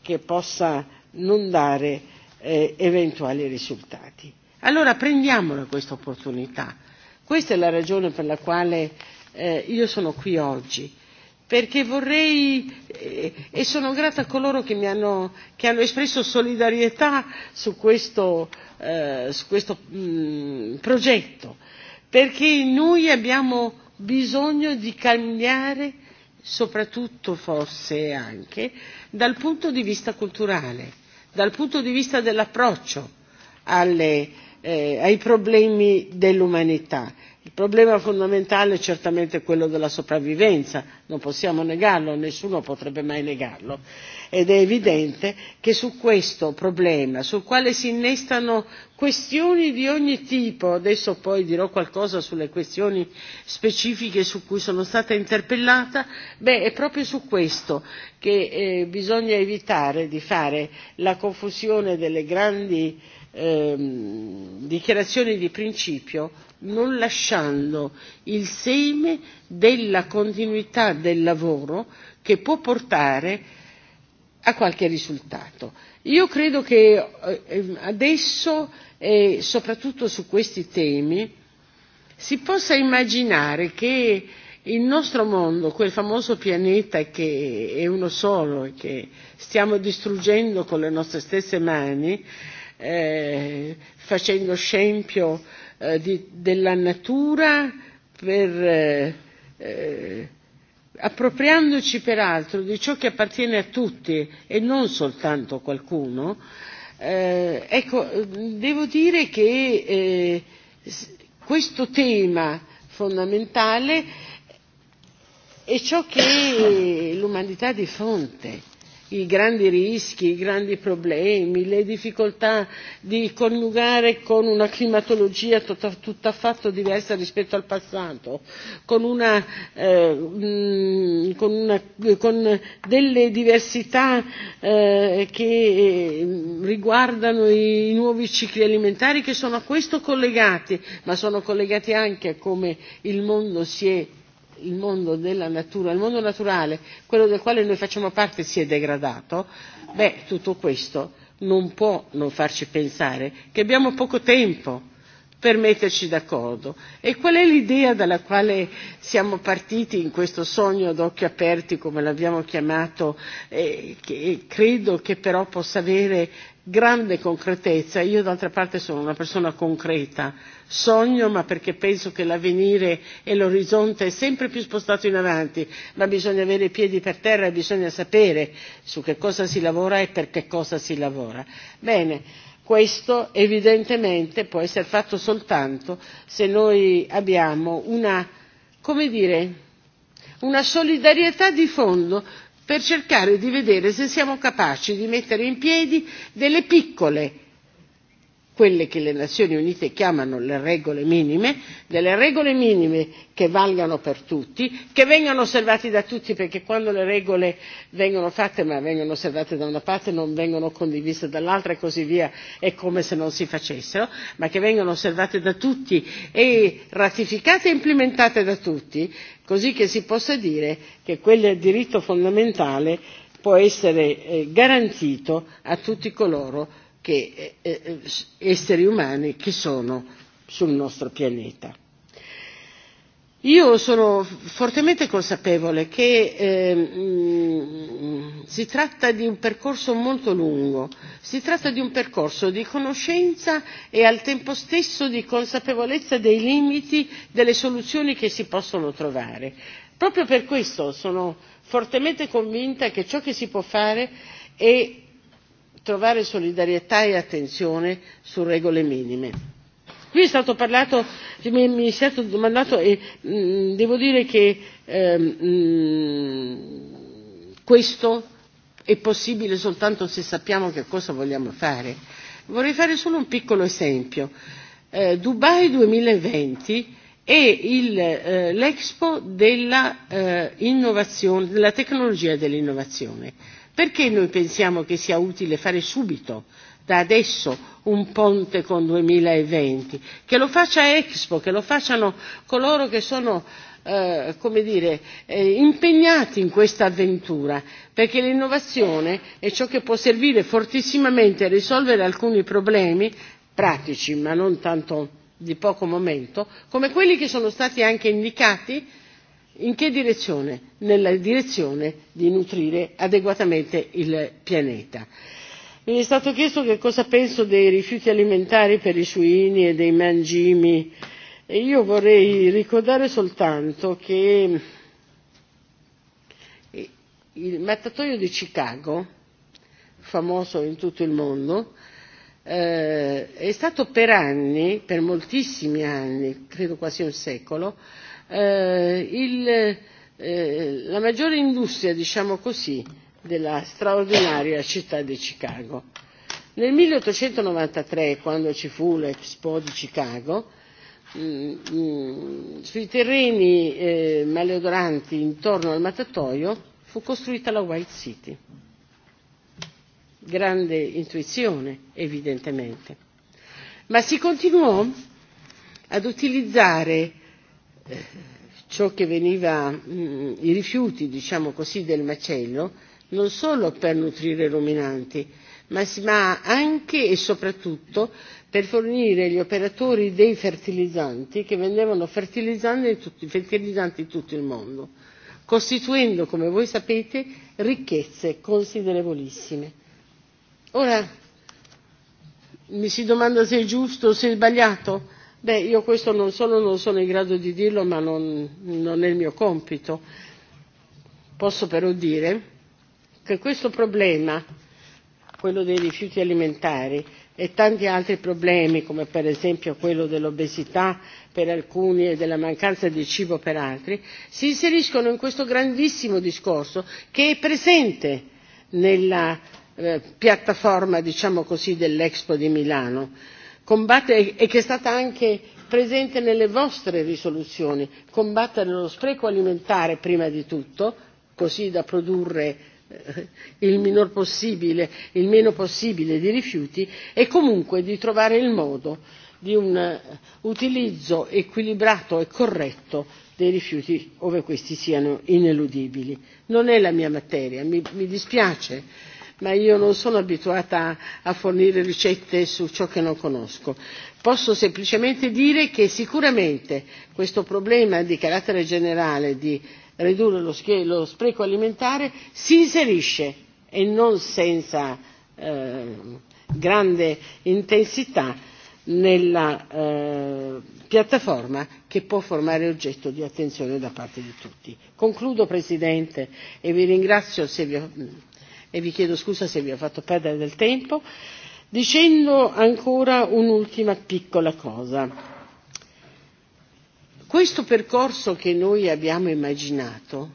che possa non dare eh, eventuali risultati. Allora prendiamola questa opportunità. Questa è la ragione per la quale eh, io sono qui oggi perché vorrei eh, e sono grata a coloro che mi hanno, che hanno espresso solidarietà su questo, eh, su questo mh, mm, progetto, perché noi abbiamo bisogno di cambiare soprattutto forse anche dal punto di vista culturale, dal punto di vista dell'approccio alle, eh, ai problemi dell'umanità Il problema fondamentale è certamente quello della sopravvivenza, non possiamo negarlo, nessuno potrebbe mai negarlo. Ed è evidente che su questo problema, sul quale si innestano questioni di ogni tipo, adesso poi dirò qualcosa sulle questioni specifiche su cui sono stata interpellata, beh, è proprio su questo che eh, bisogna evitare di fare la confusione delle grandi eh, ehm, dichiarazione di principio non lasciando il seme della continuità del lavoro che può portare a qualche risultato. Io credo che eh, adesso, e soprattutto su questi temi, si possa immaginare che il nostro mondo, quel famoso pianeta che è uno solo e che stiamo distruggendo con le nostre stesse mani, eh, facendo scempio eh, di, della natura, per, eh, eh appropriandoci peraltro di ciò che appartiene a tutti e non soltanto a qualcuno, eh, ecco, devo dire che eh, questo tema fondamentale è ciò che l'umanità di fronte i grandi rischi, i grandi problemi, le difficoltà di coniugare con una climatologia tota, tutta, tutt'affatto diversa rispetto al passato, con, una, eh, mh, con, una, con delle diversità eh, che riguardano i nuovi cicli alimentari che sono a questo collegati, ma sono collegati anche a come il mondo si è il mondo della natura, il mondo naturale, quello del quale noi facciamo parte, si è degradato, beh, tutto questo non può non farci pensare che abbiamo poco tempo per metterci d'accordo. E qual è l'idea dalla quale siamo partiti in questo sogno ad occhi aperti, come l'abbiamo chiamato, e che e credo che però possa avere grande concretezza. Io d'altra parte sono una persona concreta, sogno ma perché penso che l'avvenire e l'orizzonte è sempre più spostato in avanti, ma bisogna avere i piedi per terra e bisogna sapere su che cosa si lavora e per che cosa si lavora. Bene Questo evidentemente può essere fatto soltanto se noi abbiamo una, come dire, una solidarietà di fondo per cercare di vedere se siamo capaci di mettere in piedi delle piccole quelle che le Nazioni Unite chiamano le regole minime, delle regole minime che valgano per tutti, che vengano osservate da tutti perché quando le regole vengono fatte ma vengono osservate da una parte non vengono condivise dall'altra e così via, è come se non si facessero, ma che vengano osservate da tutti e ratificate e implementate da tutti, così che si possa dire che quel diritto fondamentale può essere eh, garantito a tutti coloro che, eh, eh, eh, esseri umani che sono sul nostro pianeta. Io sono fortemente consapevole che eh, si tratta di un percorso molto lungo, si tratta di un percorso di conoscenza e al tempo stesso di consapevolezza dei limiti delle soluzioni che si possono trovare. Proprio per questo sono fortemente convinta che ciò che si può fare è trovare solidarietà e attenzione su regole minime. Qui è stato parlato, mi, è stato domandato e mh, mm, devo dire che eh, mh, mm, questo è possibile soltanto se sappiamo che cosa vogliamo fare. Vorrei fare solo un piccolo esempio. Eh, Dubai 2020 è il, eh, l'Expo della, eh, della tecnologia e dell'innovazione Perché noi pensiamo che sia utile fare subito, da adesso, un ponte con 2020? Che lo faccia Expo, che lo facciano coloro che sono eh, come dire, eh, impegnati in questa avventura, perché l'innovazione è ciò che può servire fortissimamente a risolvere alcuni problemi pratici, ma non tanto di poco momento, come quelli che sono stati anche indicati In che direzione? Nella direzione di nutrire adeguatamente il pianeta. Mi è stato chiesto che cosa penso dei rifiuti alimentari per i suini e dei mangimi e io vorrei ricordare soltanto che il mattatoio di Chicago, famoso in tutto il mondo, eh, è stato per anni, per moltissimi anni, credo quasi un secolo, eh, il, eh, la maggiore industria, diciamo così, della straordinaria città di Chicago. Nel 1893, quando ci fu l'Expo di Chicago, mm, mm, sui terreni eh, maleodoranti intorno al mattatoio fu costruita la White City. Grande intuizione, evidentemente. Ma si continuò ad utilizzare ciò che veniva, mh, mm, i rifiuti diciamo così, del macello, non solo per nutrire i ruminanti, ma, ma anche e soprattutto per fornire gli operatori dei fertilizzanti che vendevano fertilizzanti in tutto, fertilizzanti in tutto il mondo, costituendo, come voi sapete, ricchezze considerevolissime. Ora mi si domanda se è giusto o se è sbagliato Beh, io questo non solo non sono in grado di dirlo, ma non, non è il mio compito. Posso però dire che questo problema, quello dei rifiuti alimentari, e tanti altri problemi, come per esempio quello dell'obesità per alcuni e della mancanza di cibo per altri, si inseriscono in questo grandissimo discorso che è presente nella eh, piattaforma, diciamo così, dell'Expo di Milano combattere e che è stata anche presente nelle vostre risoluzioni combattere lo spreco alimentare prima di tutto così da produrre eh, il minor possibile il meno possibile di rifiuti e comunque di trovare il modo di un eh, utilizzo equilibrato e corretto dei rifiuti ove questi siano ineludibili. non è la mia materia mi, mi dispiace ma io non sono abituata a fornire ricette su ciò che non conosco. Posso semplicemente dire che sicuramente questo problema di carattere generale di ridurre lo, lo spreco alimentare si inserisce e non senza eh, grande intensità nella eh, piattaforma che può formare oggetto di attenzione da parte di tutti. Concludo Presidente e vi ringrazio se vi ho e vi chiedo scusa se vi ho fatto perdere del tempo, dicendo ancora un'ultima piccola cosa. Questo percorso che noi abbiamo immaginato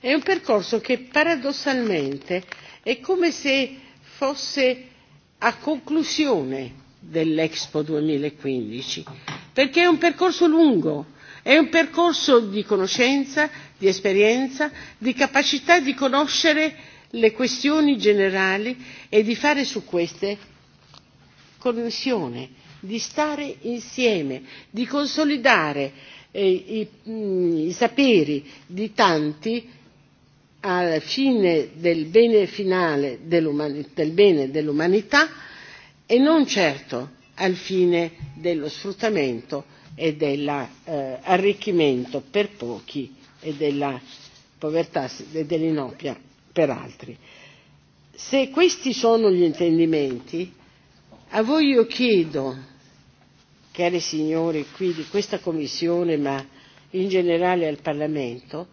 è un percorso che paradossalmente è come se fosse a conclusione dell'Expo 2015, perché è un percorso lungo, è un percorso di conoscenza, di esperienza, di capacità di conoscere le questioni generali e di fare su queste connessione, di stare insieme, di consolidare eh, i, mh, mm, i saperi di tanti alla fine del bene finale dell'umanità, del bene dell'umanità e non certo al fine dello sfruttamento e dell'arricchimento eh, per pochi e della povertà e dell'inopia per altri. Se questi sono gli intendimenti, a voi io chiedo, cari signori qui di questa Commissione, ma in generale al Parlamento,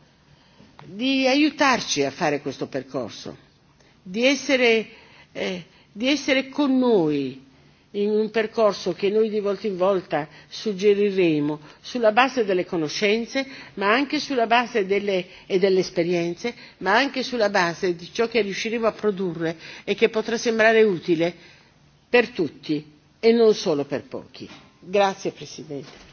di aiutarci a fare questo percorso, di essere, eh, di essere con noi in un percorso che noi di volta in volta suggeriremo sulla base delle conoscenze e delle esperienze ma anche sulla base di ciò che riusciremo a produrre e che potrà sembrare utile per tutti e non solo per pochi. Grazie Presidente.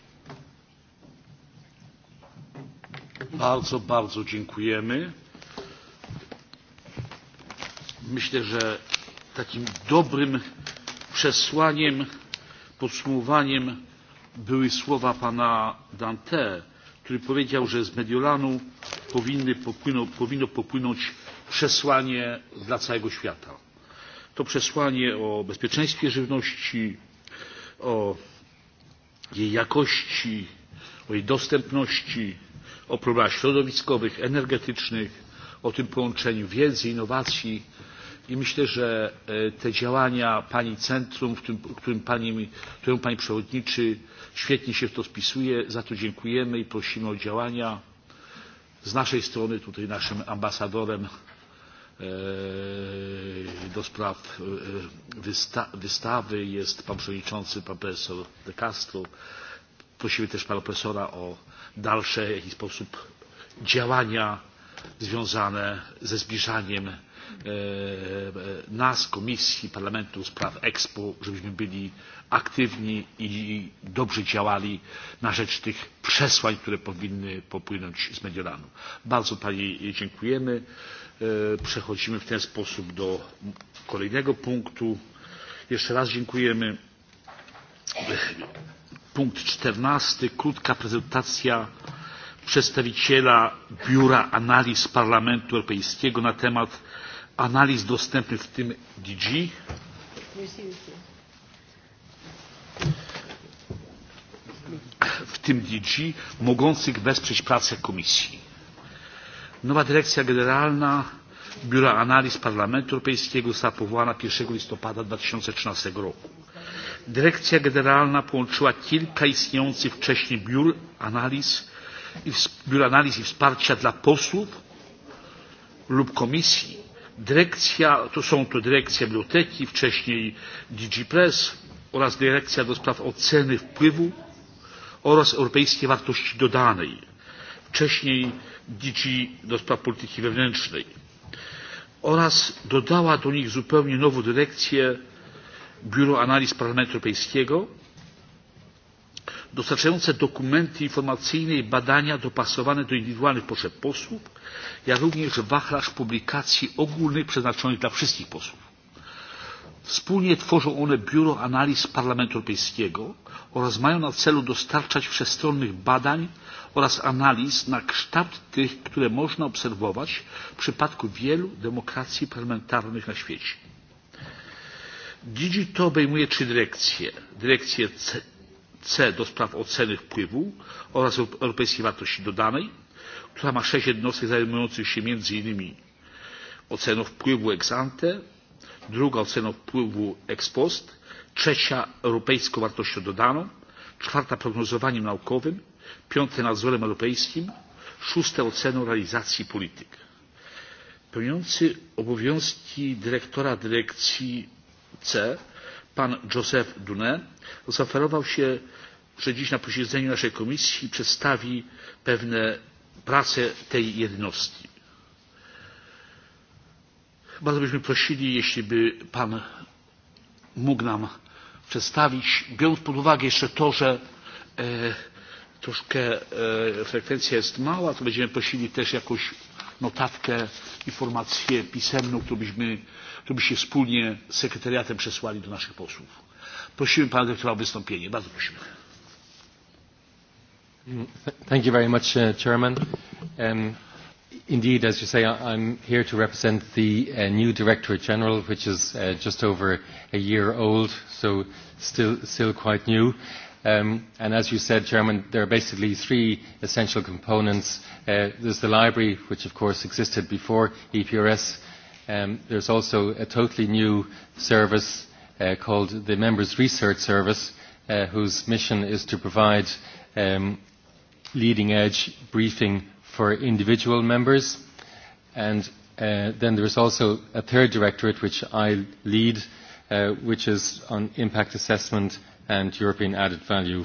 Bardzo, bardzo dziękujemy. Myślę, że takim dobrym przesłaniem, podsumowaniem były słowa pana Dante, który powiedział, że z Mediolanu powinny popłyną, powinno popłynąć przesłanie dla całego świata. To przesłanie o bezpieczeństwie żywności, o jej jakości, o jej dostępności, o problemach środowiskowych, energetycznych, o tym połączeniu wiedzy, innowacji, i myślę, że e, te działania Pani Centrum, któremu Pani Przewodniczy, świetnie się w to wpisuje Za to dziękujemy i prosimy o działania. Z naszej strony tutaj naszym ambasadorem e, do spraw e, wysta wystawy jest pan przewodniczący, pan profesor De Castro. Prosimy też pana profesora o dalsze w jakiś sposób działania związane ze zbliżaniem E, e, nas, Komisji, Parlamentu Spraw Expo, żebyśmy byli aktywni i dobrze działali na rzecz tych przesłań, które powinny popłynąć z Mediolanu. Bardzo Pani dziękujemy. E, przechodzimy w ten sposób do kolejnego punktu. Jeszcze raz dziękujemy. Punkt 14. Krótka prezentacja przedstawiciela Biura Analiz Parlamentu Europejskiego na temat analiz dostępnych w tym DG. w tym DG, mogących wesprzeć pracę Komisji. Nowa Dyrekcja Generalna Biura Analiz Parlamentu Europejskiego została powołana 1 listopada 2013 roku. Dyrekcja Generalna połączyła kilka istniejących wcześniej biur analiz i, biur analiz i wsparcia dla posłów lub komisji Dyrekcja, to są to dyrekcja biblioteki, wcześniej DG Press oraz dyrekcja do spraw oceny wpływu oraz europejskiej wartości dodanej, wcześniej DG do spraw polityki wewnętrznej oraz dodała do nich zupełnie nową dyrekcję Biuro Analiz Parlamentu Europejskiego dostarczające dokumenty informacyjne i badania dopasowane do indywidualnych potrzeb posłów jak również wachlarz publikacji ogólnych przeznaczonych dla wszystkich posłów. Wspólnie tworzą one Biuro Analiz Parlamentu Europejskiego oraz mają na celu dostarczać wszechstronnych badań oraz analiz na kształt tych, które można obserwować w przypadku wielu demokracji parlamentarnych na świecie. Digi to obejmuje trzy dyrekcje. Dyrekcję c do spraw oceny wpływu oraz europejskiej wartości dodanej która ma sześć jednostek zajmujących się między innymi oceną wpływu ex ante druga oceną wpływu ex post trzecia europejską wartością dodaną czwarta prognozowaniem naukowym piąta nadzorem europejskim szósta oceną realizacji polityk. pełniący obowiązki dyrektora dyrekcji c pan joseph daunet zaoferował się że dziś na posiedzeniu naszej komisji przedstawi pewne prace tej jednostki. bardzo byśmy prosili jeśli by pan mógł nam przedstawić biorąc pod uwagę jeszcze to że e, troszkę e, frekwencja jest mała to będziemy prosili też jakąś notatkę informację pisemną którą byśmy to byście wspólnie z sekretariatem przesłali do naszych posłów. Prosimy pana dyrektora o wystąpienie. Bardzo prosimy. Mm, thank you very much, uh, Chairman. Um, indeed, as you say, I, I'm here to represent the uh, new Directorate General, which is uh, just over a year old, so still, still quite new. Um, and as you said, Chairman, there are basically three essential components. Uh, there's the library, which of course existed before EPRS, Um, there's also a totally new service uh, called the Members Research Service, uh, whose mission is to provide um, leading edge briefing for individual members. And uh, then there's also a third directorate, which I lead, uh, which is on impact assessment and European added value.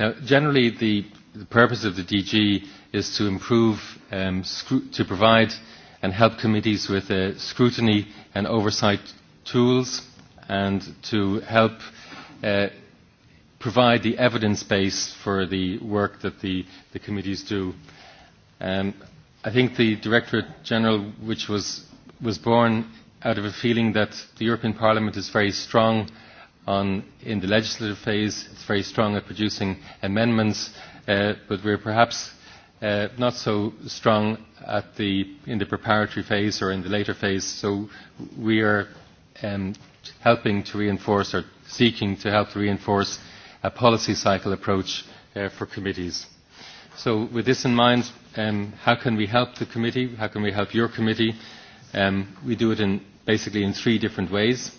Now, generally, the, the purpose of the DG is to improve, um, to provide uh, and help committees with uh, scrutiny and oversight tools and to help uh, provide the evidence base for the work that the, the committees do. Um, I think the Directorate General, which was, was born out of a feeling that the European Parliament is very strong on, in the legislative phase, it's very strong at producing amendments, uh, but we're perhaps uh, not so strong at the, in the preparatory phase or in the later phase, so we are um, helping to reinforce or seeking to help to reinforce a policy cycle approach uh, for committees. So with this in mind, um, how can we help the committee? How can we help your committee? Um, we do it in basically in three different ways.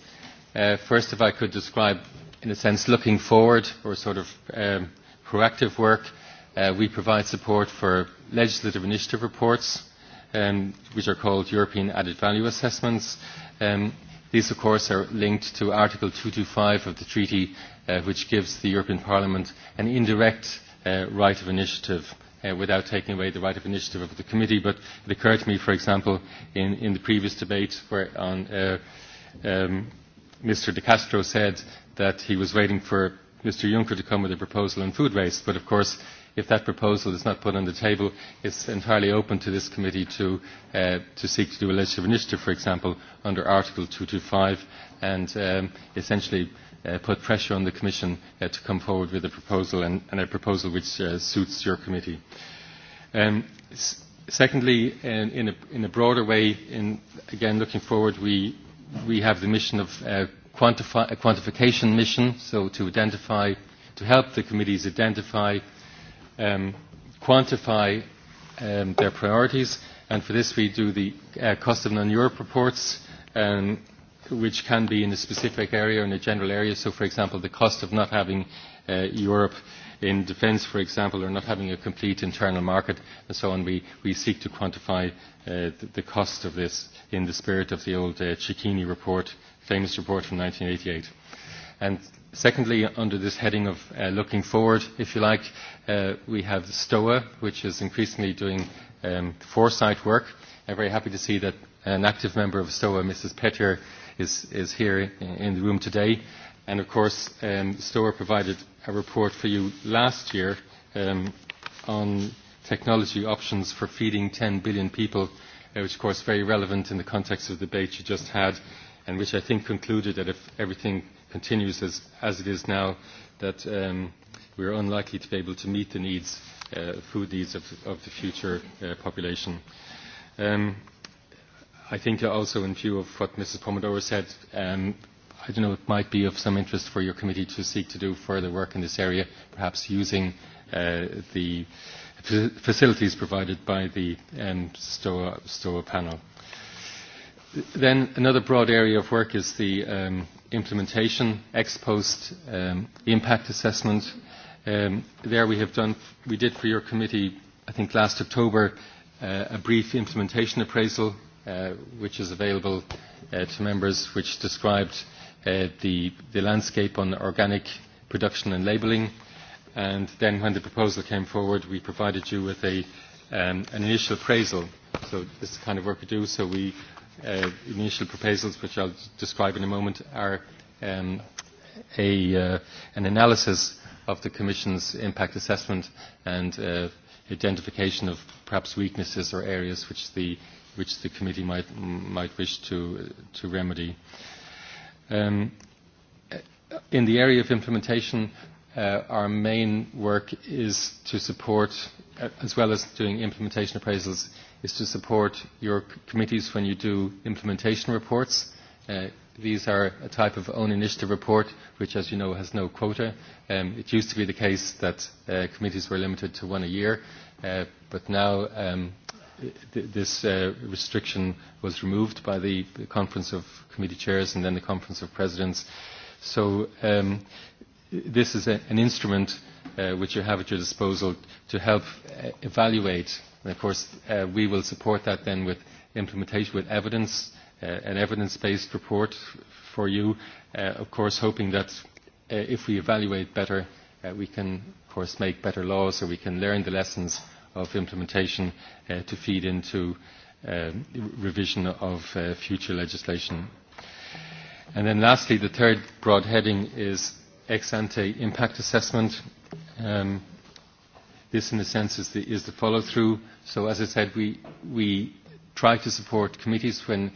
Uh, first, if I could describe, in a sense, looking forward or sort of um, proactive work, uh, Uh, we provide support for legislative initiative reports, um, which are called European Added Value Assessments. Um, these, of course, are linked to Article 225 of the Treaty, uh, which gives the European Parliament an indirect uh, right of initiative uh, without taking away the right of initiative of the committee. But it occurred to me, for example, in, in the previous debate where on, uh, um, Mr. De Castro said that he was waiting for Mr. Juncker to come with a proposal on food waste. But, of course, if that proposal is not put on the table, it is entirely open to this committee to, uh, to seek to do a legislative initiative, for example, under Article 225, and um, essentially uh, put pressure on the Commission uh, to come forward with a proposal, and, and a proposal which uh, suits your committee. Um, secondly, in, in, a, in a broader way, in, again, looking forward, we, we have the mission of uh, quantify, a quantification mission, so to identify, to help the committees identify um, quantify um, their priorities. And for this, we do the uh, Cost of Non-Europe reports, um, which can be in a specific area or in a general area. So, for example, the cost of not having uh, Europe in defence, for example, or not having a complete internal market and so on, we, we seek to quantify uh, the, the cost of this in the spirit of the old uh, Cicchini report, famous report from 1988. And Secondly, under this heading of uh, looking forward, if you like, uh, we have STOA, which is increasingly doing um, foresight work. I'm very happy to see that an active member of STOA, Mrs. Petter, is, is here in the room today. And of course, um, STOA provided a report for you last year um, on technology options for feeding 10 billion people, uh, which of course is very relevant in the context of the debate you just had, and which I think concluded that if everything continues as, as it is now, that um, we are unlikely to be able to meet the needs, uh, food needs of, of the future uh, population. Um, I think also in view of what Mrs. Pomodoro said, um, I don't know, it might be of some interest for your committee to seek to do further work in this area, perhaps using uh, the facilities provided by the um, STOA, STOA panel. Then another broad area of work is the um, implementation ex post um, impact assessment. Um, there we have done, we did for your committee, I think last October, uh, a brief implementation appraisal, uh, which is available uh, to members, which described uh, the, the landscape on organic production and labelling. And then when the proposal came forward, we provided you with a, um, an initial appraisal. So this is the kind of work we do. So we uh, initial proposals, which I'll describe in a moment, are um, a, uh, an analysis of the Commission's impact assessment and uh, identification of perhaps weaknesses or areas which the, which the committee might, might wish to, uh, to remedy. Um, in the area of implementation, uh, our main work is to support, uh, as well as doing implementation appraisals, is to support your committees when you do implementation reports. Uh, these are a type of own initiative report, which, as you know, has no quota. Um, it used to be the case that uh, committees were limited to one a year, uh, but now um, th this uh, restriction was removed by the Conference of Committee Chairs and then the Conference of Presidents. So um, this is a, an instrument uh, uh, which you have at your disposal to help uh, evaluate. And of course, uh, we will support that then with implementation, with evidence, uh, an evidence-based report for you, uh, of course, hoping that uh, if we evaluate better, uh, we can, of course, make better laws or we can learn the lessons of implementation uh, to feed into uh, revision of uh, future legislation. And then lastly, the third broad heading is ex-ante impact assessment. Um, this, in a sense, is the, is the follow-through. So, as I said, we, we try to support committees when,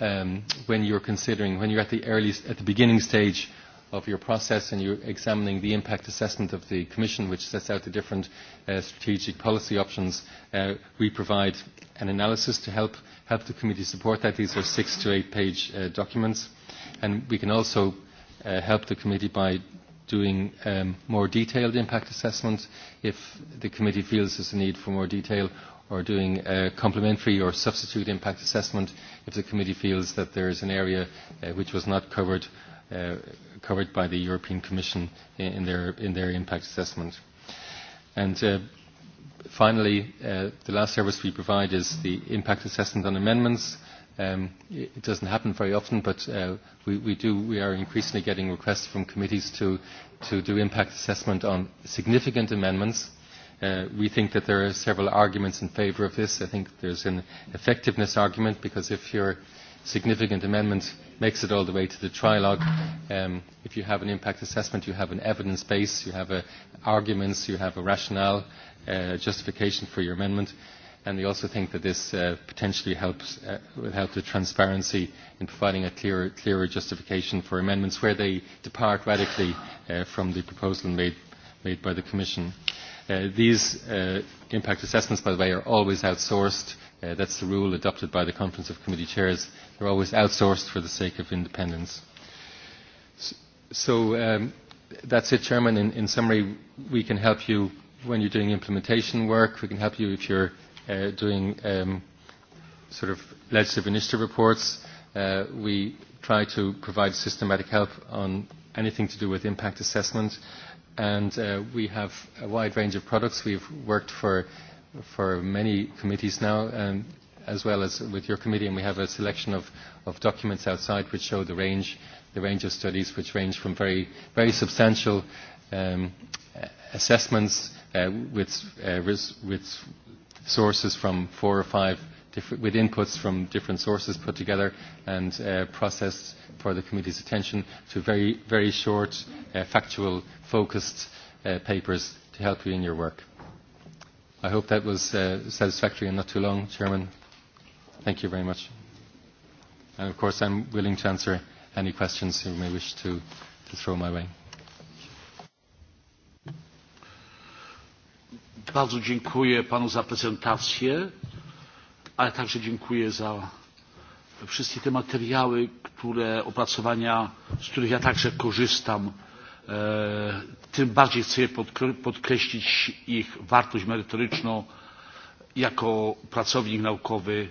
um, when you're considering, when you're at the early, at the beginning stage of your process and you're examining the impact assessment of the Commission, which sets out the different uh, strategic policy options. Uh, we provide an analysis to help, help the committee support that. These are six to eight page uh, documents. And we can also Uh, help the committee by doing um, more detailed impact assessment if the committee feels there's a need for more detail or doing a complementary or substitute impact assessment if the committee feels that there is an area uh, which was not covered, uh, covered by the European Commission in, in, their, in their impact assessment. And uh, finally, uh, the last service we provide is the impact assessment on amendments Um, it doesn't happen very often, but uh, we, we, do, we are increasingly getting requests from committees to, to do impact assessment on significant amendments. Uh, we think that there are several arguments in favour of this. I think there's an effectiveness argument because if your significant amendment makes it all the way to the trilogue, um, if you have an impact assessment, you have an evidence base, you have a, uh, arguments, you have a rationale, uh, justification for your amendment. Uh, and we also think that this uh, potentially helps uh, will help the transparency in providing a clearer, clearer justification for amendments where they depart radically uh, from the proposal made, made by the Commission. Uh, these uh, impact assessments, by the way, are always outsourced. Uh, that's the rule adopted by the Conference of Committee Chairs. They're always outsourced for the sake of independence. So, so um, that's it, Chairman. In, in summary, we can help you when you're doing implementation work. We can help you if you're uh, doing um, sort of legislative initiative reports. Uh, we try to provide systematic help on anything to do with impact assessment. And uh, we have a wide range of products. We've worked for, for many committees now, um, as well as with your committee, and we have a selection of, of documents outside which show the range, the range of studies, which range from very, very substantial um, assessments uh, with, uh, with sources from four or five different, with inputs from different sources put together and uh, processed for the committee's attention to very, very short, uh, factual, focused uh, papers to help you in your work. I hope that was uh, satisfactory and not too long, Chairman. Thank you very much. And of course, I'm willing to answer any questions you may wish to, to throw my way. Bardzo dziękuję panu za prezentację, ale także dziękuję za wszystkie te materiały, które opracowania, z których ja także korzystam. E, tym bardziej chcę podkreślić ich wartość merytoryczną. Jako pracownik naukowy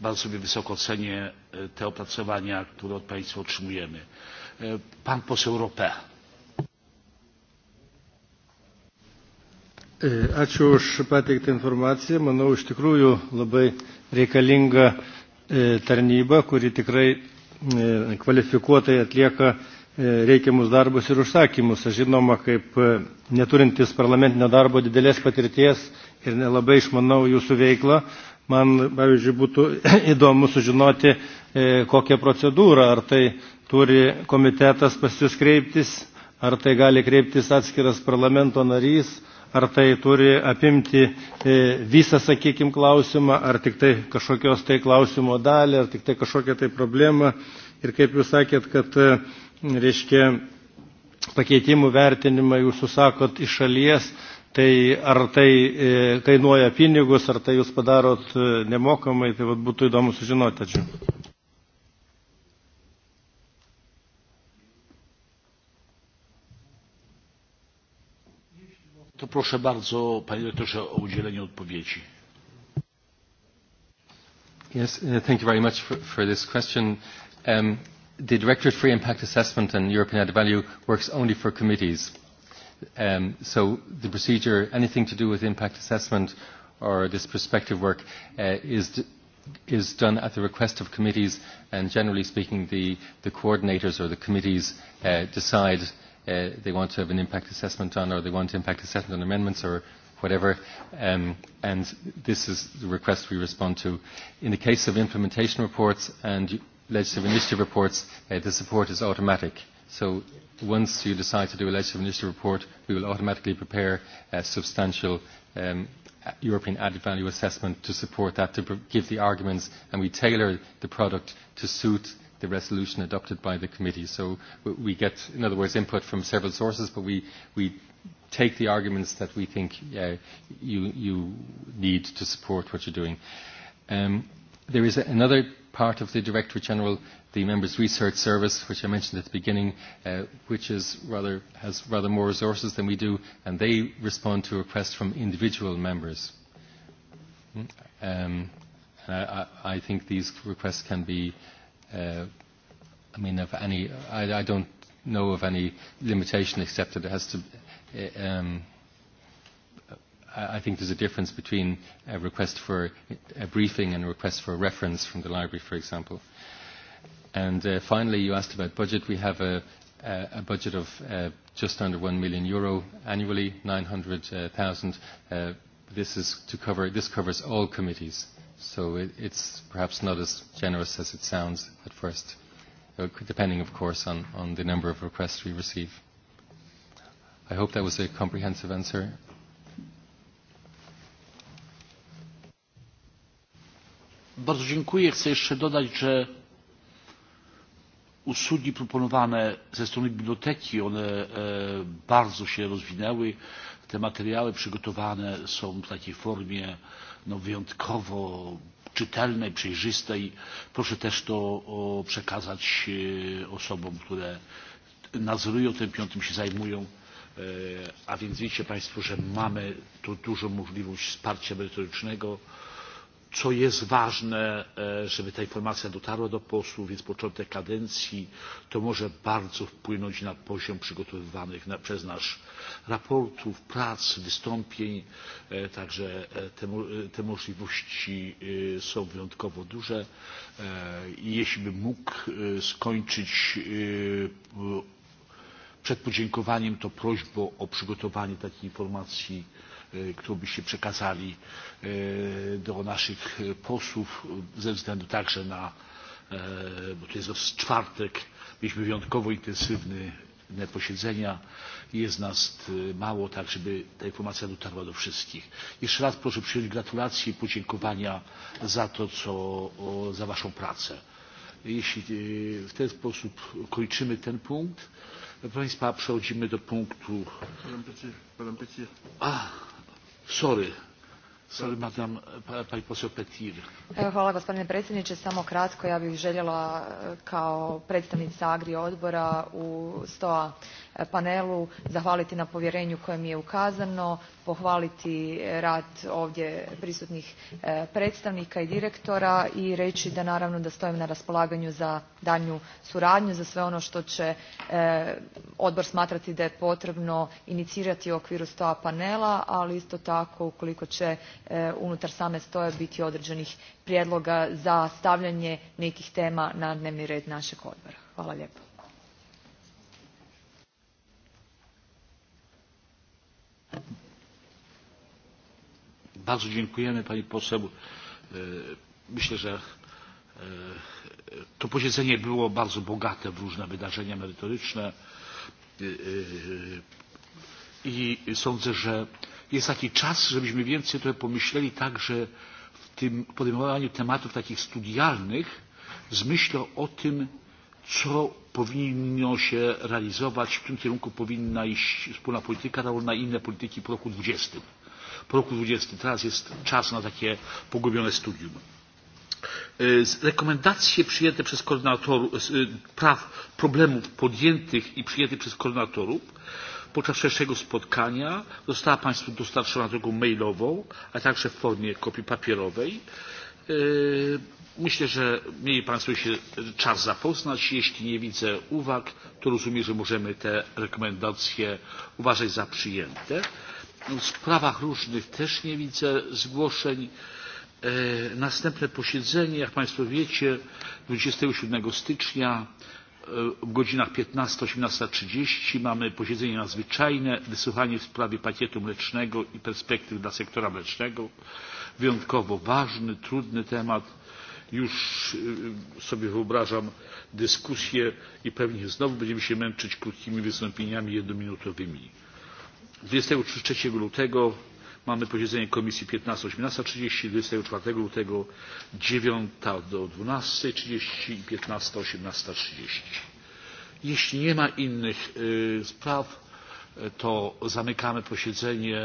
bardzo sobie wysoko cenię e, te opracowania, które od Państwa otrzymujemy. E, pan poseł Ropea. E, ačiū už pateiktą informaciją. Manau, iš tikrųjų labai reikalinga e, tarnyba, kuri tikrai e, kvalifikuotai atlieka reikiamus darbus ir užsakymus. Aš žinoma, kaip neturintis parlamentinio darbo didelės patirties ir nelabai išmanau jūsų veiklą, man, pavyzdžiui, būtų įdomu sužinoti, kokią procedūrą, ar tai turi komitetas pas jūs kreiptis, ar tai gali kreiptis atskiras parlamento narys, ar tai turi apimti e, visą, sakykim, klausimą, ar tik tai kažkokios tai klausimo dalį, ar tik tai kažkokią tai problemą. Ir kaip jūs sakėt, kad, e, reiškia, pakeitimų vertinimą jūs susakot iš šalies, tai ar tai e, kainuoja pinigus, ar tai jūs padarot nemokamai, tai būtų įdomu sužinoti. Ačiū. To proszę bardzo, panie doktorze, o udzielenie odpowiedzi. Yes, uh, thank you very much for, for this question. Um, the Directorate Free Impact Assessment and European Added Value works only for committees. Um, so the procedure, anything to do with impact assessment or this prospective work uh, is, is done at the request of committees and generally speaking the, the coordinators or the committees uh, decide uh, uh, they want to have an impact assessment done or they want impact assessment on amendments, or whatever. Um, and this is the request we respond to. In the case of implementation reports and legislative initiative reports, uh, the support is automatic. So once you decide to do a legislative initiative report, we will automatically prepare a substantial um, European added value assessment to support that, to give the arguments, and we tailor the product to suit the resolution adopted by the committee. So we get, in other words, input from several sources, but we, we take the arguments that we think uh, you, you need to support what you're doing. Um, there is another part of the Director General, the Members Research Service, which I mentioned at the beginning, uh, which is rather, has rather more resources than we do, and they respond to requests from individual members. Hmm, um, and I, I think these requests can be uh, uh, I mean, of any, I, I don't know of any limitation except that it has to, uh, um, I think there's a difference between a request for a briefing and a request for a reference from the library, for example. And uh, finally, you asked about budget. We have a, a, budget of uh, just under 1 million euro annually, 900,000. Uh, this is to cover, this covers all committees. So it, it's perhaps not as generous as it sounds at first, uh, depending, of course, on, on the number of requests we receive. I hope that was a comprehensive answer. Bardzo dziękuję. Chcę jeszcze dodać, że usługi proponowane ze strony biblioteki one e, bardzo się rozwinęły. Te materiały przygotowane są w takiej formie no, wyjątkowo czytelnej, przejrzystej. Proszę też to przekazać e, osobom, które nadzorują tym piątym, się zajmują. E, a więc widzicie Państwo, że mamy tu dużą możliwość wsparcia merytorycznego co jest ważne, e, żeby ta informacja dotarła do posłów, więc początek kadencji to może bardzo wpłynąć na poziom przygotowywanych na, przez nas raportów, prac, wystąpień. E, także e, te, te możliwości są wyjątkowo duże. I jeśli bym mógł skończyć przed podziękowaniem, to prośbą o przygotowanie takiej informacji E, którą byście przekazali e, do naszych e, posłów ze względu także na bo to jest czwartek mieliśmy wyjątkowo intensywne inne posiedzenia jest nas mało tak żeby ta informacja dotarła do wszystkich. jeszcze raz proszę przyjąć gratulacje i podziękowania za to co o, za waszą pracę. jeśli w ten sposób kończymy ten punkt proszę państwa przechodzimy do punktu a Sorry. Sorry, madam, pani poseł Evo, e, hvala gospodine predsjedniče. Samo kratko, ja bih željela e, kao predstavnica Agri odbora u STOA e, panelu zahvaliti na povjerenju koje mi je ukazano pohvaliti rad ovdje prisutnih e, predstavnika i direktora i rei da naravno da stojim na raspolaganju za daljnju suradnju za sve ono to e odbor smatrati da je potrebno inicirati u okviru stoa panela ali isto tako ukoliko e unutar same stoe biti odreenih prijedloga za stavljanje nekih tema na dnevni red naeg odbora. Hvala lijepo. Bardzo dziękujemy pani poseł. E, myślę, że e, to posiedzenie było bardzo bogate w różne wydarzenia merytoryczne e, i sądzę, że jest taki czas, żebyśmy więcej trochę pomyśleli także w tym podejmowaniu tematów takich studialnych z myślą o tym, co powinno się realizować, w tym kierunku powinna iść wspólna polityka rolna i inne polityki po roku 2020 po roku 20. Teraz jest czas na takie pogłębione studium. E, rekomendacje przyjęte przez koordynatorów, e, e, praw problemów podjętych i przyjętych przez koordynatorów podczas wczorajszego spotkania została Państwu dostarczona drogą mailową, a także w formie kopii papierowej. Myślę, że mieli Państwo się czas zapoznać. Jeśli nie widzę uwag, to rozumiem, że możemy te rekomendacje uważać za przyjęte w sprawach różnych też nie widzę zgłoszeń. E, następne posiedzenie, jak Państwo wiecie, 27 stycznia e, w godzinach 15-18.30 mamy posiedzenie nadzwyczajne, wysłuchanie w sprawie pakietu mlecznego i perspektyw dla sektora mlecznego. Wyjątkowo ważny, trudny temat. Już e, sobie wyobrażam dyskusję i pewnie znowu będziemy się męczyć krótkimi wystąpieniami jednominutowymi dwadzieścia trzy lutego mamy posiedzenie komisji piętnaście osiemnaście trzydzieści dwadzieścia cztery lutego dziewięć do dwanaście trzydzieści i piętnaście osiemnaście trzydzieści jeśli nie ma innych spraw to zamykamy posiedzenie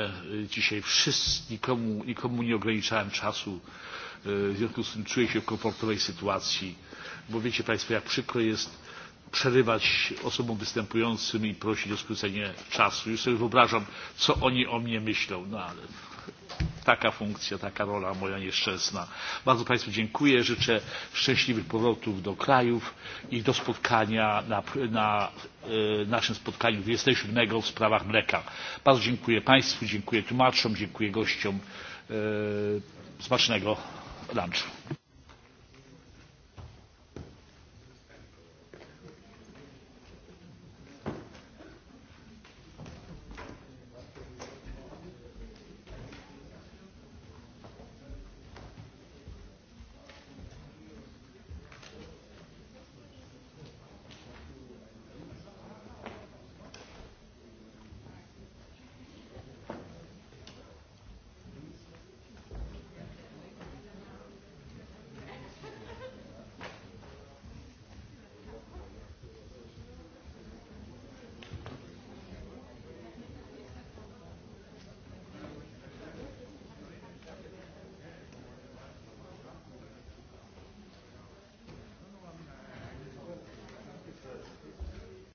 dzisiaj wszyscy nikomu, nikomu nie ograniczałem czasu w związku z tym czuję się w komfortowej sytuacji bo wiecie państwo jak przykro jest przerywać osobom występującym i prosić o skrócenie czasu. Już sobie wyobrażam, co oni o mnie myślą, no ale taka funkcja, taka rola moja nieszczęsna. Bardzo Państwu dziękuję, życzę szczęśliwych powrotów do krajów i do spotkania na, na y, e, naszym spotkaniu 27 w sprawach mleka. Bardzo dziękuję Państwu, dziękuję tłumaczom, dziękuję gościom. Y, e, smacznego lunchu.